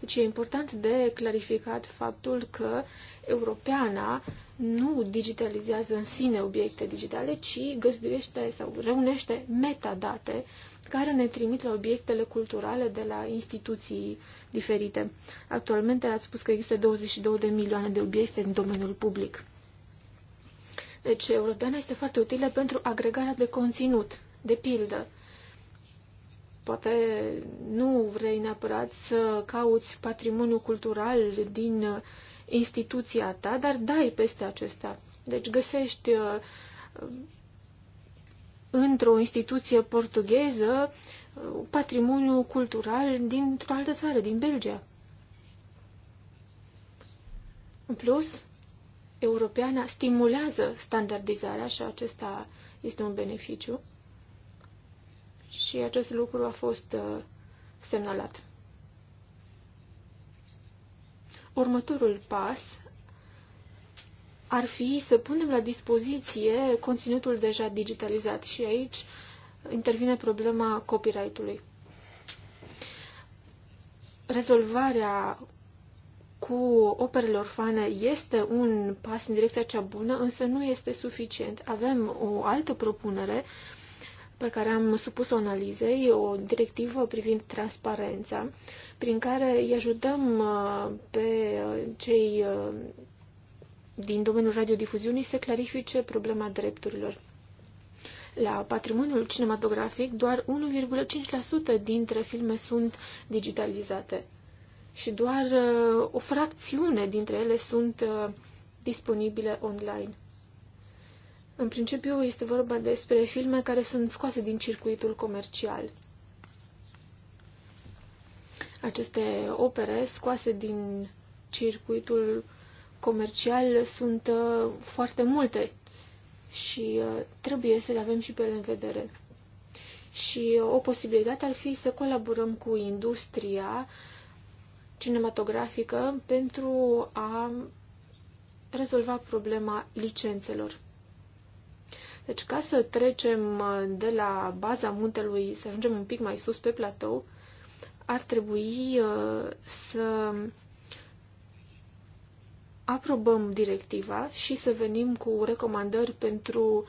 Deci e important de clarificat faptul că Europeana nu digitalizează în sine obiecte digitale, ci găzduiește sau reunește metadate care ne trimit la obiectele culturale de la instituții diferite. Actualmente ați spus că există 22 de milioane de obiecte în domeniul public. Deci, europeana este foarte utilă pentru agregarea de conținut de pildă. Poate nu vrei neapărat să cauți patrimoniu cultural din instituția ta, dar dai peste acestea. Deci găsești uh, într-o instituție portugheză uh, patrimoniu cultural dintr-o altă țară, din Belgia. În plus, europeana stimulează standardizarea și acesta este un beneficiu și acest lucru a fost uh, semnalat. Următorul pas ar fi să punem la dispoziție conținutul deja digitalizat și aici intervine problema copyright-ului. Rezolvarea cu operele orfane este un pas în direcția cea bună, însă nu este suficient. Avem o altă propunere pe care am supus-o analizei, o directivă privind transparența, prin care îi ajutăm uh, pe uh, cei uh, din domeniul radiodifuziunii să clarifice problema drepturilor. La patrimoniul cinematografic, doar 1,5% dintre filme sunt digitalizate și doar o fracțiune dintre ele sunt disponibile online. În principiu este vorba despre filme care sunt scoase din circuitul comercial. Aceste opere scoase din circuitul comercial sunt uh, foarte multe și uh, trebuie să le avem și pe ele în vedere. Și uh, o posibilitate ar fi să colaborăm cu industria cinematografică pentru a rezolva problema licențelor. Deci ca să trecem uh, de la baza muntelui, să ajungem un pic mai sus pe platou, ar trebui uh, să aprobăm directiva și să venim cu recomandări pentru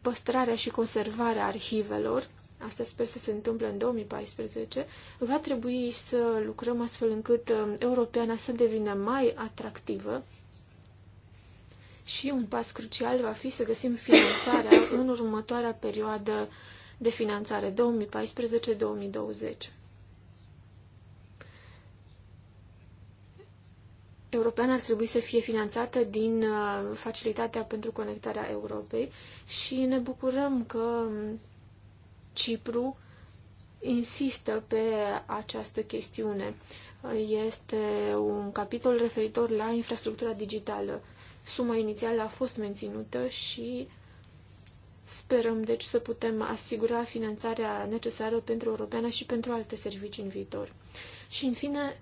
păstrarea și conservarea arhivelor. Asta sper să se întâmple în 2014. Va trebui să lucrăm astfel încât uh, europeana să devină mai atractivă și un pas crucial va fi să găsim finanțarea în următoarea perioadă de finanțare 2014-2020. Europeană ar trebui să fie finanțată din uh, Facilitatea pentru Conectarea Europei și ne bucurăm că Cipru insistă pe această chestiune. Este un capitol referitor la infrastructura digitală. Suma inițială a fost menținută și sperăm deci să putem asigura finanțarea necesară pentru Europeană și pentru alte servicii în viitor. Și în fine,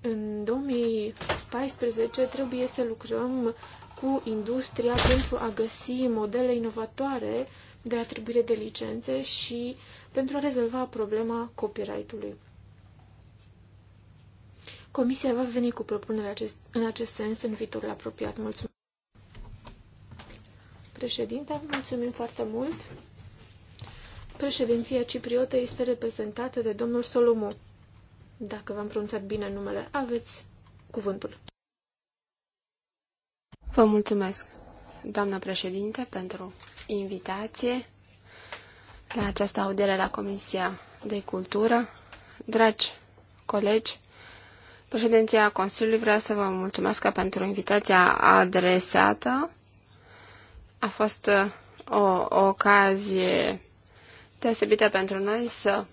în 2014 trebuie să lucrăm cu industria pentru a găsi modele inovatoare de atribuire de licențe și pentru a rezolva problema copyright-ului. Comisia va veni cu propunerea acest, în acest sens în viitorul apropiat. Mulțumesc. Președinte, mulțumim foarte mult. Președinția cipriotă este reprezentată de domnul Solomon. Dacă v-am pronunțat bine numele, aveți cuvântul. Vă mulțumesc, doamnă președinte, pentru invitație la această audiere la Comisia de Cultură. Dragi colegi, Președinția Consiliului vrea să vă mulțumesc pentru invitația adresată. A fost o, uh, o ocazie deosebită pentru noi să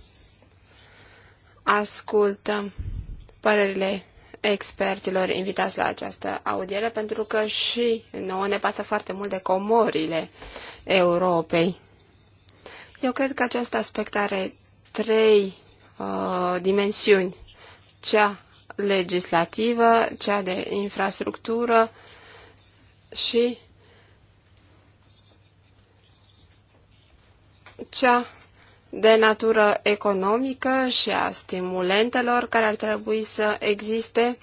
ascultăm părerile experților invitați la această audiere, pentru că și nouă ne pasă foarte mult de comorile Europei. Eu cred că acest aspect are trei uh, dimensiuni. Cea legislativă, cea de infrastructură și cea de natură economică și a stimulentelor care ar trebui să existe,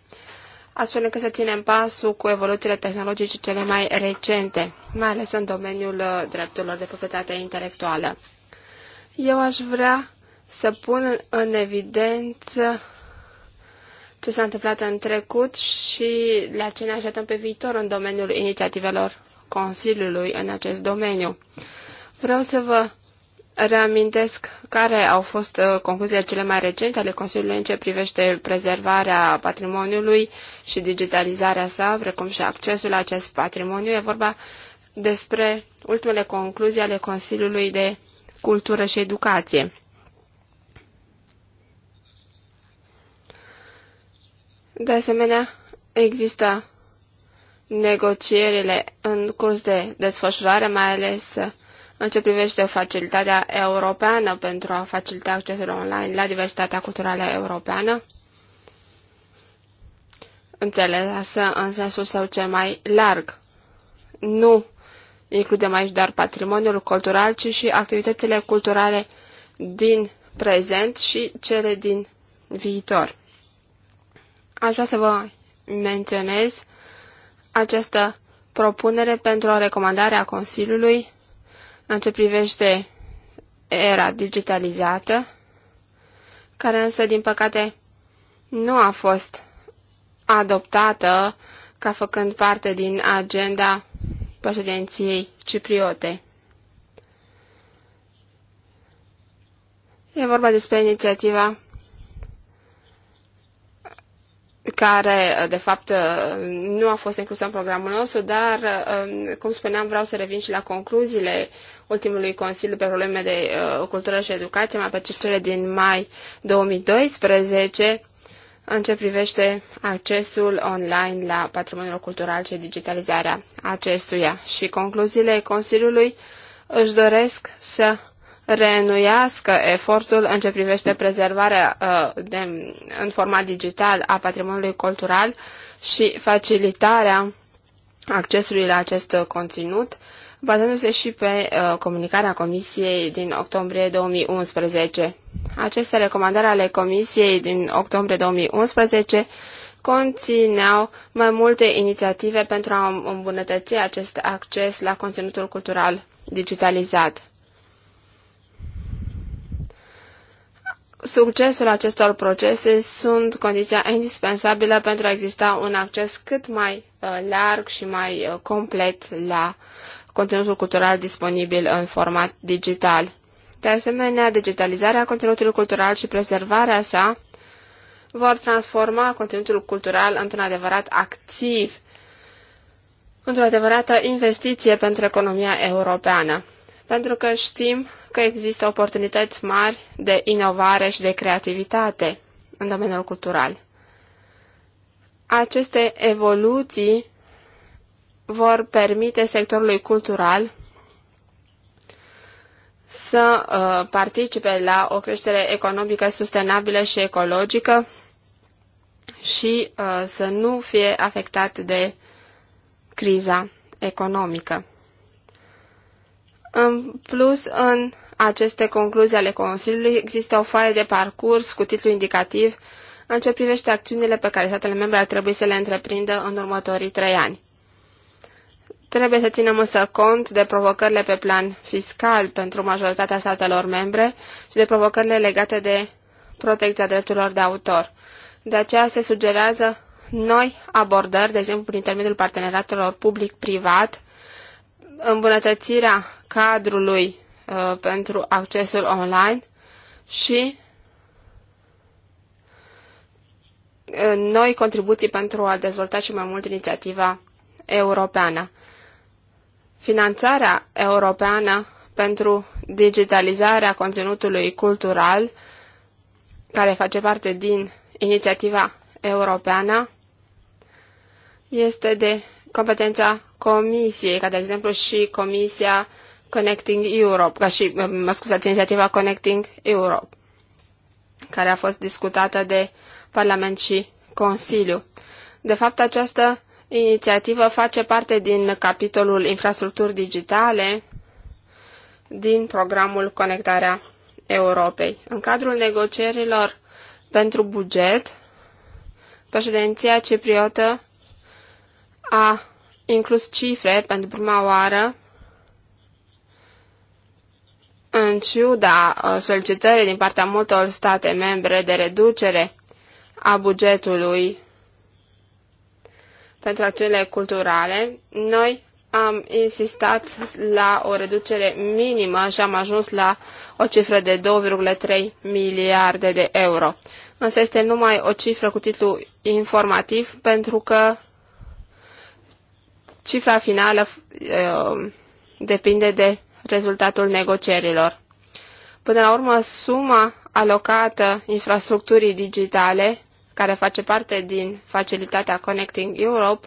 astfel încât să ținem pasul cu evoluțiile tehnologice cele mai recente, mai ales în domeniul uh, drepturilor de proprietate intelectuală. Eu aș vrea să pun în evidență ce s-a întâmplat în trecut și la ce ne așteptăm pe viitor în domeniul inițiativelor Consiliului în acest domeniu. Vreau să vă reamintesc care au fost uh, concluziile cele mai recente ale Consiliului în ce privește prezervarea patrimoniului și digitalizarea sa, precum și accesul la acest patrimoniu. E vorba despre ultimele concluzii ale Consiliului de Cultură și Educație. De asemenea, există negocierile în curs de desfășurare, mai ales în ce privește facilitatea europeană pentru a facilita accesul online la diversitatea culturală europeană, înțeleasă în sensul său cel mai larg. Nu includem aici doar patrimoniul cultural, ci și activitățile culturale din prezent și cele din viitor aș vrea să vă menționez această propunere pentru o recomandare a Consiliului în ce privește era digitalizată, care însă, din păcate, nu a fost adoptată ca făcând parte din agenda președinției cipriote. E vorba despre inițiativa care, de fapt, nu a fost inclusă în programul nostru, dar, um, cum spuneam, vreau să revin și la concluziile ultimului Consiliu pe probleme de uh, cultură și educație, mai pe cele din mai 2012, în ce privește accesul online la patrimoniul cultural și digitalizarea acestuia. Și concluziile Consiliului își doresc să reînnoiască efortul în ce privește prezervarea uh, de, în format digital a patrimoniului cultural și facilitarea accesului la acest conținut, bazându-se și pe uh, comunicarea Comisiei din octombrie 2011. Aceste recomandări ale Comisiei din octombrie 2011 conțineau mai multe inițiative pentru a îmbunătăți acest acces la conținutul cultural digitalizat. succesul acestor procese sunt condiția indispensabilă pentru a exista un acces cât mai uh, larg și mai uh, complet la conținutul cultural disponibil în format digital. De asemenea, digitalizarea conținutului cultural și preservarea sa vor transforma conținutul cultural într-un adevărat activ, într-o adevărată investiție pentru economia europeană. Pentru că știm că există oportunități mari de inovare și de creativitate în domeniul cultural. Aceste evoluții vor permite sectorului cultural să uh, participe la o creștere economică sustenabilă și ecologică și uh, să nu fie afectat de criza economică. În plus, în aceste concluzii ale Consiliului există o foaie de parcurs cu titlu indicativ în ce privește acțiunile pe care statele membre ar trebui să le întreprindă în următorii trei ani. Trebuie să ținem însă cont de provocările pe plan fiscal pentru majoritatea statelor membre și de provocările legate de protecția drepturilor de autor. De aceea se sugerează noi abordări, de exemplu prin intermediul parteneratelor public-privat, îmbunătățirea cadrului uh, pentru accesul online și uh, noi contribuții pentru a dezvolta și mai mult inițiativa europeană. Finanțarea europeană pentru digitalizarea conținutului cultural, care face parte din inițiativa europeană, este de competența Comisiei, ca de exemplu și Comisia Connecting Europe, ca și, um, mă scuzați, inițiativa Connecting Europe, care a fost discutată de Parlament și Consiliu. De fapt, această inițiativă face parte din capitolul infrastructuri digitale din programul Conectarea Europei. În cadrul negocierilor pentru buget, președinția cipriotă a inclus cifre pentru prima oară în ciuda uh, solicitării din partea multor state membre de reducere a bugetului pentru acțiunile culturale, noi am insistat la o reducere minimă și am ajuns la o cifră de 2,3 miliarde de euro. Însă este numai o cifră cu titlu informativ pentru că cifra finală uh, depinde de rezultatul negocierilor. Până la urmă, suma alocată infrastructurii digitale, care face parte din facilitatea Connecting Europe,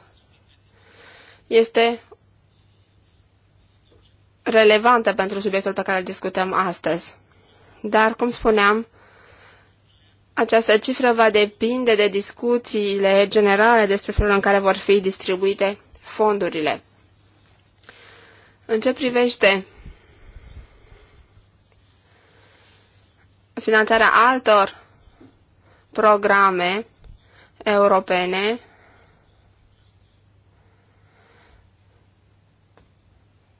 este relevantă pentru subiectul pe care îl discutăm astăzi. Dar, cum spuneam, această cifră va depinde de discuțiile generale despre felul în care vor fi distribuite fondurile. În ce privește finanțarea altor programe europene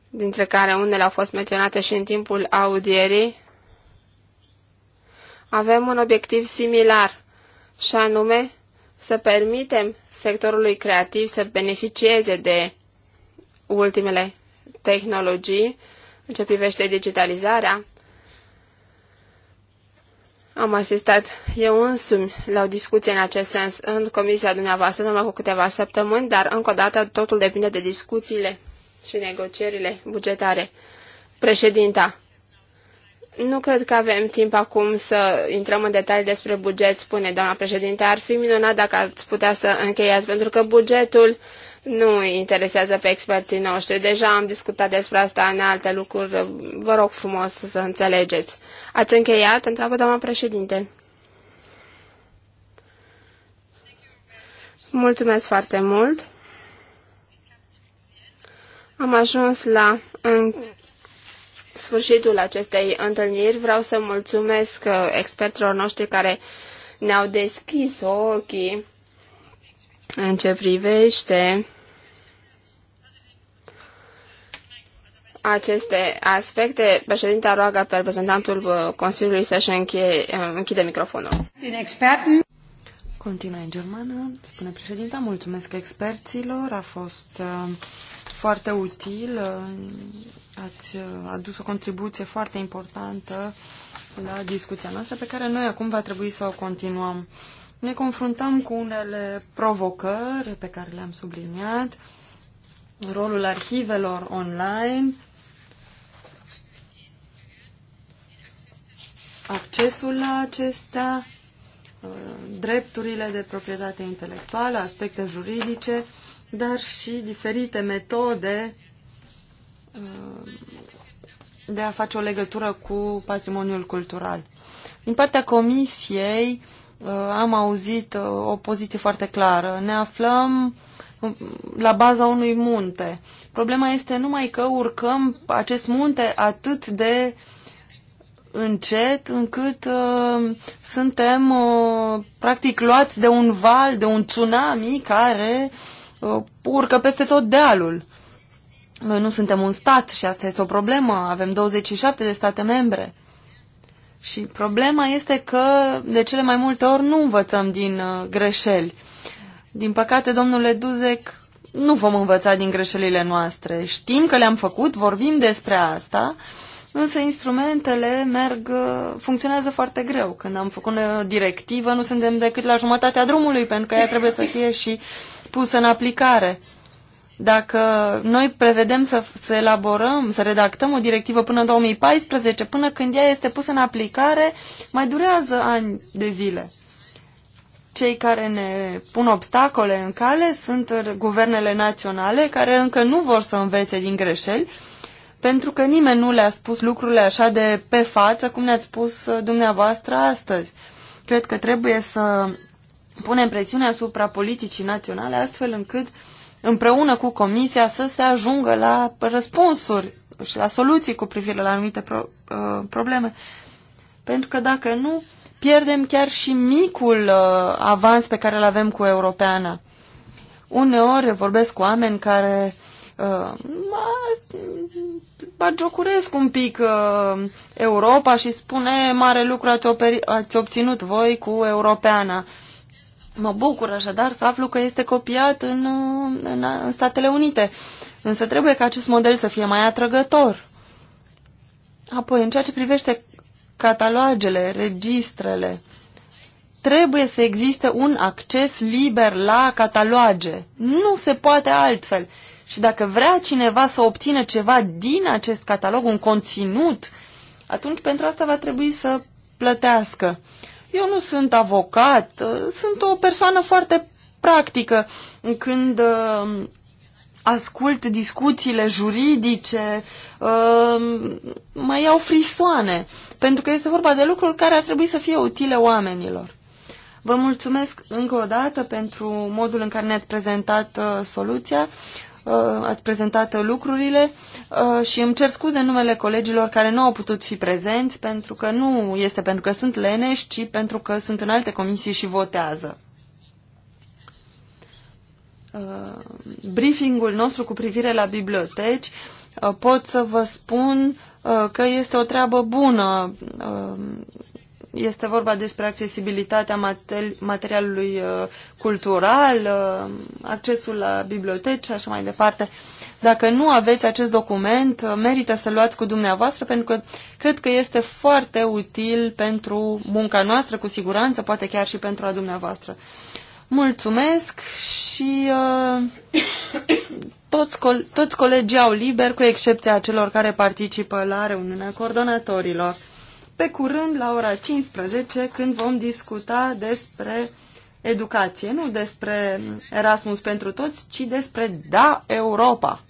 dintre care unele au fost menționate și în timpul audierii, avem un obiectiv similar, și anume să permitem sectorului creativ să beneficieze de ultimele tehnologii în ce privește digitalizarea, am asistat eu însumi la o discuție în acest sens în comisia dumneavoastră numai cu câteva săptămâni, dar încă o dată totul depinde de discuțiile și negocierile bugetare. Președinta, nu cred că avem timp acum să intrăm în detalii despre buget, spune doamna președinte. Ar fi minunat dacă ați putea să încheiați, pentru că bugetul nu interesează pe experții noștri. Deja am discutat despre asta în alte lucruri. Vă rog frumos să înțelegeți. Ați încheiat? Întreabă doamna președinte. Mulțumesc foarte mult. Am ajuns la în sfârșitul acestei întâlniri. Vreau să mulțumesc uh, experților noștri care ne-au deschis ochii în ce privește aceste aspecte, președinta roagă pe reprezentantul uh, Consiliului să-și încheie, uh, închide microfonul. Continuă în germană, spune președinta, mulțumesc experților, a fost uh, foarte util, ați adus o contribuție foarte importantă la discuția noastră pe care noi acum va trebui să o continuăm. Ne confruntăm cu unele provocări pe care le-am subliniat, rolul arhivelor online, accesul la acestea, drepturile de proprietate intelectuală, aspecte juridice, dar și diferite metode uh, de a face o legătură cu patrimoniul cultural. Din partea Comisiei Uh, am auzit uh, o poziție foarte clară. Ne aflăm uh, la baza unui munte. Problema este numai că urcăm acest munte atât de încet încât uh, suntem uh, practic luați de un val, de un tsunami care uh, urcă peste tot dealul. Noi nu suntem un stat și asta este o problemă. Avem 27 de state membre. Și problema este că de cele mai multe ori nu învățăm din uh, greșeli. Din păcate, domnule Duzec, nu vom învăța din greșelile noastre. Știm că le-am făcut, vorbim despre asta, însă instrumentele merg, uh, funcționează foarte greu. Când am făcut o directivă, nu suntem decât la jumătatea drumului, pentru că ea trebuie să fie și pusă în aplicare. Dacă noi prevedem să, să elaborăm, să redactăm o directivă până în 2014, până când ea este pusă în aplicare, mai durează ani de zile. Cei care ne pun obstacole în cale sunt guvernele naționale care încă nu vor să învețe din greșeli, pentru că nimeni nu le-a spus lucrurile așa de pe față, cum ne-ați spus uh, dumneavoastră astăzi. Cred că trebuie să punem presiune asupra politicii naționale astfel încât uh, împreună cu Comisia să se ajungă la răspunsuri și la soluții cu privire la anumite pro, uh, probleme. Pentru că dacă nu, pierdem chiar și micul uh, avans pe care îl avem cu europeana. Uneori vorbesc cu oameni care uh, un pic uh, Europa și spune mare lucru ați, operi, ați obținut voi cu europeana. Mă bucur așadar să aflu că este copiat în, în, în Statele Unite. Însă trebuie ca acest model să fie mai atrăgător. Apoi, în ceea ce privește catalogele, registrele, trebuie să existe un acces liber la cataloge. Nu se poate altfel. Și dacă vrea cineva să obțină ceva din acest catalog, un conținut, atunci pentru asta va trebui să plătească. Eu nu sunt avocat, uh, sunt o persoană foarte practică. Când uh, ascult discuțiile juridice, uh, mă iau frisoane, pentru că este vorba de lucruri care ar trebui să fie utile oamenilor. Vă mulțumesc încă o dată pentru modul în care ne-ați prezentat soluția uh, ați prezentat lucrurile uh, și îmi cer scuze în numele colegilor care nu au putut fi prezenți pentru că nu este pentru că sunt leneși, ci pentru că sunt în alte comisii și votează. Uh, briefingul nostru cu privire la biblioteci uh, pot să vă spun uh, că este o treabă bună uh, este vorba despre accesibilitatea materialului uh, cultural, uh, accesul la biblioteci și așa mai departe. Dacă nu aveți acest document, uh, merită să luați cu dumneavoastră pentru că cred că este foarte util pentru munca noastră, cu siguranță, poate chiar și pentru a dumneavoastră. Mulțumesc și uh, toți, co- toți colegii au liber, cu excepția celor care participă la reuniunea coordonatorilor pe curând la ora 15 când vom discuta despre educație, nu despre Erasmus pentru toți, ci despre Da Europa.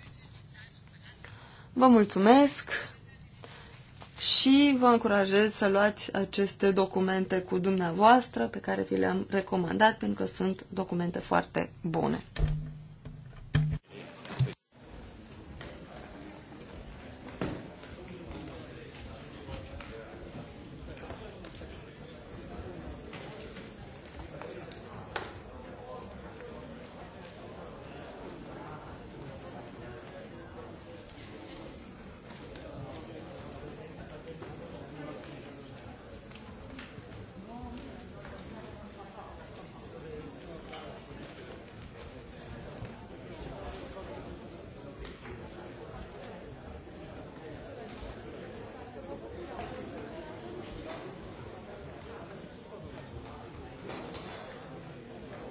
Vă mulțumesc și vă încurajez să luați aceste documente cu dumneavoastră pe care vi le-am recomandat pentru că sunt documente foarte bune.